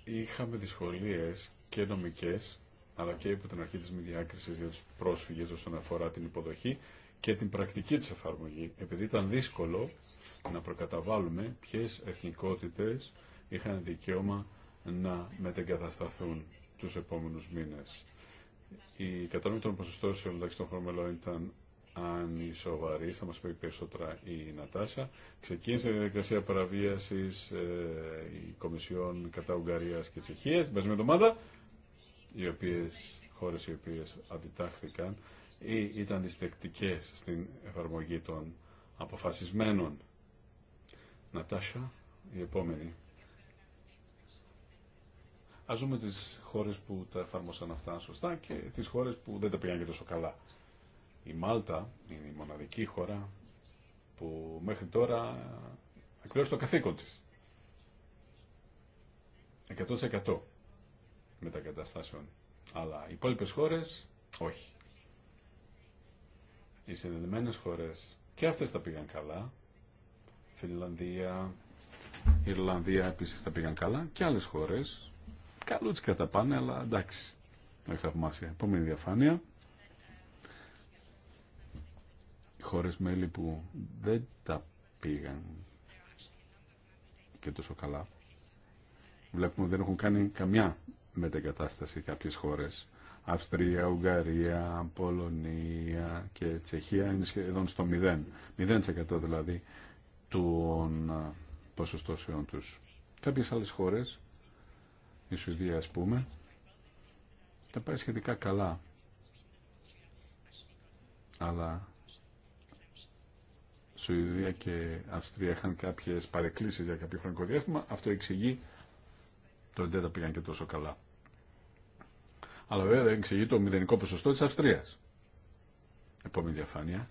Είχαμε δυσκολίες και νομικές, αλλά και υπό την αρχή της μη διάκρισης για τους πρόσφυγες όσον αφορά την υποδοχή και την πρακτική της εφαρμογή, επειδή ήταν δύσκολο να προκαταβάλουμε ποιες εθνικότητες είχαν δικαίωμα να μετεγκατασταθούν τους επόμενους μήνες. Η κατανομή των ποσοστώσεων μεταξύ των χωρών ήταν ανισοβαρή, θα μας πει περισσότερα η Νατάσα. Ξεκίνησε η διαδικασία παραβίασης ε, η Κομισιόν κατά Ουγγαρίας και Τσεχίας την περσμένη εβδομάδα, οι οποίες, χώρες οι οποίες αντιτάχθηκαν ή ήταν διστεκτικές στην εφαρμογή των αποφασισμένων. Νατάσα, η ηταν δυστεκτικες στην εφαρμογη των αποφασισμενων νατασα η επομενη Α δούμε τις χώρες που τα εφάρμοσαν αυτά σωστά και τις χώρες που δεν τα πήγαν και τόσο καλά. Η Μάλτα είναι η μοναδική χώρα που μέχρι τώρα εκπλήρωσε το καθήκον τη. 100% μετακαταστάσεων. Αλλά οι υπόλοιπε χώρες όχι. Οι συνδεδεμένε χώρες και αυτές τα πήγαν καλά. Φινλανδία, Ιρλανδία επίσης τα πήγαν καλά και άλλε χώρε καλούτσικα τα πάνε, αλλά εντάξει. Όχι θαυμάσια. Επόμενη διαφάνεια. Χώρες μέλη που δεν τα πήγαν και τόσο καλά. Βλέπουμε ότι δεν έχουν κάνει καμιά μετεγκατάσταση κάποιες χώρες. Αυστρία, Ουγγαρία, Πολωνία και Τσεχία είναι σχεδόν στο 0. 0% δηλαδή των ε, ποσοστώσεων τους. Κάποιες άλλες χώρες η Σουηδία ας πούμε, τα πάει σχετικά καλά. Αλλά Σουηδία και Αυστρία είχαν κάποιες παρεκκλήσεις για κάποιο χρονικό διάστημα. Αυτό εξηγεί το ότι δεν τα πήγαν και τόσο καλά. Αλλά βέβαια δεν εξηγεί το μηδενικό ποσοστό της Αυστρίας. Επόμενη διαφάνεια.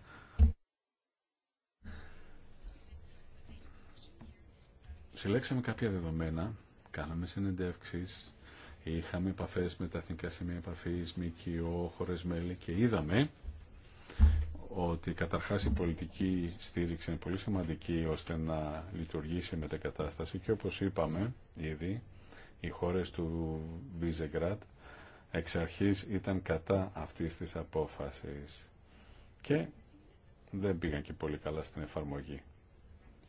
Συλλέξαμε κάποια δεδομένα κάναμε συνεντεύξεις, είχαμε επαφές με τα Εθνικά Σημεία Επαφής, ΜΚΟ, χώρες μέλη και είδαμε ότι καταρχάς η πολιτική στήριξη είναι πολύ σημαντική ώστε να λειτουργήσει η μετακατάσταση και όπως είπαμε ήδη, οι χώρες του Βίζεγκρατ εξ αρχής ήταν κατά αυτής της απόφασης και δεν πήγαν και πολύ καλά στην εφαρμογή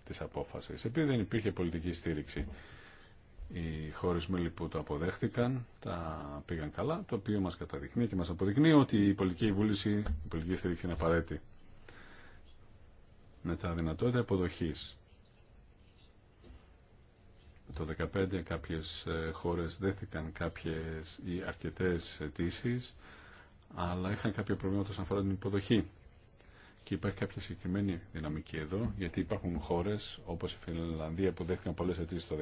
της απόφασης. Επειδή δεν υπήρχε πολιτική στήριξη οι χώρες μέλη που το αποδέχτηκαν τα πήγαν καλά, το οποίο μας καταδεικνύει και μας αποδεικνύει ότι η πολιτική βούληση, η πολιτική στήριξη είναι απαραίτητη. με τα δυνατότητα αποδοχής Το 2015 κάποιες ε, χώρες δέχτηκαν κάποιες ή αρκετές αιτήσει, αλλά είχαν κάποια προβλήματα όσον αφορά την υποδοχή. Και υπάρχει κάποια συγκεκριμένη δυναμική εδώ, γιατί υπάρχουν χώρες όπως η αρκετες αιτησει αλλα ειχαν καποια προβληματα οσον αφορα την υποδοχη και υπαρχει καποια συγκεκριμενη δυναμικη εδω γιατι υπαρχουν χωρες οπως η φιλανδια που δέχτηκαν πολλές αιτήσει το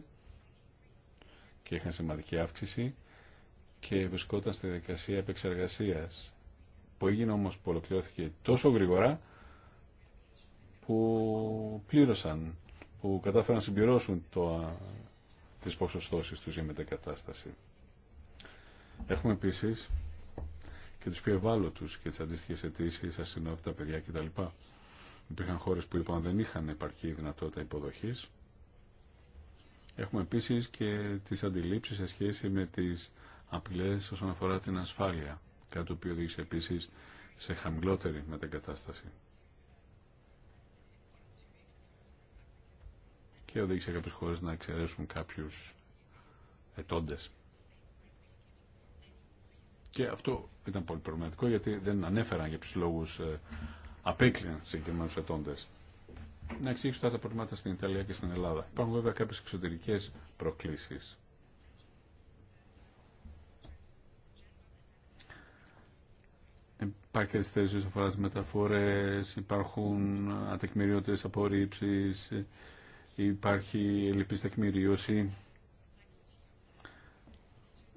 2015, και είχαν σημαντική αύξηση και βρισκόταν στη δικασία επεξεργασία, που έγινε όμω που ολοκληρώθηκε τόσο γρήγορα που πλήρωσαν, που κατάφεραν να συμπληρώσουν το, τις ποσοστώσεις τους για μετακατάσταση. Έχουμε επίσης και τους πιο ευάλωτους και τις αντίστοιχες αιτήσει, ασυνόδευτα παιδιά κτλ. Υπήρχαν χώρες που είπαν δεν είχαν επαρκή δυνατότητα υποδοχής Έχουμε επίσης και τις αντιλήψεις σε σχέση με τις απειλέ όσον αφορά την ασφάλεια, κάτι το οποίο οδήγησε επίσης σε χαμηλότερη μετεγκατάσταση. Και οδήγησε κάποιε χώρε να εξαιρέσουν κάποιους ετώντε. Και αυτό ήταν πολύ προβληματικό γιατί δεν ανέφεραν για ποιους λόγους ε, απέκλειναν συγκεκριμένου ετώντε να εξηγήσω τα προβλήματα στην Ιταλία και στην Ελλάδα. Υπάρχουν βέβαια κάποιες εξωτερικές προκλήσεις. Υπάρχει καθυστέρηση όσον αφορά τι μεταφορέ, υπάρχουν ατεκμηριώτε απορρίψει, υπάρχει ελλειπή τεκμηρίωση.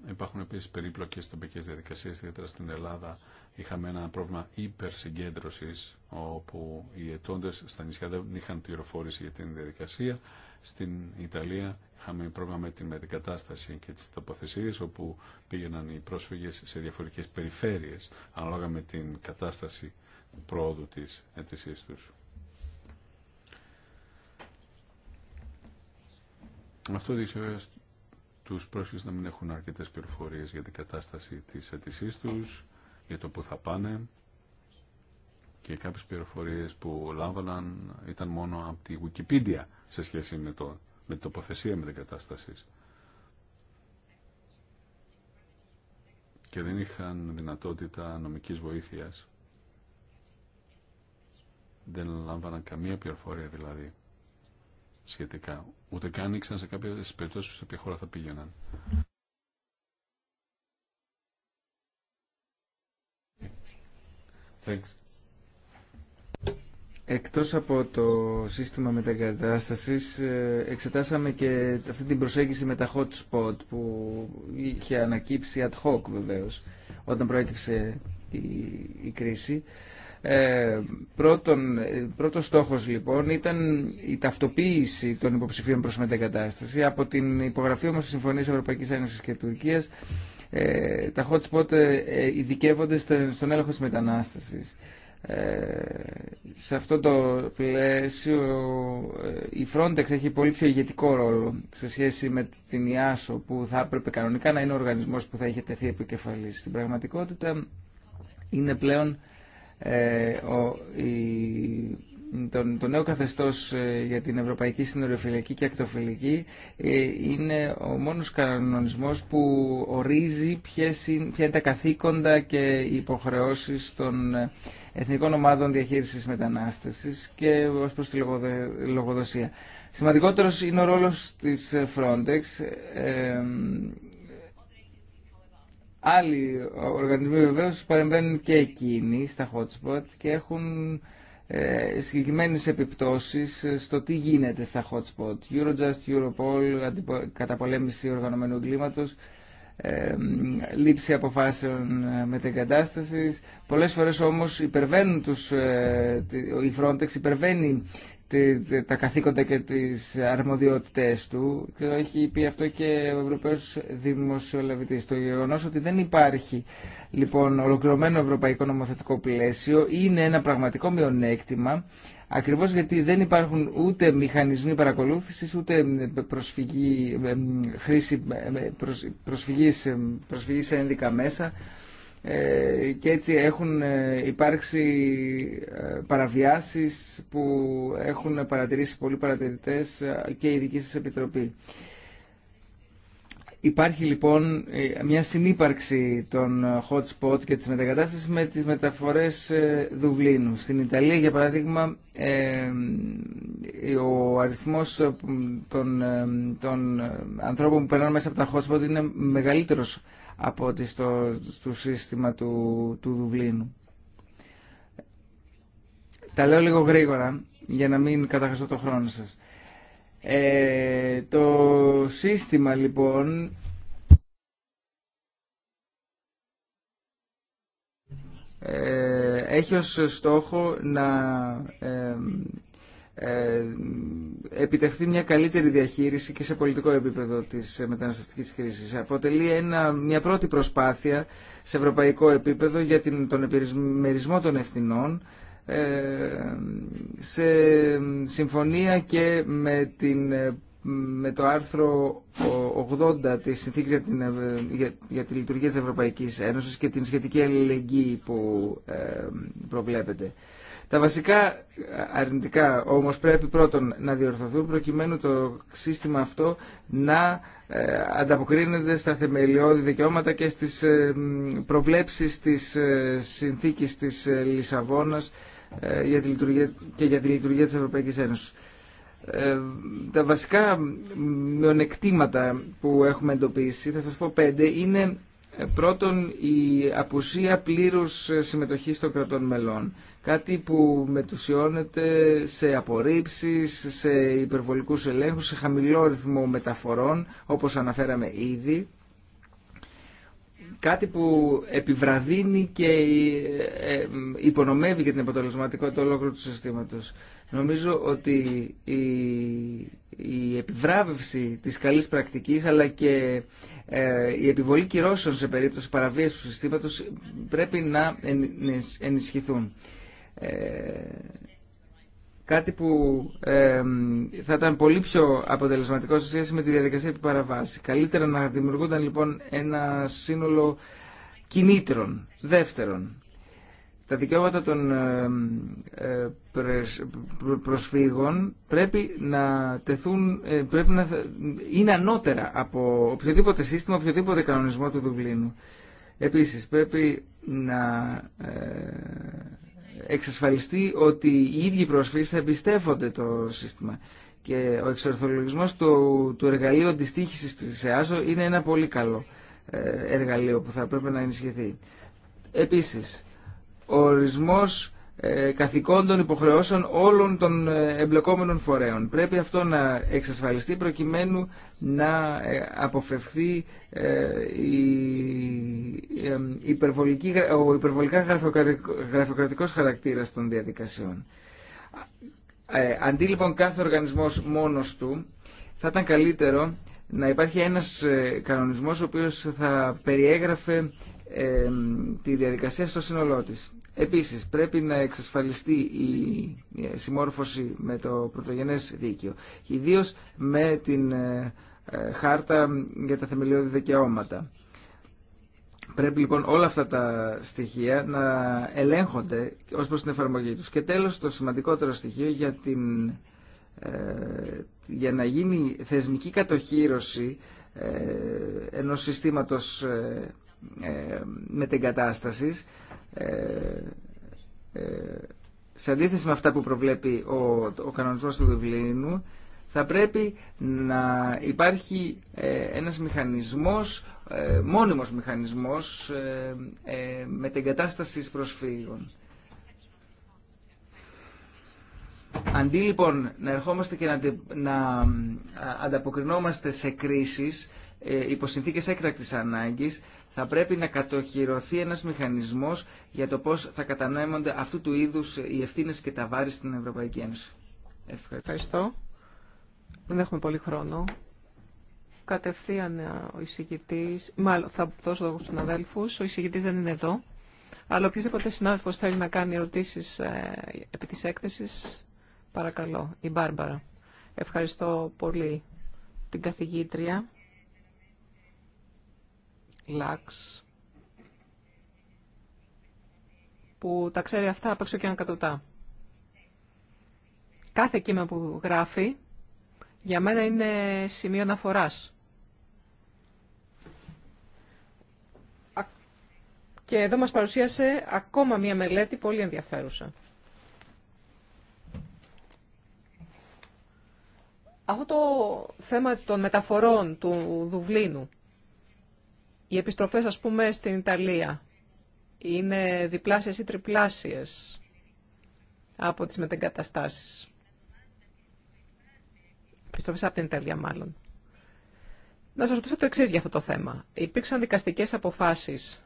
Υπάρχουν επίση περίπλοκε τοπικέ διαδικασίε, ιδιαίτερα στην Ελλάδα. Είχαμε ένα πρόβλημα υπερσυγκέντρωση, όπου οι ετώντε στα νησιά δεν είχαν πληροφόρηση για την διαδικασία. Στην Ιταλία είχαμε πρόβλημα με την μετεγκατάσταση και τι τοποθεσίε, όπου πήγαιναν οι πρόσφυγε σε διαφορετικέ περιφέρειε, ανάλογα με την κατάσταση πρόοδου τη αίτησή του. Αυτό τους πρόσφυγες να μην έχουν αρκετές πληροφορίες για την κατάσταση της αιτησής τους, για το που θα πάνε και κάποιες πληροφορίες που λάβαναν ήταν μόνο από τη Wikipedia σε σχέση με, το, με την τοποθεσία με την κατάσταση. Και δεν είχαν δυνατότητα νομικής βοήθειας. Δεν λάμβαναν καμία πληροφορία δηλαδή σχετικά. Ούτε καν ήξεραν σε κάποιε περιπτώσει σε ποια χώρα θα πήγαιναν. Thanks. Εκτός από το σύστημα μετακατάστασης, ε, εξετάσαμε και αυτή την προσέγγιση με τα hot spot που είχε ανακύψει ad hoc βεβαίως όταν προέκυψε η κρίση. Ε, πρώτον, πρώτος στόχος λοιπόν ήταν η ταυτοποίηση των υποψηφίων προς μετεγκατάσταση. Από την υπογραφή όμως της Συμφωνίας Ευρωπαϊκής Ένωσης και Τουρκίας ε, τα hot spot ε, ε, ειδικεύονται στον έλεγχο της μετανάστασης. Ε, σε αυτό το πλαίσιο ε, η Frontex έχει πολύ πιο ηγετικό ρόλο σε σχέση με την ΙΑΣΟ που θα έπρεπε κανονικά να είναι ο οργανισμός που θα είχε τεθεί επικεφαλής. Στην πραγματικότητα είναι πλέον ε, ο, η, το, νέο καθεστώς ε, για την Ευρωπαϊκή Συνοριοφυλακή και Ακτοφυλακή ε, είναι ο μόνος κανονισμός που ορίζει ποιες είναι, τα καθήκοντα και οι υποχρεώσεις των Εθνικών Ομάδων Διαχείρισης Μετανάστευσης και ως προς τη λογοδοσία. Σημαντικότερος είναι ο ρόλος της Frontex Άλλοι οργανισμοί βεβαίω παρεμβαίνουν και εκείνοι στα hotspot και έχουν ε, συγκεκριμένες επιπτώσεις στο τι γίνεται στα hotspot. Eurojust, Europol, καταπολέμηση οργανωμένου εγκλήματος, ε, λήψη αποφάσεων ε, μετεγκατάστασης. Πολλές φορές όμως υπερβαίνουν τους, ε, η Frontex υπερβαίνει τα καθήκοντα και τις αρμοδιότητές του και το έχει πει αυτό και ο Ευρωπαίος Δημοσιολαβητής. Το γεγονό ότι δεν υπάρχει λοιπόν ολοκληρωμένο ευρωπαϊκό νομοθετικό πλαίσιο είναι ένα πραγματικό μειονέκτημα ακριβώς γιατί δεν υπάρχουν ούτε μηχανισμοί παρακολούθησης ούτε προσφυγή, χρήση προσφυγής, σε ένδικα μέσα ε, και έτσι έχουν ε, υπάρξει ε, παραβιάσεις που έχουν παρατηρήσει πολλοί παρατηρητές και η δική σας επιτροπή. Υπάρχει λοιπόν μια συνύπαρξη των hot spot και της μετακατάσταση με τις μεταφορές Δουβλίνου. Στην Ιταλία για παράδειγμα ο αριθμός των, των ανθρώπων που περνάνε μέσα από τα hot spot είναι μεγαλύτερος από ότι στο, σύστημα του, του Δουβλίνου. Τα λέω λίγο γρήγορα για να μην καταχαστώ το χρόνο σας. Ε, το σύστημα λοιπόν ε, έχει ως στόχο να ε, ε, επιτευχθεί μια καλύτερη διαχείριση και σε πολιτικό επίπεδο της μεταναστευτικής κρίσης. Αποτελεί ένα, μια πρώτη προσπάθεια σε ευρωπαϊκό επίπεδο για την, τον επιμερισμό των ευθυνών ε, σε συμφωνία και με, την, με το άρθρο 80 της Συνθήκης για, την, για, για τη Λειτουργία της Ευρωπαϊκής Ένωσης και την σχετική αλληλεγγύη που ε, προβλέπεται. Τα βασικά ε, αρνητικά όμως πρέπει πρώτον να διορθωθούν προκειμένου το σύστημα αυτό να ε, ανταποκρίνεται στα θεμελιώδη δικαιώματα και στις ε, προβλέψεις της συνθήκης της Λισαβόνας για τη λειτουργία, και για τη λειτουργία της Ευρωπαϊκής Ένωσης. Τα βασικά μειονεκτήματα που έχουμε εντοπίσει, θα σας πω πέντε, είναι πρώτον η απουσία πλήρους συμμετοχής των κρατών μελών. Κάτι που μετουσιώνεται σε απορρίψεις, σε υπερβολικούς ελέγχους, σε χαμηλό ρυθμό μεταφορών, όπως αναφέραμε ήδη. Κάτι που επιβραδύνει και ε, ε, υπονομεύει και την αποτελεσματικότητα ολόκληρου του συστήματος. Νομίζω ότι η, επιβράβευση της καλής πρακτικής αλλά και ε, η επιβολή κυρώσεων σε περίπτωση παραβίασης του συστήματος πρέπει να ενισχυθούν. Ε, κάτι που ε, θα ήταν πολύ πιο αποτελεσματικό σε σχέση με τη διαδικασία που παραβάσει. Καλύτερα να δημιουργούνταν λοιπόν ένα σύνολο κινήτρων. Δεύτερον, τα δικαιώματα των ε, ε προσφύγων πρέπει να τεθούν, πρέπει να, είναι ανώτερα από οποιοδήποτε σύστημα, οποιοδήποτε κανονισμό του Δουβλίνου. Επίσης, πρέπει να εξασφαλιστεί ότι οι ίδιοι προσφέρει θα εμπιστεύονται το σύστημα. Και ο εξορθολογισμός του, του εργαλείου αντιστοίχηση της ΕΑΖΟ είναι ένα πολύ καλό ε, εργαλείο που θα πρέπει να ενισχυθεί. Επίσης, ο ορισμός ε, καθηκόντων υποχρεώσεων όλων των ε, εμπλεκόμενων φορέων. Πρέπει αυτό να εξασφαλιστεί προκειμένου να ε, αποφευχθεί η υπερβολική, ο υπερβολικά γραφειοκρατικός χαρακτήρας των διαδικασιών. Αντί λοιπόν κάθε οργανισμός μόνος του, θα ήταν καλύτερο να υπάρχει ένας κανονισμός ο οποίος θα περιέγραφε τη διαδικασία στο σύνολό τη. Επίσης, πρέπει να εξασφαλιστεί η συμμόρφωση με το πρωτογενές δίκαιο, ιδίω με την ε, ε, χάρτα για τα θεμελιώδη δικαιώματα. Πρέπει λοιπόν όλα αυτά τα στοιχεία να ελέγχονται ως προς την εφαρμογή τους. Και τέλος, το σημαντικότερο στοιχείο για, την, ε, για να γίνει θεσμική κατοχήρωση ενός συστήματος ε, με ε, ε, σε αντίθεση με αυτά που προβλέπει ο, ο κανονισμός του Δουβλίνου θα πρέπει να υπάρχει ε, ένας μηχανισμός, μόνιμος μηχανισμός κατάσταση προσφύγων. Αντί λοιπόν να ερχόμαστε και να, να ανταποκρινόμαστε σε κρίσεις υπό συνθήκες έκτακτης ανάγκης, θα πρέπει να κατοχυρωθεί ένας μηχανισμός για το πώς θα κατανόημονται αυτού του είδους οι ευθύνε και τα βάρη στην Ευρωπαϊκή Ένωση. Ευχαριστώ. Ευχαριστώ. Δεν έχουμε πολύ χρόνο. Κατευθείαν ε, ο εισηγητής, μάλλον θα δώσω λόγο στους αδέλφους, ο εισηγητής δεν είναι εδώ. Αλλά οποιοδήποτε συνάδελφος θέλει να κάνει ερωτήσεις ε, επί της έκθεσης, παρακαλώ, η Μπάρμπαρα. Ευχαριστώ πολύ την καθηγήτρια Λάξ, που τα ξέρει αυτά απ' έξω και Κάθε κείμενο που γράφει, για μένα είναι σημείο αναφοράς. Και εδώ μας παρουσίασε ακόμα μία μελέτη πολύ ενδιαφέρουσα. Αυτό το θέμα των μεταφορών του Δουβλίνου οι επιστροφές, ας πούμε, στην Ιταλία είναι διπλάσιες ή τριπλάσιες από τις μετεγκαταστάσεις. Επιστροφές από την Ιταλία, μάλλον. Να σας ρωτήσω το εξή για αυτό το θέμα. Υπήρξαν δικαστικές αποφάσεις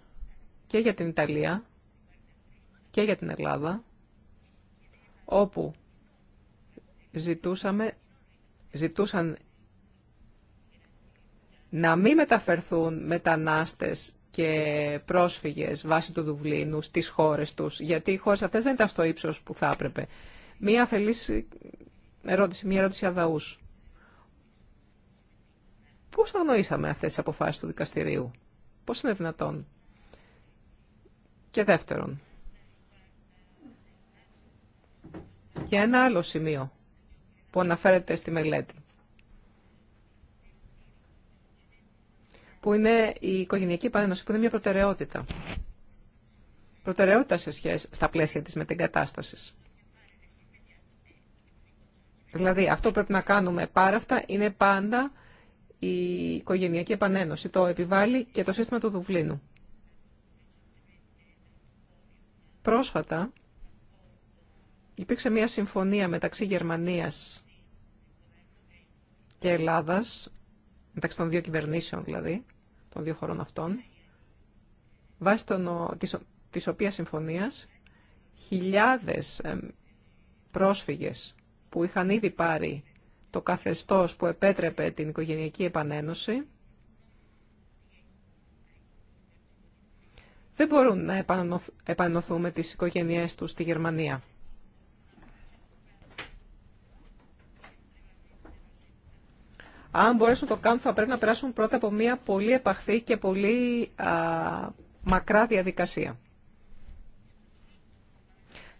και για την Ιταλία και για την Ελλάδα, όπου ζητούσαμε, ζητούσαν να μην μεταφερθούν μετανάστες και πρόσφυγες βάσει του Δουβλίνου στις χώρες τους, γιατί οι χώρες αυτές δεν ήταν στο ύψος που θα έπρεπε. Μία αφελής ερώτηση, μία ερώτηση αδαούς. Πώς αγνοήσαμε αυτές τις αποφάσεις του δικαστηρίου, πώς είναι δυνατόν. Και δεύτερον, και ένα άλλο σημείο που αναφέρεται στη μελέτη. που είναι η οικογενειακή επανένωση, που είναι μια προτεραιότητα. Προτεραιότητα σε σχέση, στα πλαίσια της μετεγκατάστασης. Δηλαδή, αυτό που πρέπει να κάνουμε πάρα αυτά είναι πάντα η οικογενειακή επανένωση. Το επιβάλλει και το σύστημα του Δουβλίνου. Πρόσφατα υπήρξε μια συμφωνία μεταξύ Γερμανίας και Ελλάδας, μεταξύ των δύο κυβερνήσεων δηλαδή, των δύο χωρών αυτών, βάσει των, της, της οποίας συμφωνίας χιλιάδες πρόσφυγες που είχαν ήδη πάρει το καθεστώς που επέτρεπε την οικογενειακή επανένωση, δεν μπορούν να επανενωθούν με τις οικογένειές τους στη Γερμανία. Αν μπορέσουν να το κάνουν θα πρέπει να περάσουν πρώτα από μια πολύ επαχθή και πολύ α, μακρά διαδικασία.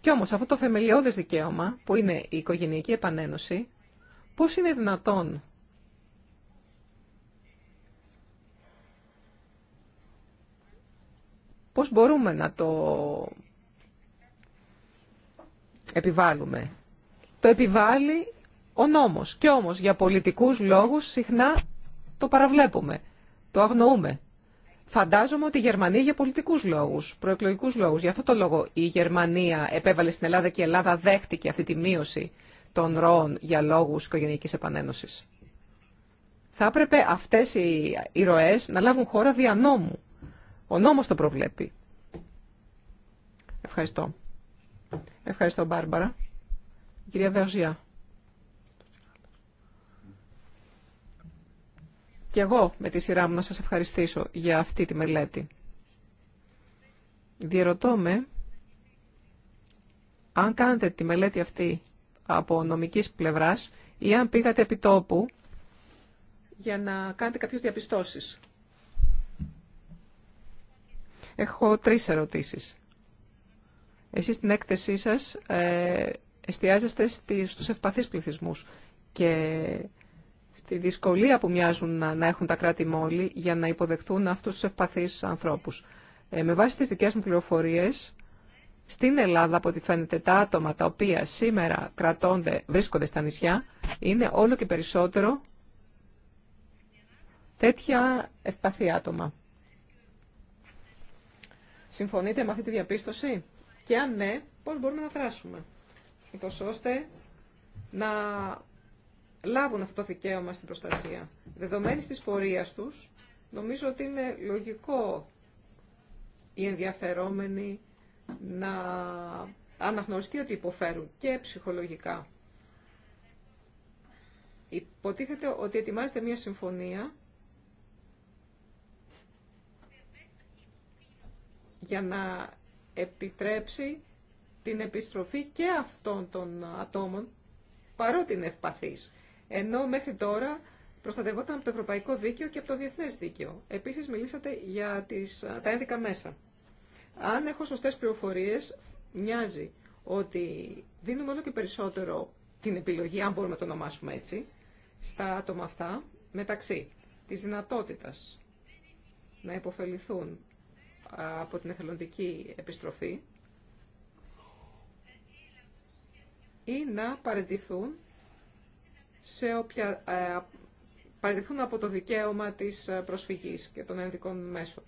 Κι όμως αυτό το θεμελιώδες δικαίωμα που είναι η οικογενειακή επανένωση, πώς είναι δυνατόν πώς μπορούμε να το επιβάλλουμε. Το επιβάλλει ο νόμος. Και όμως για πολιτικούς λόγους συχνά το παραβλέπουμε, το αγνοούμε. Φαντάζομαι ότι η Γερμανία για πολιτικούς λόγους, προεκλογικούς λόγους. για αυτό το λόγο η Γερμανία επέβαλε στην Ελλάδα και η Ελλάδα δέχτηκε αυτή τη μείωση των ροών για λόγους οικογενειακής επανένωσης. Θα έπρεπε αυτές οι ροές να λάβουν χώρα δια νόμου. Ο νόμος το προβλέπει. Ευχαριστώ. Ευχαριστώ, Μπάρμπαρα. Κυρία Βεργιά. Και εγώ με τη σειρά μου να σας ευχαριστήσω για αυτή τη μελέτη. Διερωτώ με, αν κάνετε τη μελέτη αυτή από νομικής πλευράς ή αν πήγατε επί τόπου για να κάνετε κάποιες διαπιστώσεις. Έχω τρεις ερωτήσεις. Εσείς στην έκθεσή σας ε, εστιάζεστε στους ευπαθείς πληθυσμούς και στη δυσκολία που μοιάζουν να, έχουν τα κράτη μόλι για να υποδεχθούν αυτούς τους ευπαθείς ανθρώπους. Ε, με βάση τις δικές μου πληροφορίες, στην Ελλάδα, από ό,τι φαίνεται, τα άτομα τα οποία σήμερα κρατώνται, βρίσκονται στα νησιά, είναι όλο και περισσότερο τέτοια ευπαθή άτομα. Συμφωνείτε με αυτή τη διαπίστωση? Και αν ναι, πώς μπορούμε να δράσουμε, ώστε να λάβουν αυτό το δικαίωμα στην προστασία. Δεδομένη της πορείας τους, νομίζω ότι είναι λογικό οι ενδιαφερόμενοι να αναγνωριστεί ότι υποφέρουν και ψυχολογικά. Υποτίθεται ότι ετοιμάζεται μια συμφωνία για να επιτρέψει την επιστροφή και αυτών των ατόμων, παρότι είναι ευπαθείς ενώ μέχρι τώρα προστατευόταν από το ευρωπαϊκό δίκαιο και από το διεθνές δίκαιο. Επίσης μιλήσατε για τις, τα ένδικα μέσα. Αν έχω σωστέ πληροφορίε, μοιάζει ότι δίνουμε όλο και περισσότερο την επιλογή, αν μπορούμε να το ονομάσουμε έτσι, στα άτομα αυτά, μεταξύ της δυνατότητας να υποφεληθούν από την εθελοντική επιστροφή ή να παρεντηθούν σε όποια ε, παραιτηθούν από το δικαίωμα της ε, προσφυγής και των ενδικών μέσων.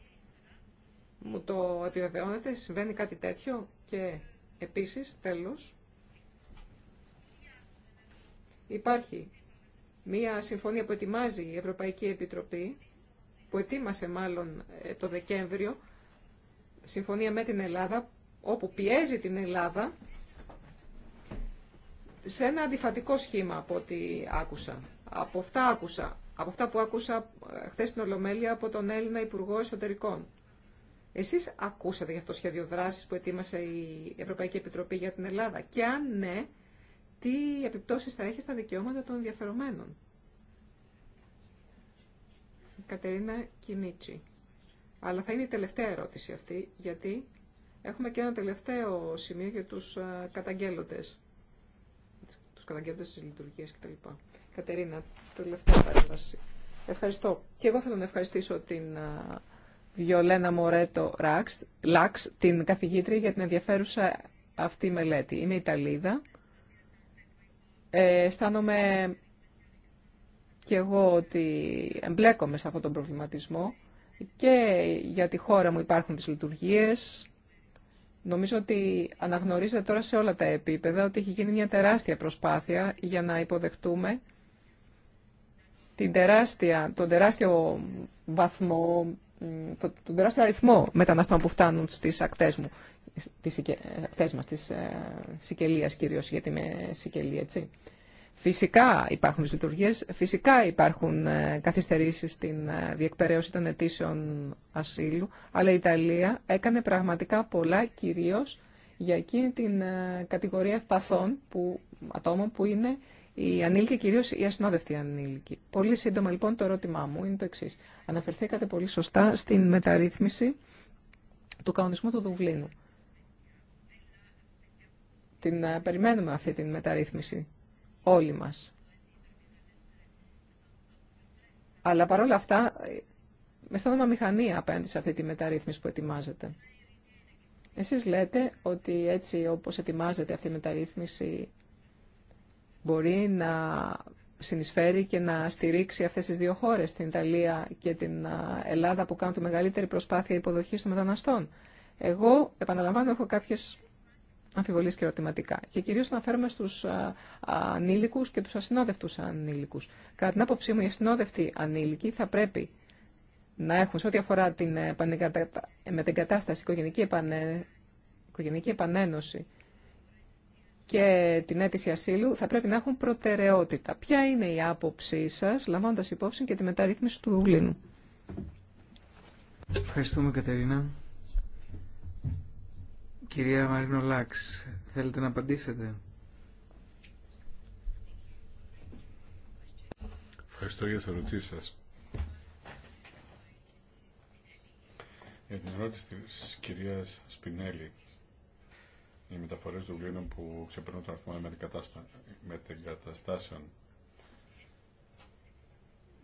Μου το επιβεβαιώνετε, συμβαίνει κάτι τέτοιο και επίσης, τέλος, υπάρχει μία συμφωνία που ετοιμάζει η Ευρωπαϊκή Επιτροπή, που ετοίμασε μάλλον ε, το Δεκέμβριο, συμφωνία με την Ελλάδα, όπου πιέζει την Ελλάδα σε ένα αντιφατικό σχήμα από ό,τι άκουσα. Από αυτά άκουσα. Από αυτά που άκουσα ε, χθε στην Ολομέλεια από τον Έλληνα Υπουργό Εσωτερικών. Εσείς ακούσατε για αυτό το σχέδιο δράσης που ετοίμασε η Ευρωπαϊκή Επιτροπή για την Ελλάδα. Και αν ναι, τι επιπτώσεις θα έχει στα δικαιώματα των ενδιαφερομένων. Κατερίνα Κινίτσι. Αλλά θα είναι η τελευταία ερώτηση αυτή, γιατί έχουμε και ένα τελευταίο σημείο για τους ε, καταγγέλλοντες καταγγέλλοντε τη λειτουργία κτλ. Κατερίνα, τελευταία παρέμβαση. Ευχαριστώ. Και εγώ θέλω να ευχαριστήσω την Βιολένα Μορέτο Λάξ, την καθηγήτρια, για την ενδιαφέρουσα αυτή μελέτη. Είμαι Ιταλίδα. Ε, αισθάνομαι και εγώ ότι εμπλέκομαι σε αυτόν τον προβληματισμό και για τη χώρα μου υπάρχουν τις λειτουργίες Νομίζω ότι αναγνωρίζεται τώρα σε όλα τα επίπεδα ότι έχει γίνει μια τεράστια προσπάθεια για να υποδεχτούμε την τεράστια, τον τεράστιο βαθμό, τον τεράστιο αριθμό μεταναστών που φτάνουν στις ακτές μου, στις ακτές μας, της ε, Σικελίας κυρίως, γιατί είμαι Σικελία, έτσι. Φυσικά υπάρχουν λειτουργίε, φυσικά υπάρχουν ε, καθυστερήσει στην ε, διεκπαιρέωση των αιτήσεων ασύλου, αλλά η Ιταλία έκανε πραγματικά πολλά κυρίως για εκείνη την ε, κατηγορία ευπαθών που, ατόμων που είναι οι ανήλικοι, κυρίως οι ασυνόδευτοι ανήλικοι. Πολύ σύντομα λοιπόν το ερώτημά μου είναι το εξή. Αναφερθήκατε πολύ σωστά στην μεταρρύθμιση του κανονισμού του Δουβλίνου. Την περιμένουμε αυτή την μεταρρύθμιση όλοι μας. Αλλά παρόλα αυτά, με στάνομαι μηχανή απέναντι σε αυτή τη μεταρρύθμιση που ετοιμάζεται. Εσείς λέτε ότι έτσι όπως ετοιμάζεται αυτή η μεταρρύθμιση μπορεί να συνεισφέρει και να στηρίξει αυτές τις δύο χώρες, την Ιταλία και την Ελλάδα που κάνουν τη μεγαλύτερη προσπάθεια υποδοχής των μεταναστών. Εγώ, επαναλαμβάνω, έχω κάποιες αμφιβολίε και ερωτηματικά. Και κυρίως αναφέρομαι στους ανήλικους και του ασυνόδευτους ανήλικους. Κατά την άποψή μου, οι ασυνόδευτοι ανήλικοι θα πρέπει να έχουν σε ό,τι αφορά ε, την κατάσταση οικογενική, επανε... οικογενική επανένωση και την αίτηση ασύλου, θα πρέπει να έχουν προτεραιότητα. Ποια είναι η άποψή σα, λαμβάνοντα υπόψη και τη μεταρρύθμιση του Δουβλίνου. Ευχαριστούμε, Κατερίνα. Κυρία Μαρίνο Λάξ, θέλετε να απαντήσετε. Ευχαριστώ για τις ερωτήσεις σας. Για την ερώτηση της κυρίας Σπινέλη, οι μεταφορές δουλειών που ξεπερνούν τον αριθμό μετεγκαταστάσεων.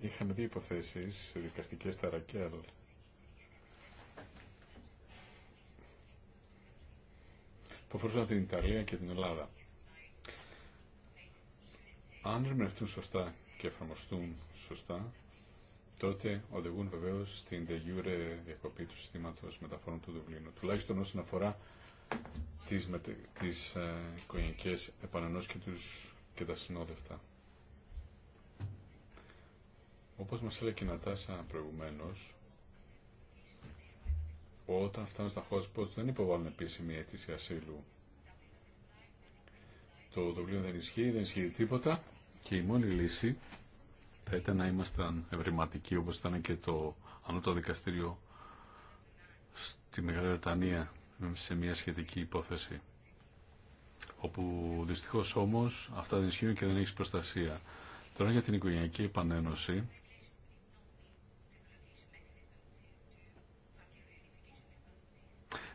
Είχαμε δύο υποθέσεις, δικαστικές στα Ρακέλ που αφορούσαν την Ιταλία και την Ελλάδα. Αν ερμηνευτούν σωστά και εφαρμοστούν σωστά, τότε οδηγούν βεβαίω στην de jure διακοπή του συστήματο μεταφορών του Δουβλίνου. Τουλάχιστον όσον αφορά τι μετε... τις, ε, οικογενειακέ επανενώσει και, τους... και τα συνόδευτα. Όπω μα έλεγε η Νατάσα προηγουμένω, όταν φτάνουν στα πώ δεν υποβάλλουν επίσημη αίτηση ασύλου. Το Δουβλίνο δεν ισχύει, δεν ισχύει τίποτα και η μόνη λύση θα ήταν να ήμασταν ευρηματικοί όπως ήταν και το ανώτατο δικαστήριο στη Μεγάλη Βρετανία σε μια σχετική υπόθεση όπου δυστυχώς όμως αυτά δεν ισχύουν και δεν έχει προστασία. Τώρα για την οικογενειακή επανένωση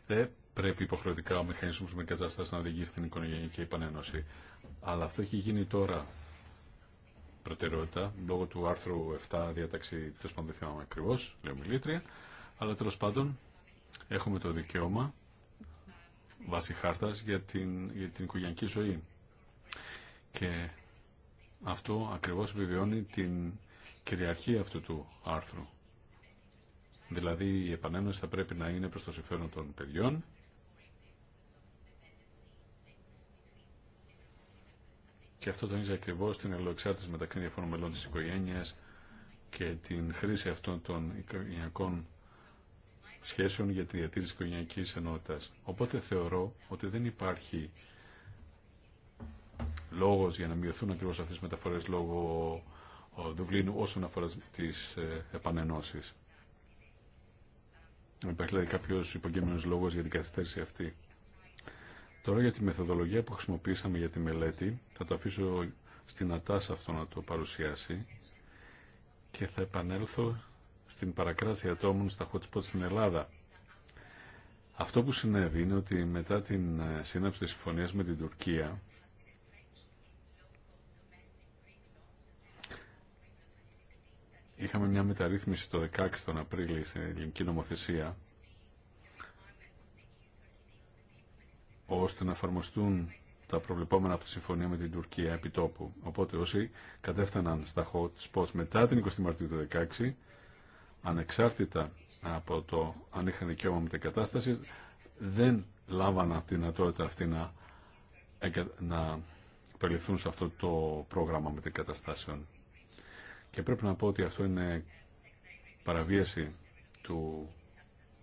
δεν πρέπει υποχρεωτικά ο μηχανισμός με κατάσταση να οδηγεί στην οικογενειακή επανένωση. Αλλά αυτό έχει γίνει τώρα προτεραιότητα λόγω του άρθρου 7 διάταξη, τέλο πάντων δεν ακριβώ, λέω μιλήτρια, αλλά τέλο πάντων έχουμε το δικαίωμα βάσει χάρτα για την, για την οικογενειακή ζωή. Και αυτό ακριβώς βεβαιώνει την κυριαρχία αυτού του άρθρου. Δηλαδή η επανένωση θα πρέπει να είναι προς το συμφέρον των παιδιών και αυτό τονίζει ακριβώς την αλλοεξάρτηση μεταξύ διαφόρων μελών της οικογένειας και την χρήση αυτών των οικογενειακών σχέσεων για τη διατήρηση οικογενειακής ενότητας. Οπότε θεωρώ ότι δεν υπάρχει λόγος για να μειωθούν ακριβώς αυτές τις μεταφορές λόγω ε, Δουβλίνου όσον αφορά τις ε, επανενώσεις. Υπάρχει δηλαδή κάποιο υπογείμενο λόγο για την καθυστέρηση αυτή. Τώρα για τη μεθοδολογία που χρησιμοποίησαμε για τη μελέτη, θα το αφήσω στην ΑΤΑΣ αυτό να το παρουσιάσει και θα επανέλθω στην παρακράτηση ατόμων στα hot spots στην Ελλάδα. Αυτό που συνέβη είναι ότι μετά την ε, σύναψη της συμφωνίας με την Τουρκία Είχαμε μια μεταρρύθμιση το 16 τον Απρίλιο στην ελληνική νομοθεσία ώστε να εφαρμοστούν τα προβλεπόμενα από τη συμφωνία με την Τουρκία επί τόπου. Οπότε όσοι κατέφταναν στα hot spots μετά την 20η Μαρτίου του 2016, ανεξάρτητα από το αν είχαν δικαίωμα κατάσταση δεν λάβαναν τη δυνατότητα αυτή να, να περιληφθούν σε αυτό το πρόγραμμα κατάσταση. Και πρέπει να πω ότι αυτό είναι παραβίαση του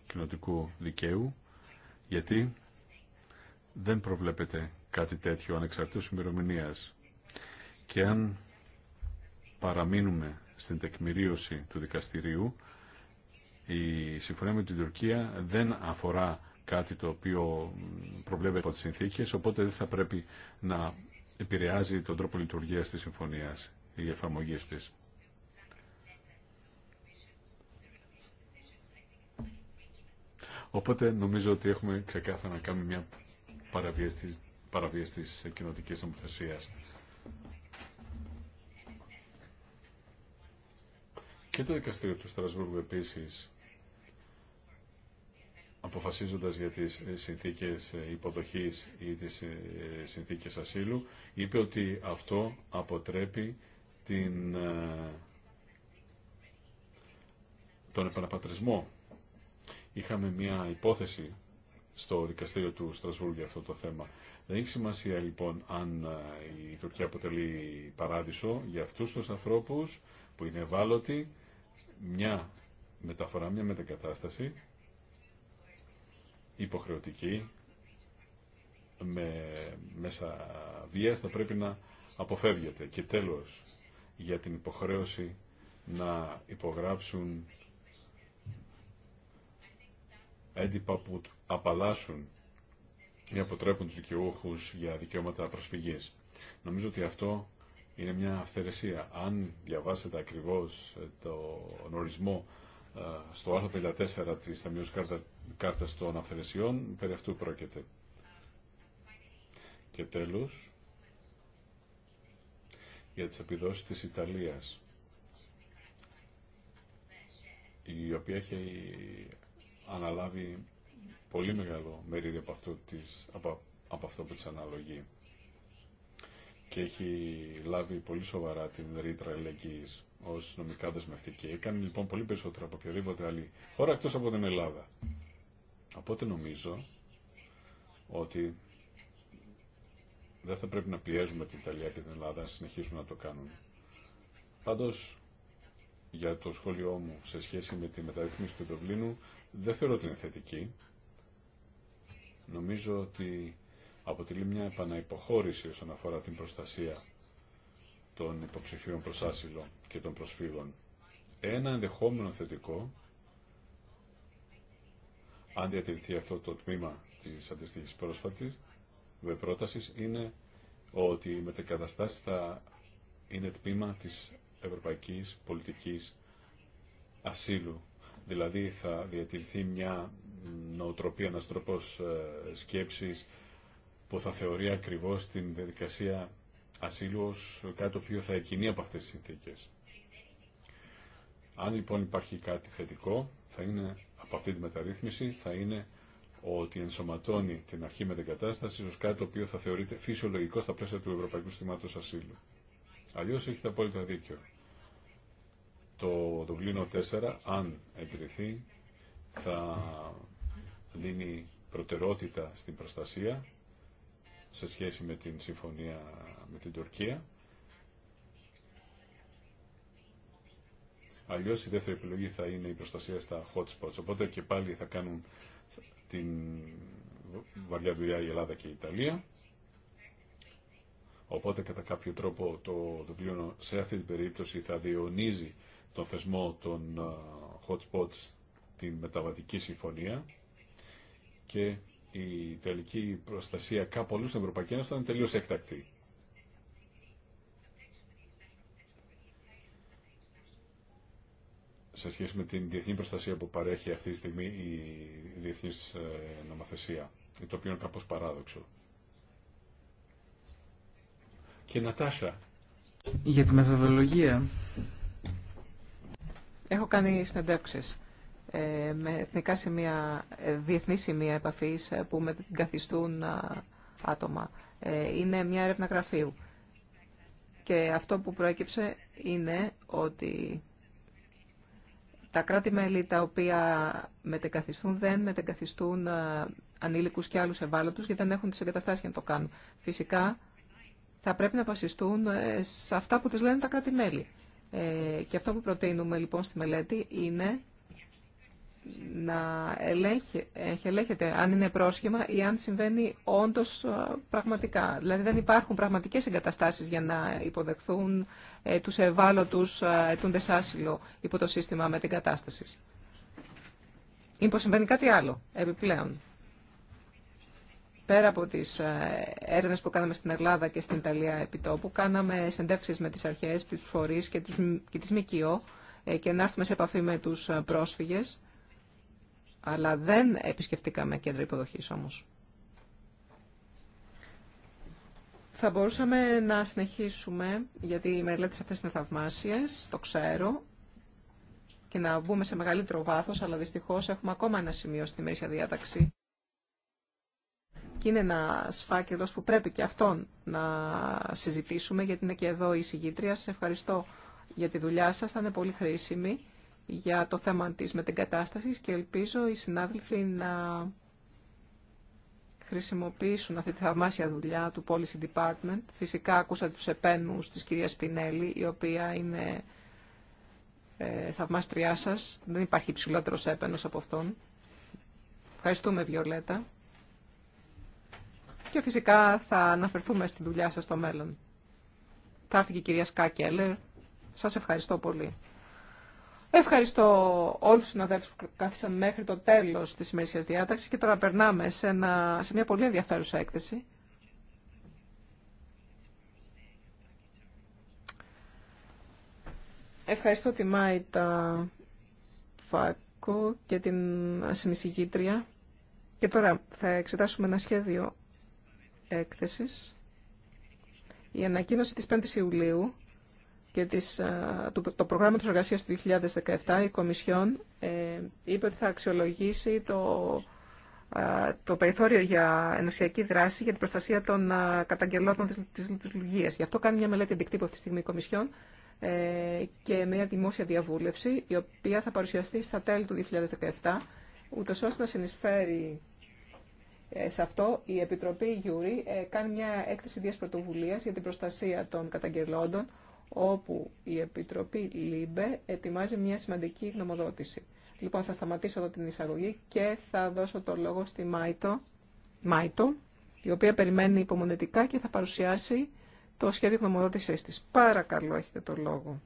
κοινοτικού δικαίου, γιατί δεν προβλέπεται κάτι τέτοιο ανεξαρτήτως ημερομηνία. Και αν παραμείνουμε στην τεκμηρίωση του δικαστηρίου, η συμφωνία με την Τουρκία δεν αφορά κάτι το οποίο προβλέπεται από τις συνθήκες, οπότε δεν θα πρέπει να επηρεάζει τον τρόπο λειτουργίας της συμφωνίας, η εφαρμογή της. Οπότε νομίζω ότι έχουμε ξεκάθαρα να κάνουμε μια παραβίαση τη κοινοτική νομοθεσία. Και το δικαστήριο του Στρασβούργου επίσης, αποφασίζοντας για τις συνθήκες υποδοχής ή τις ε, συνθήκες ασύλου, είπε ότι αυτό αποτρέπει ε, τον επαναπατρισμό Είχαμε μια υπόθεση στο δικαστήριο του Στρασβούργου για αυτό το θέμα. Δεν έχει σημασία λοιπόν αν ε, η Τουρκία αποτελεί παράδεισο για αυτούς τους ανθρώπους που είναι ευάλωτοι μια μεταφορά, μια μετακατάσταση υποχρεωτική με μέσα βίας θα πρέπει να αποφεύγεται. Και τέλος, για την υποχρέωση να υπογράψουν έντυπα που απαλλάσσουν ή αποτρέπουν τους δικαιούχους για δικαιώματα προσφυγής. Νομίζω ότι αυτό είναι μια αυθαιρεσία. Αν διαβάσετε ακριβώς ε, τον ορισμό ε, στο άρθρο 54 της Ταμείου κάρτα, Κάρτας των Αυθαιρεσιών, περί αυτού πρόκειται. Και τέλος, για τις επιδόσεις της Ιταλίας, η οποία έχει αναλάβει πολύ μεγάλο μερίδιο από, αυτό της, από, από αυτό που της αναλογεί και έχει λάβει πολύ σοβαρά την ρήτρα ελεγγύης ως νομικά δεσμευτική. Έκανε λοιπόν πολύ περισσότερο από οποιαδήποτε άλλη χώρα εκτός από την Ελλάδα. Οπότε νομίζω ότι δεν θα πρέπει να πιέζουμε την Ιταλία και την Ελλάδα να συνεχίσουν να το κάνουν. Πάντως, για το σχόλιο μου σε σχέση με τη μεταρρύθμιση του Δουβλίνου, δεν θεωρώ ότι είναι θετική. Νομίζω ότι αποτελεί μια επαναυποχώρηση όσον αφορά την προστασία των υποψηφίων προς άσυλο και των προσφύγων. Ένα ενδεχόμενο θετικό, αν διατηρηθεί αυτό το τμήμα της αντίστοιχης πρόσφατης, με πρόταση είναι ότι οι μετεκαταστάσεις θα είναι τμήμα της ευρωπαϊκής πολιτικής ασύλου Δηλαδή θα διατηρηθεί μια νοοτροπία, ένας τρόπος ε, σκέψης που θα θεωρεί ακριβώς την διαδικασία ασύλου ως κάτι το οποίο θα εκκινεί από αυτές τις συνθήκες. Αν λοιπόν υπάρχει κάτι θετικό, θα είναι από αυτή τη μεταρρύθμιση, θα είναι ότι ενσωματώνει την αρχή μετεγκατάσταση ω κάτι το οποίο θα θεωρείται φυσιολογικό στα πλαίσια του Ευρωπαϊκού Συστήματο Ασύλου. Αλλιώ έχετε απόλυτα δίκιο. Το Δουβλίνο 4, αν εγκριθεί, θα δίνει προτερότητα στην προστασία σε σχέση με την συμφωνία με την Τουρκία. Αλλιώς η δεύτερη επιλογή θα είναι η προστασία στα hot spots. Οπότε και πάλι θα κάνουν την βαριά δουλειά η Ελλάδα και η Ιταλία. Οπότε κατά κάποιο τρόπο το βιβλίο σε αυτή την περίπτωση θα διονίζει τον θεσμό των ε, hot spots στην μεταβατική συμφωνία και η τελική προστασία κάπου αλλού στην Ευρωπαϊκή Ένωση ήταν τελείως έκτακτη. σε σχέση με την διεθνή προστασία που παρέχει αυτή τη στιγμή η διεθνή ε, νομοθεσία, το οποίο είναι κάπω παράδοξο. Και Νατάσα. Για τη μεθοδολογία Έχω κάνει συνεντεύξεις ε, με εθνικά σημεία, ε, διεθνή σημεία επαφής ε, που με άτομα. Είναι μια έρευνα γραφείου. Και αυτό που προέκυψε είναι ότι τα κράτη-μέλη τα οποία μετεγκαθιστούν δεν μετεγκαθιστούν ανήλικους και άλλους ευάλωτους γιατί δεν έχουν τις εγκαταστάσεις για να το κάνουν. Φυσικά θα πρέπει να βασιστούν σε αυτά που τις λένε τα κράτη-μέλη. Ε, και αυτό που προτείνουμε λοιπόν στη μελέτη είναι να ελέγχε, ελέγχεται αν είναι πρόσχημα ή αν συμβαίνει όντως πραγματικά. Δηλαδή δεν υπάρχουν πραγματικές εγκαταστάσεις για να υποδεχθούν ε, τους ευάλωτους ετούντες άσυλο υπό το σύστημα με κατάσταση. Ή πω συμβαίνει κάτι άλλο επιπλέον πέρα από τις ε, έρευνε που κάναμε στην Ελλάδα και στην Ιταλία επιτόπου, κάναμε συντεύξει με τις αρχέ, τις φορείς και, τι τις ΜΚΟ ε, και να έρθουμε σε επαφή με τους ε, πρόσφυγες, αλλά δεν επισκεφτήκαμε κέντρο υποδοχή όμω. Θα μπορούσαμε να συνεχίσουμε, γιατί οι μελέτε αυτές είναι θαυμάσίε, το ξέρω, και να μπούμε σε μεγαλύτερο βάθο, αλλά δυστυχώ έχουμε ακόμα ένα σημείο στη μέση διάταξη και είναι ένα σφάκελος που πρέπει και αυτόν να συζητήσουμε, γιατί είναι και εδώ η συγγήτρια. Σας ευχαριστώ για τη δουλειά σας, θα είναι πολύ χρήσιμη για το θέμα της μετεγκατάστασης και ελπίζω οι συνάδελφοι να χρησιμοποιήσουν αυτή τη θαυμάσια δουλειά του Policy Department. Φυσικά άκουσα τους επένους της κυρίας Σπινέλη, η οποία είναι ε, θαυμάστριά σας. Δεν υπάρχει ψηλότερος έπαινος από αυτόν. Ευχαριστούμε, Βιολέτα και φυσικά θα αναφερθούμε στη δουλειά σας στο μέλλον. Θα έρθει και η κυρία Σκάκελερ. Σας ευχαριστώ πολύ. Ευχαριστώ όλους τους συναδέλφους που κάθισαν μέχρι το τέλος της ημερησίας διάταξης και τώρα περνάμε σε, ένα, μια πολύ ενδιαφέρουσα έκθεση. Ευχαριστώ τη Μάιτα Φάκο και την συνεισηγήτρια. Και τώρα θα εξετάσουμε ένα σχέδιο έκθεσης η ανακοίνωση της 5ης Ιουλίου και της, το πρόγραμμα της εργασίας του 2017 η Κομισιόν ε, είπε ότι θα αξιολογήσει το, το περιθώριο για ενωσιακή δράση για την προστασία των καταγγελόντων της λειτουργίας. Γι' αυτό κάνει μια μελέτη αντικτύπου αυτή τη στιγμή η Κομισιόν ε, και μια δημόσια διαβούλευση η οποία θα παρουσιαστεί στα τέλη του 2017 ούτως ώστε να συνεισφέρει ε, σε αυτό η Επιτροπή Γιούρη ε, κάνει μια έκθεση δίας πρωτοβουλίας για την προστασία των καταγγελόντων, όπου η Επιτροπή ΛΥΜΠΕ ετοιμάζει μια σημαντική γνωμοδότηση. Λοιπόν, θα σταματήσω εδώ την εισαγωγή και θα δώσω το λόγο στη Μάιτο, Μάιτο η οποία περιμένει υπομονετικά και θα παρουσιάσει το σχέδιο γνωμοδότησής της. Παρακαλώ, έχετε το λόγο.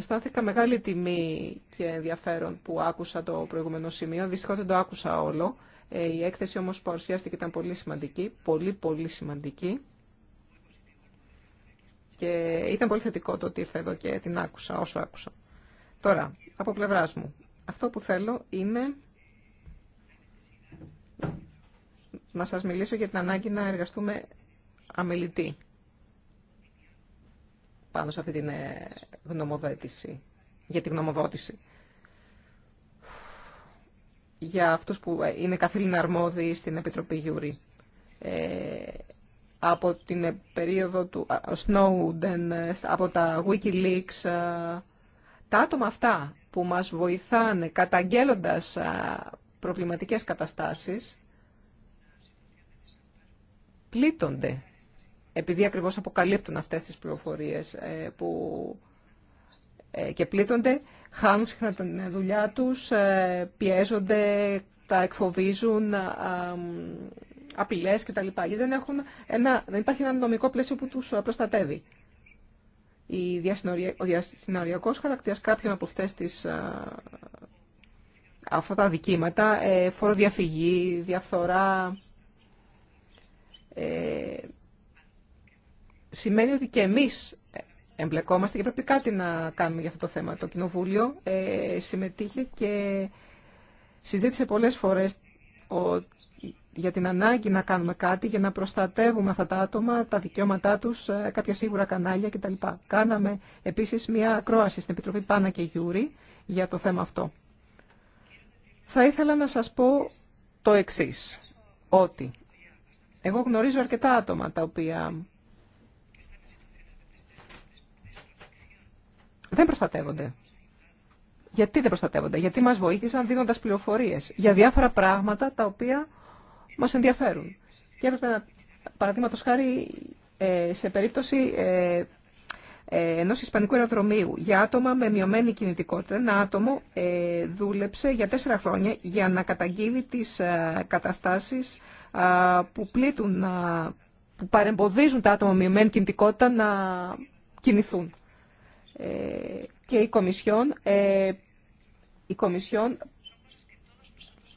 Αισθάνθηκα μεγάλη τιμή και ενδιαφέρον που άκουσα το προηγούμενο σημείο. Δυστυχώ δεν το άκουσα όλο. Ε, η έκθεση όμως που παρουσιάστηκε ήταν πολύ σημαντική, πολύ πολύ σημαντική. Και ήταν πολύ θετικό το ότι ήρθα εδώ και την άκουσα, όσο άκουσα. Τώρα, από πλευρά μου, αυτό που θέλω είναι να σας μιλήσω για την ανάγκη να εργαστούμε αμελητή πάνω σε αυτή την ε, γνωμοδότηση, για τη γνωμοδότηση. Για αυτούς που ε, είναι καθήλυνα αρμόδιοι στην Επιτροπή Γιούρη. Ε, από την περίοδο του Snowden, από τα Wikileaks, τα άτομα αυτά που μας βοηθάνε καταγγέλλοντας προβληματικές καταστάσεις, πλήττονται επειδή ακριβώς αποκαλύπτουν αυτές τις πληροφορίες ε, που ε, και πλήττονται, χάνουν συχνά την δουλειά τους, ε, πιέζονται, τα εκφοβίζουν, απειλές κτλ. δεν, έχουν ένα, δεν υπάρχει ένα νομικό πλαίσιο που τους προστατεύει. Η ο διασυνοριακός χαρακτήρας κάποιων από αυτές τις, αυτά τα δικήματα, φοροδιαφυγή, διαφθορά, σημαίνει ότι και εμείς εμπλεκόμαστε και πρέπει κάτι να κάνουμε για αυτό το θέμα. Το Κοινοβούλιο ε, συμμετείχε και συζήτησε πολλές φορές ο, για την ανάγκη να κάνουμε κάτι για να προστατεύουμε αυτά τα άτομα, τα δικαιώματά τους, ε, κάποια σίγουρα κανάλια κτλ. Κάναμε επίσης μια ακρόαση στην Επιτροπή Πάνα και Γιούρη για το θέμα αυτό. Θα ήθελα να σας πω το εξής, ότι εγώ γνωρίζω αρκετά άτομα τα οποία δεν προστατεύονται. Γιατί δεν προστατεύονται, γιατί μας βοήθησαν δίνοντας πληροφορίες για διάφορα πράγματα τα οποία μας ενδιαφέρουν. Και έπρεπε να, παραδείγματο χάρη, ε, σε περίπτωση ενό ε, ενός ισπανικού αεροδρομίου για άτομα με μειωμένη κινητικότητα, ένα άτομο ε, δούλεψε για τέσσερα χρόνια για να καταγγείλει τις καταστάσεις που πλήττουν, που παρεμποδίζουν τα άτομα με μειωμένη κινητικότητα να κινηθούν. Ε, και η Κομισιόν, ε, η Κομισιόν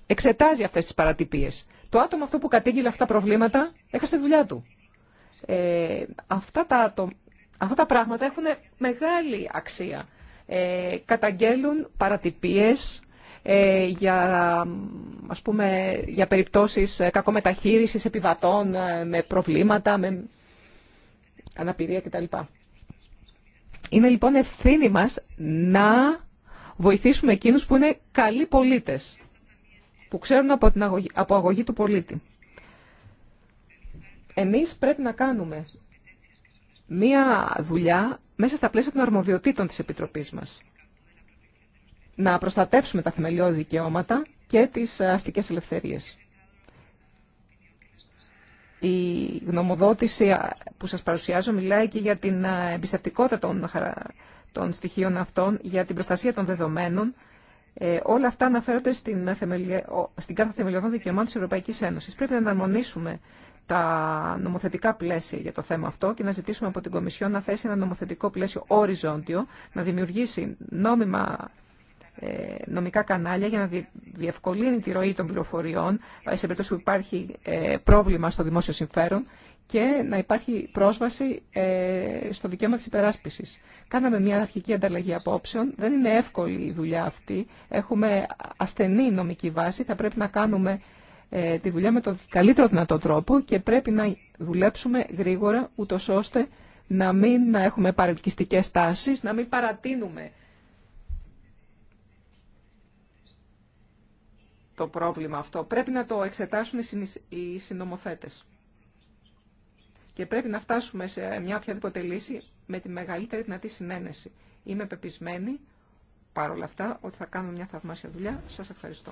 εξετάζει αυτές τις παρατυπίες. Το άτομο αυτό που κατήγγειλε αυτά τα προβλήματα έχασε δουλειά του. Ε, αυτά, τα αυτά τα πράγματα έχουν μεγάλη αξία. Ε, καταγγέλουν παρατυπίες ε, για, ας πούμε, για περιπτώσεις κακομεταχείρισης επιβατών με προβλήματα, με αναπηρία κτλ. Είναι λοιπόν ευθύνη μας να βοηθήσουμε εκείνους που είναι καλοί πολίτες, που ξέρουν από, την αγωγή, αγωγή του πολίτη. Εμείς πρέπει να κάνουμε μία δουλειά μέσα στα πλαίσια των αρμοδιοτήτων της Επιτροπής μας. Να προστατεύσουμε τα θεμελιώδη δικαιώματα και τις αστικές ελευθερίες. Η γνωμοδότηση που σας παρουσιάζω μιλάει και για την ε, εμπιστευτικότητα των, των στοιχείων αυτών, για την προστασία των δεδομένων. Ε, όλα αυτά αναφέρονται στην, στην Κάρτα Θεμελιωδών Δικαιωμάτων της Ευρωπαϊκής Ένωσης. Πρέπει να αναμονήσουμε τα νομοθετικά πλαίσια για το θέμα αυτό και να ζητήσουμε από την Κομισιόν να θέσει ένα νομοθετικό πλαίσιο οριζόντιο, να δημιουργήσει νόμιμα ε, νομικά κανάλια για να διευκολύνει τη ροή των πληροφοριών ε, σε περίπτωση που υπάρχει ε, πρόβλημα στο δημόσιο συμφέρον και να υπάρχει πρόσβαση στο δικαίωμα της υπεράσπισης. Κάναμε μια αρχική ανταλλαγή απόψεων. Δεν είναι εύκολη η δουλειά αυτή. Έχουμε ασθενή νομική βάση. Θα πρέπει να κάνουμε τη δουλειά με τον καλύτερο δυνατό τρόπο και πρέπει να δουλέψουμε γρήγορα ούτω ώστε να μην έχουμε παρελκυστικές τάσεις, να μην παρατείνουμε το πρόβλημα αυτό. Πρέπει να το εξετάσουν οι συνομοθέτες. Και πρέπει να φτάσουμε σε μια οποιαδήποτε λύση με τη μεγαλύτερη δυνατή συνένεση. Είμαι πεπισμένη, παρόλα αυτά, ότι θα κάνουμε μια θαυμάσια δουλειά. Σας ευχαριστώ.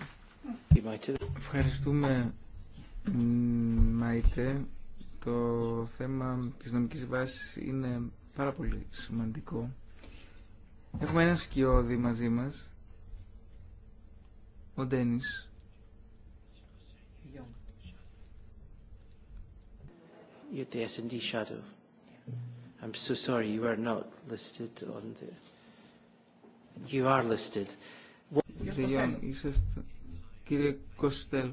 Ευχαριστούμε, Μαϊτέ. Το θέμα της νομικής βάσης είναι πάρα πολύ σημαντικό. Έχουμε ένα σκιώδη μαζί μας, ο Ντένις. You're the S and D shadow. I'm so sorry, you are not listed on the... You are listed. Κύριε Κοστέλ,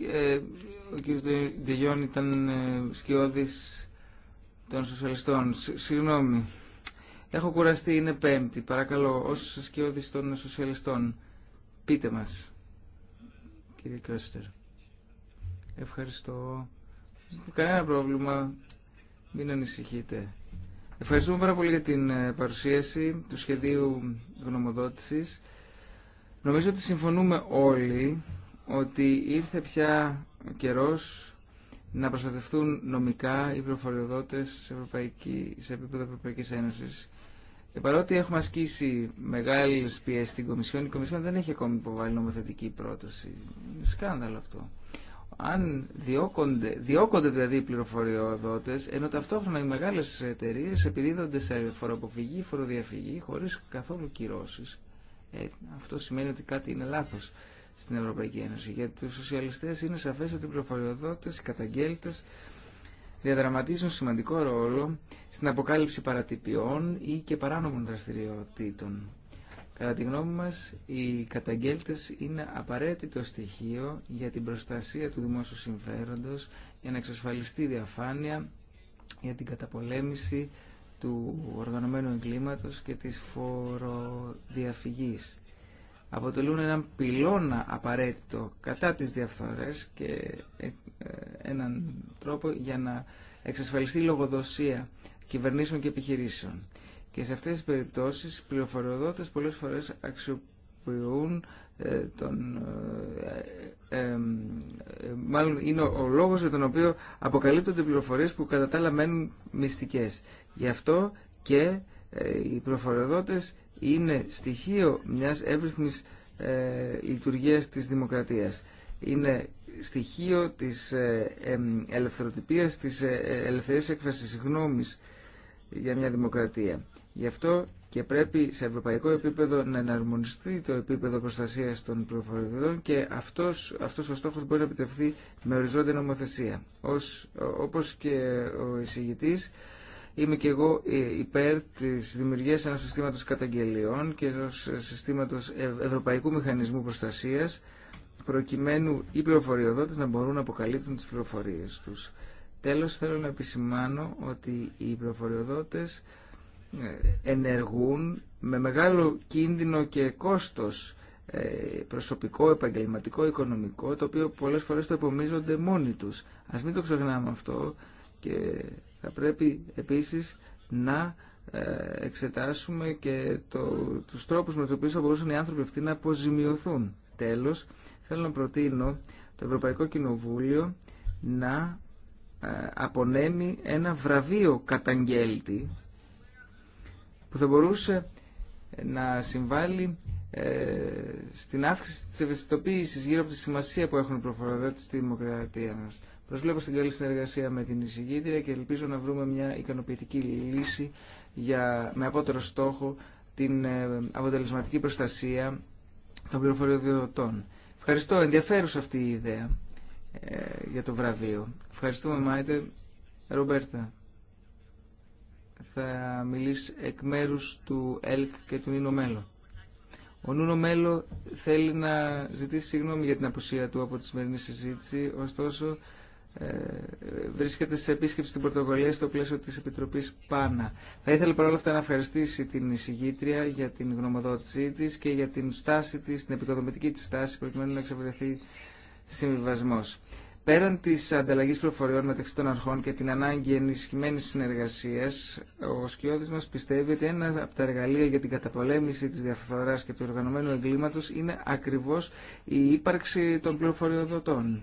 ε, ο κύριος Δεγιόν ήταν ε, σκιώδης των σοσιαλιστών. Συγγνώμη. Έχω κουραστεί, είναι πέμπτη. Παρακαλώ, ως σκιώδης των σοσιαλιστών, πείτε μας. Κύριε Κώστερ. Ευχαριστώ. Κανένα πρόβλημα. Μην ανησυχείτε. Ευχαριστούμε πάρα πολύ για την ε, παρουσίαση του σχεδίου γνωμοδότησης. Νομίζω ότι συμφωνούμε όλοι ότι ήρθε πια ο καιρός να προστατευτούν νομικά οι προφοριοδότες σε, ευρωπαϊκή, σε επίπεδο Ευρωπαϊκής Ένωσης. Και παρότι έχουμε ασκήσει μεγάλες πιέσεις στην Κομισιόν, η Κομισιόν δεν έχει ακόμη υποβάλει νομοθετική πρόταση. Είναι σκάνδαλο αυτό αν διώκονται, διώκονται δηλαδή οι πληροφοριοδότες, ενώ ταυτόχρονα οι μεγάλες εταιρείε επιδίδονται σε φοροαποφυγή, φοροδιαφυγή, χωρίς καθόλου κυρώσεις. Ε, αυτό σημαίνει ότι κάτι είναι λάθος στην Ευρωπαϊκή Ένωση. γιατί τους σοσιαλιστές είναι σαφές ότι οι πληροφοριοδότες, οι καταγγέλτες, διαδραματίζουν σημαντικό ρόλο στην αποκάλυψη παρατυπιών ή και παράνομων δραστηριοτήτων. Κατά τη γνώμη μας, οι καταγγέλτες είναι απαραίτητο στοιχείο για την προστασία του δημόσιου συμφέροντος, για να εξασφαλιστεί η διαφάνεια, για την καταπολέμηση του οργανωμένου εγκλήματος και της φοροδιαφυγής. Αποτελούν έναν πυλώνα απαραίτητο κατά τις διαφθορές και ε, ε, έναν τρόπο για να εξασφαλιστεί η λογοδοσία κυβερνήσεων και επιχειρήσεων. Και σε αυτές τις περιπτώσεις οι πληροφοριοδότες πολλές φορές αξιοποιούν ε, τον, ε, ε, μάλλον είναι ο, ο λόγος για τον οποίο αποκαλύπτονται πληροφορίες που κατά τα άλλα μένουν μυστικές. Γι' αυτό και οι πληροφοριοδότες είναι στοιχείο μιας εύρυθμης λειτουργίας της δημοκρατίας. Είναι στοιχείο της ελευθεροτυπίας, της ελευθερίας έκφρασης γνώμης για μια δημοκρατία. Γι' αυτό και πρέπει σε ευρωπαϊκό επίπεδο να εναρμονιστεί το επίπεδο προστασίας των πληροφοριοδοτών και αυτός, ο στόχος μπορεί να επιτευχθεί με οριζόντια νομοθεσία. Όπω όπως και ο εισηγητής, είμαι και εγώ ε, υπέρ της δημιουργίας ενός συστήματος καταγγελιών και ενό συστήματος ευρωπαϊκού μηχανισμού προστασίας προκειμένου οι πληροφοριοδότες να μπορούν να αποκαλύπτουν τις πληροφορίες τους. Τέλος θέλω να επισημάνω ότι οι πληροφοριοδότες ενεργούν με μεγάλο κίνδυνο και κόστος ε, προσωπικό, επαγγελματικό, οικονομικό, το οποίο πολλές φορές το επομίζονται μόνοι τους. Ας μην το ξεχνάμε αυτό και θα πρέπει επίσης να ε, εξετάσουμε και το, τους τρόπους με τους οποίους θα μπορούσαν οι άνθρωποι αυτοί να αποζημιωθούν. Τέλος, θέλω να προτείνω το Ευρωπαϊκό Κοινοβούλιο να ε, απονέμει ένα βραβείο καταγγέλτη που θα μπορούσε να συμβάλλει ε, στην αύξηση της ευαισθητοποίησης γύρω από τη σημασία που έχουν οι προφοροδότες στη δημοκρατία μας. Προσβλέπω στην καλή συνεργασία με την εισηγήτρια και ελπίζω να βρούμε μια ικανοποιητική λύση για, με απότερο στόχο την ε, αποτελεσματική προστασία των πληροφοριοδιωτών. Ευχαριστώ. Ενδιαφέρουσα αυτή η ιδέα ε, για το βραβείο. Ευχαριστούμε, Μάιτε. Ρομπέρτα θα μιλήσει εκ μέρου του ΕΛΚ και του Νίνο Μέλο. Ο Νούνο Μέλο θέλει να ζητήσει συγγνώμη για την απουσία του από τη σημερινή συζήτηση, ωστόσο ε, βρίσκεται σε επίσκεψη στην Πορτογαλία στο πλαίσιο της Επιτροπής ΠΑΝΑ. Θα ήθελα παρόλα αυτά να ευχαριστήσει την εισηγήτρια για την γνωμοδότησή της και για την στάση της, την επικοδομητική της στάση προκειμένου να εξευρεθεί συμβιβασμό. Πέραν τη ανταλλαγή πληροφοριών μεταξύ των αρχών και την ανάγκη ενισχυμένης συνεργασία, ο Σκιώδη μα πιστεύει ότι ένα από τα εργαλεία για την καταπολέμηση τη διαφθορά και του οργανωμένου εγκλήματο είναι ακριβώ η ύπαρξη των πληροφοριοδοτών.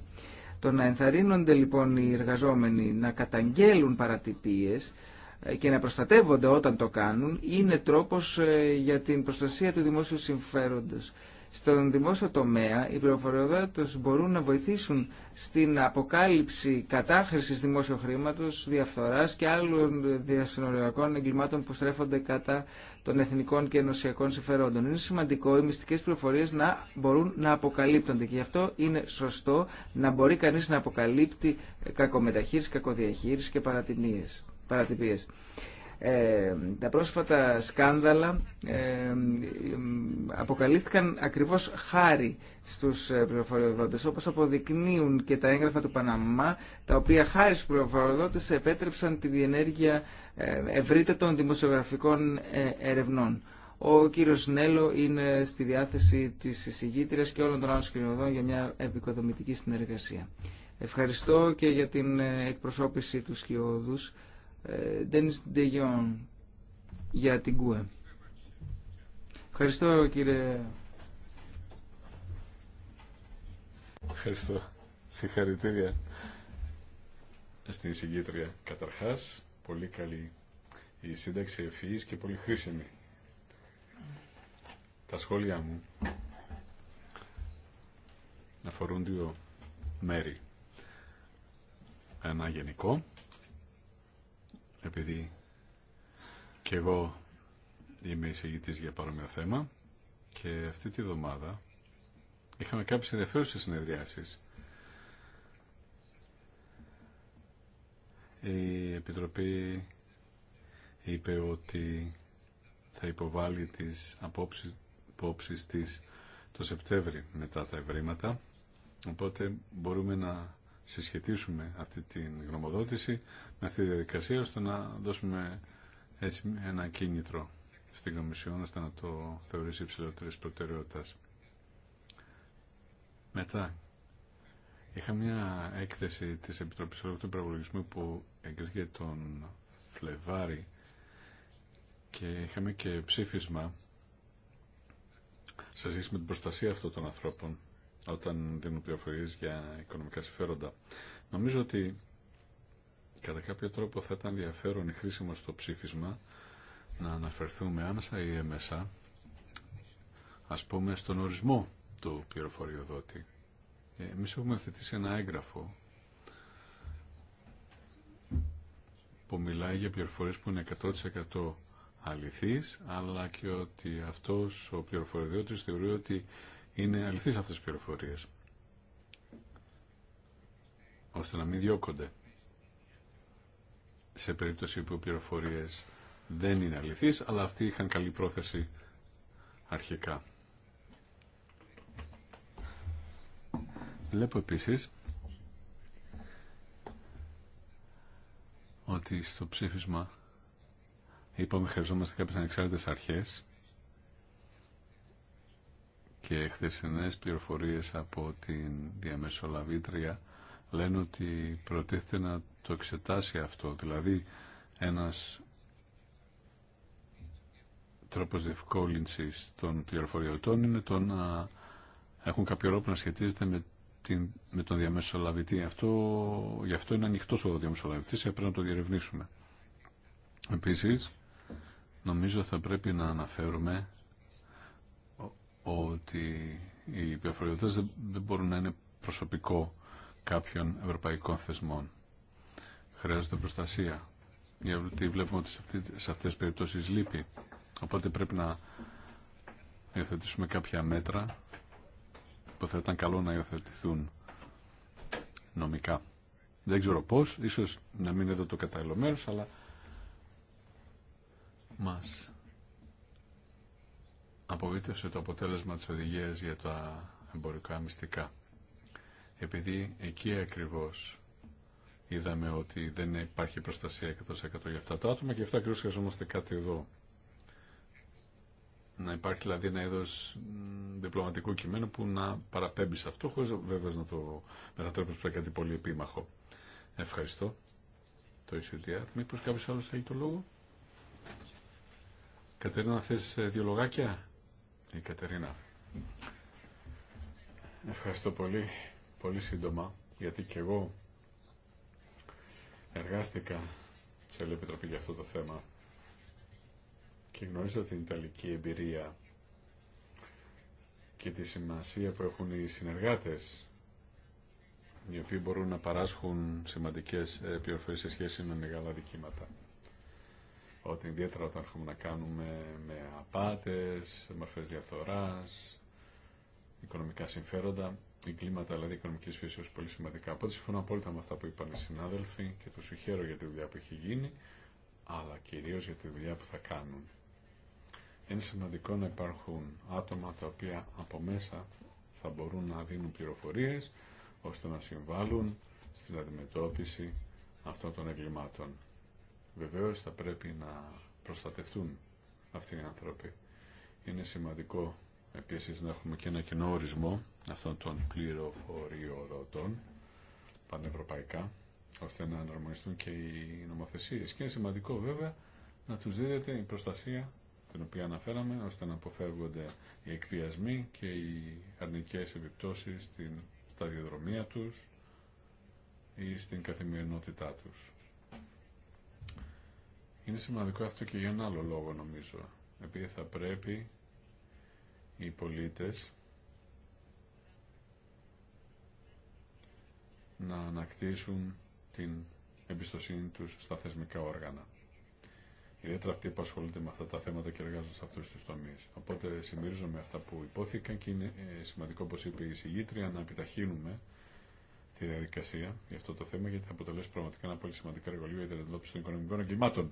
Το να ενθαρρύνονται λοιπόν οι εργαζόμενοι να καταγγέλουν παρατυπίες και να προστατεύονται όταν το κάνουν είναι τρόπος ε, για την προστασία του δημόσιου συμφέροντος στον δημόσιο τομέα, οι πληροφοριοδότες μπορούν να βοηθήσουν στην αποκάλυψη κατάχρησης δημόσιου χρήματος, διαφθοράς και άλλων διασυνοριακών εγκλημάτων που στρέφονται κατά των εθνικών και ενωσιακών συμφερόντων. Είναι σημαντικό οι μυστικές πληροφορίε να μπορούν να αποκαλύπτονται και γι' αυτό είναι σωστό να μπορεί κανεί να αποκαλύπτει κακομεταχείριση, κακοδιαχείριση και παρατυπίε. Ε, τα πρόσφατα σκάνδαλα ε, αποκαλύφθηκαν ακριβώς χάρη στους ε, πληροφοριοδότες, όπως αποδεικνύουν και τα έγγραφα του Παναμά, τα οποία χάρη στους πληροφοριοδότες επέτρεψαν τη διενέργεια ευρύτερων δημοσιογραφικών ερευνών. Ο κύριος Νέλο είναι στη διάθεση της εισηγήτριας και όλων των άλλων σκληροδών για μια επικοδομητική συνεργασία. Ευχαριστώ και για την εκπροσώπηση του σκιώδους Ντένις ε, Ντεγιόν για την ΚΟΕ. Ευχαριστώ κύριε. Ευχαριστώ. Συγχαρητήρια στην συγκίτρια. Καταρχάς, πολύ καλή η σύνταξη ευφυής και πολύ χρήσιμη. Τα σχόλια μου αφορούν δύο μέρη. Ένα γενικό επειδή και εγώ είμαι εισηγητής για παρόμοιο θέμα και αυτή τη βδομάδα είχαμε κάποιες ενδιαφέρουσες συνεδριάσεις. Η Επιτροπή είπε ότι θα υποβάλει τις απόψεις, απόψεις της το Σεπτέμβρη μετά τα ευρήματα οπότε μπορούμε να συσχετίσουμε αυτή την γνωμοδότηση με αυτή τη διαδικασία ώστε να δώσουμε ένα κίνητρο στην Κομισιόν ώστε να το θεωρήσει υψηλότερης προτεραιότητας. Μετά, είχα μια έκθεση της Επιτροπής Ολόκληρου του που εγκρίθηκε τον Φλεβάρη και είχαμε και ψήφισμα σε σχέση με την προστασία αυτών των ανθρώπων όταν δίνουν πληροφορίες για οικονομικά συμφέροντα. Νομίζω ότι κατά κάποιο τρόπο θα ήταν ενδιαφέρον ή χρήσιμο στο ψήφισμα να αναφερθούμε άμεσα ή έμεσα ας πούμε στον ορισμό του πληροφοριοδότη. Ε, εμείς έχουμε θετήσει ένα έγγραφο που μιλάει για πληροφορίε που είναι 100% αληθείς αλλά και ότι αυτός ο πληροφοριοδότης θεωρεί ότι είναι αληθείς αυτές τις πληροφορίες ώστε να μην διώκονται σε περίπτωση που οι πληροφορίες δεν είναι αληθείς αλλά αυτοί είχαν καλή πρόθεση αρχικά. Βλέπω επίσης ότι στο ψήφισμα είπαμε χρειαζόμαστε κάποιες ανεξάρτητες αρχές και χθεσινές πληροφορίες από την διαμεσολαβήτρια λένε ότι προτίθεται να το εξετάσει αυτό. Δηλαδή ένας τρόπος διευκόλυνσης των πληροφοριωτών είναι το να έχουν κάποιο ρόλο που να σχετίζεται με, τον διαμεσολαβητή. Αυτό, γι' αυτό είναι ανοιχτό ο διαμεσολαβητής και πρέπει να το διερευνήσουμε. Επίσης, νομίζω θα πρέπει να αναφέρουμε ότι οι πληροφοριοδότες δεν μπορούν να είναι προσωπικό κάποιων ευρωπαϊκών θεσμών. Χρειάζεται προστασία. Γιατί βλέπουμε ότι σε αυτές τις περιπτώσεις λείπει. Οπότε πρέπει να υιοθετήσουμε κάποια μέτρα που θα ήταν καλό να υιοθετηθούν νομικά. Δεν ξέρω πώς, ίσως να μην είναι εδώ το κατάλληλο μέρος, αλλά μας απογοήτευσε το αποτέλεσμα της οδηγίας για τα εμπορικά μυστικά. Επειδή εκεί ακριβώς είδαμε ότι δεν υπάρχει προστασία 100% για αυτά τα άτομα και αυτά ακριβώς χρειαζόμαστε κάτι εδώ. Να υπάρχει δηλαδή ένα είδο διπλωματικού κειμένου που να παραπέμπει σε αυτό, χωρί βέβαια να το μετατρέψει σε κάτι πολύ επίμαχο. Ευχαριστώ. Το ECDR. Μήπω κάποιο άλλο θέλει το λόγο. Κατερίνα, θες ε, δύο λογάκια η Κατερίνα. Ευχαριστώ πολύ, πολύ σύντομα, γιατί και εγώ εργάστηκα σε άλλη για αυτό το θέμα και γνωρίζω την Ιταλική εμπειρία και τη σημασία που έχουν οι συνεργάτες οι οποίοι μπορούν να παράσχουν σημαντικές ε, πληροφορίες σε σχέση με μεγάλα δικήματα ότι ιδιαίτερα όταν έχουμε να κάνουμε με απάτες, μορφές διαφθοράς, οικονομικά συμφέροντα, εγκλήματα δηλαδή οικονομικής φύσεως πολύ σημαντικά. Οπότε συμφωνώ απόλυτα με αυτά που είπαν οι συνάδελφοι και του συγχαίρω για τη δουλειά που έχει γίνει, αλλά κυρίως για τη δουλειά που θα κάνουν. Είναι σημαντικό να υπάρχουν άτομα τα οποία από μέσα θα μπορούν να δίνουν πληροφορίε, ώστε να συμβάλλουν στην αντιμετώπιση αυτών των εγκλημάτων. Βεβαίως θα πρέπει να προστατευτούν αυτοί οι άνθρωποι. Είναι σημαντικό επίσης να έχουμε και ένα κοινό ορισμό αυτών των πληροφοριοδοτών πανευρωπαϊκά ώστε να αναρμονιστούν και οι νομοθεσίες. Και είναι σημαντικό βέβαια να τους δίδεται η προστασία την οποία αναφέραμε, ώστε να αποφεύγονται οι εκβιασμοί και οι αρνητικές επιπτώσεις στην σταδιοδρομία τους ή στην καθημερινότητά τους. Είναι σημαντικό αυτό και για ένα άλλο λόγο νομίζω. Επειδή θα πρέπει οι πολίτες να ανακτήσουν την εμπιστοσύνη τους στα θεσμικά όργανα. Ιδιαίτερα αυτοί που ασχολούνται με αυτά τα θέματα και εργάζονται σε αυτού του τομεί. Οπότε συμμερίζομαι αυτά που υπόθηκαν και είναι ε, σημαντικό, όπω είπε η συγγήτρια, να επιταχύνουμε τη διαδικασία για αυτό το θέμα, γιατί θα αποτελέσει πραγματικά ένα πολύ σημαντικό εργαλείο για την αντιμετώπιση των οικονομικών εγκλημάτων.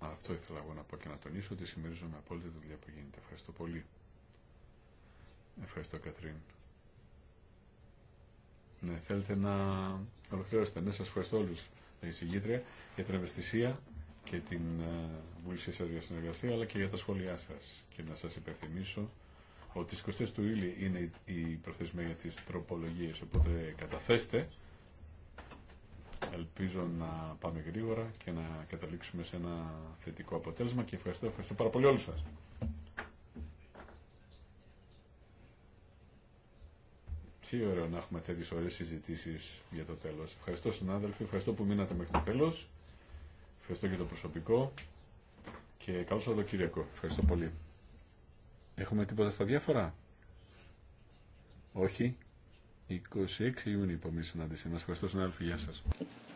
Αυτό ήθελα εγώ να πω και να τονίσω ότι συμμερίζομαι απόλυτα τη δουλειά που γίνεται. Ευχαριστώ πολύ. Ευχαριστώ Κατρίν. Ναι, θέλετε να ολοκληρώσετε. Ναι, σας ευχαριστώ όλους τα συγκήτρια για την ευαισθησία και την ε, βούλησή σας για συνεργασία αλλά και για τα σχόλιά σας. Και να σας υπενθυμίσω ότι στις 23 του ήλιου είναι η προθεσμία για τις τροπολογίες, οπότε καταθέστε Ελπίζω να πάμε γρήγορα και να καταλήξουμε σε ένα θετικό αποτέλεσμα και ευχαριστώ, ευχαριστώ πάρα πολύ όλους σας. Τι ωραίο να έχουμε τέτοιε ωραίες συζητήσει για το τέλος. Ευχαριστώ συνάδελφοι, ευχαριστώ που μείνατε μέχρι το τέλος. Ευχαριστώ και το προσωπικό και καλώς το Κυριακό. Ευχαριστώ πολύ. Έχουμε τίποτα στα διάφορα? Όχι. 26 Ιούνιου που επόμενη συνάντησή Ευχαριστώ συνάδελφοι. Γεια σα.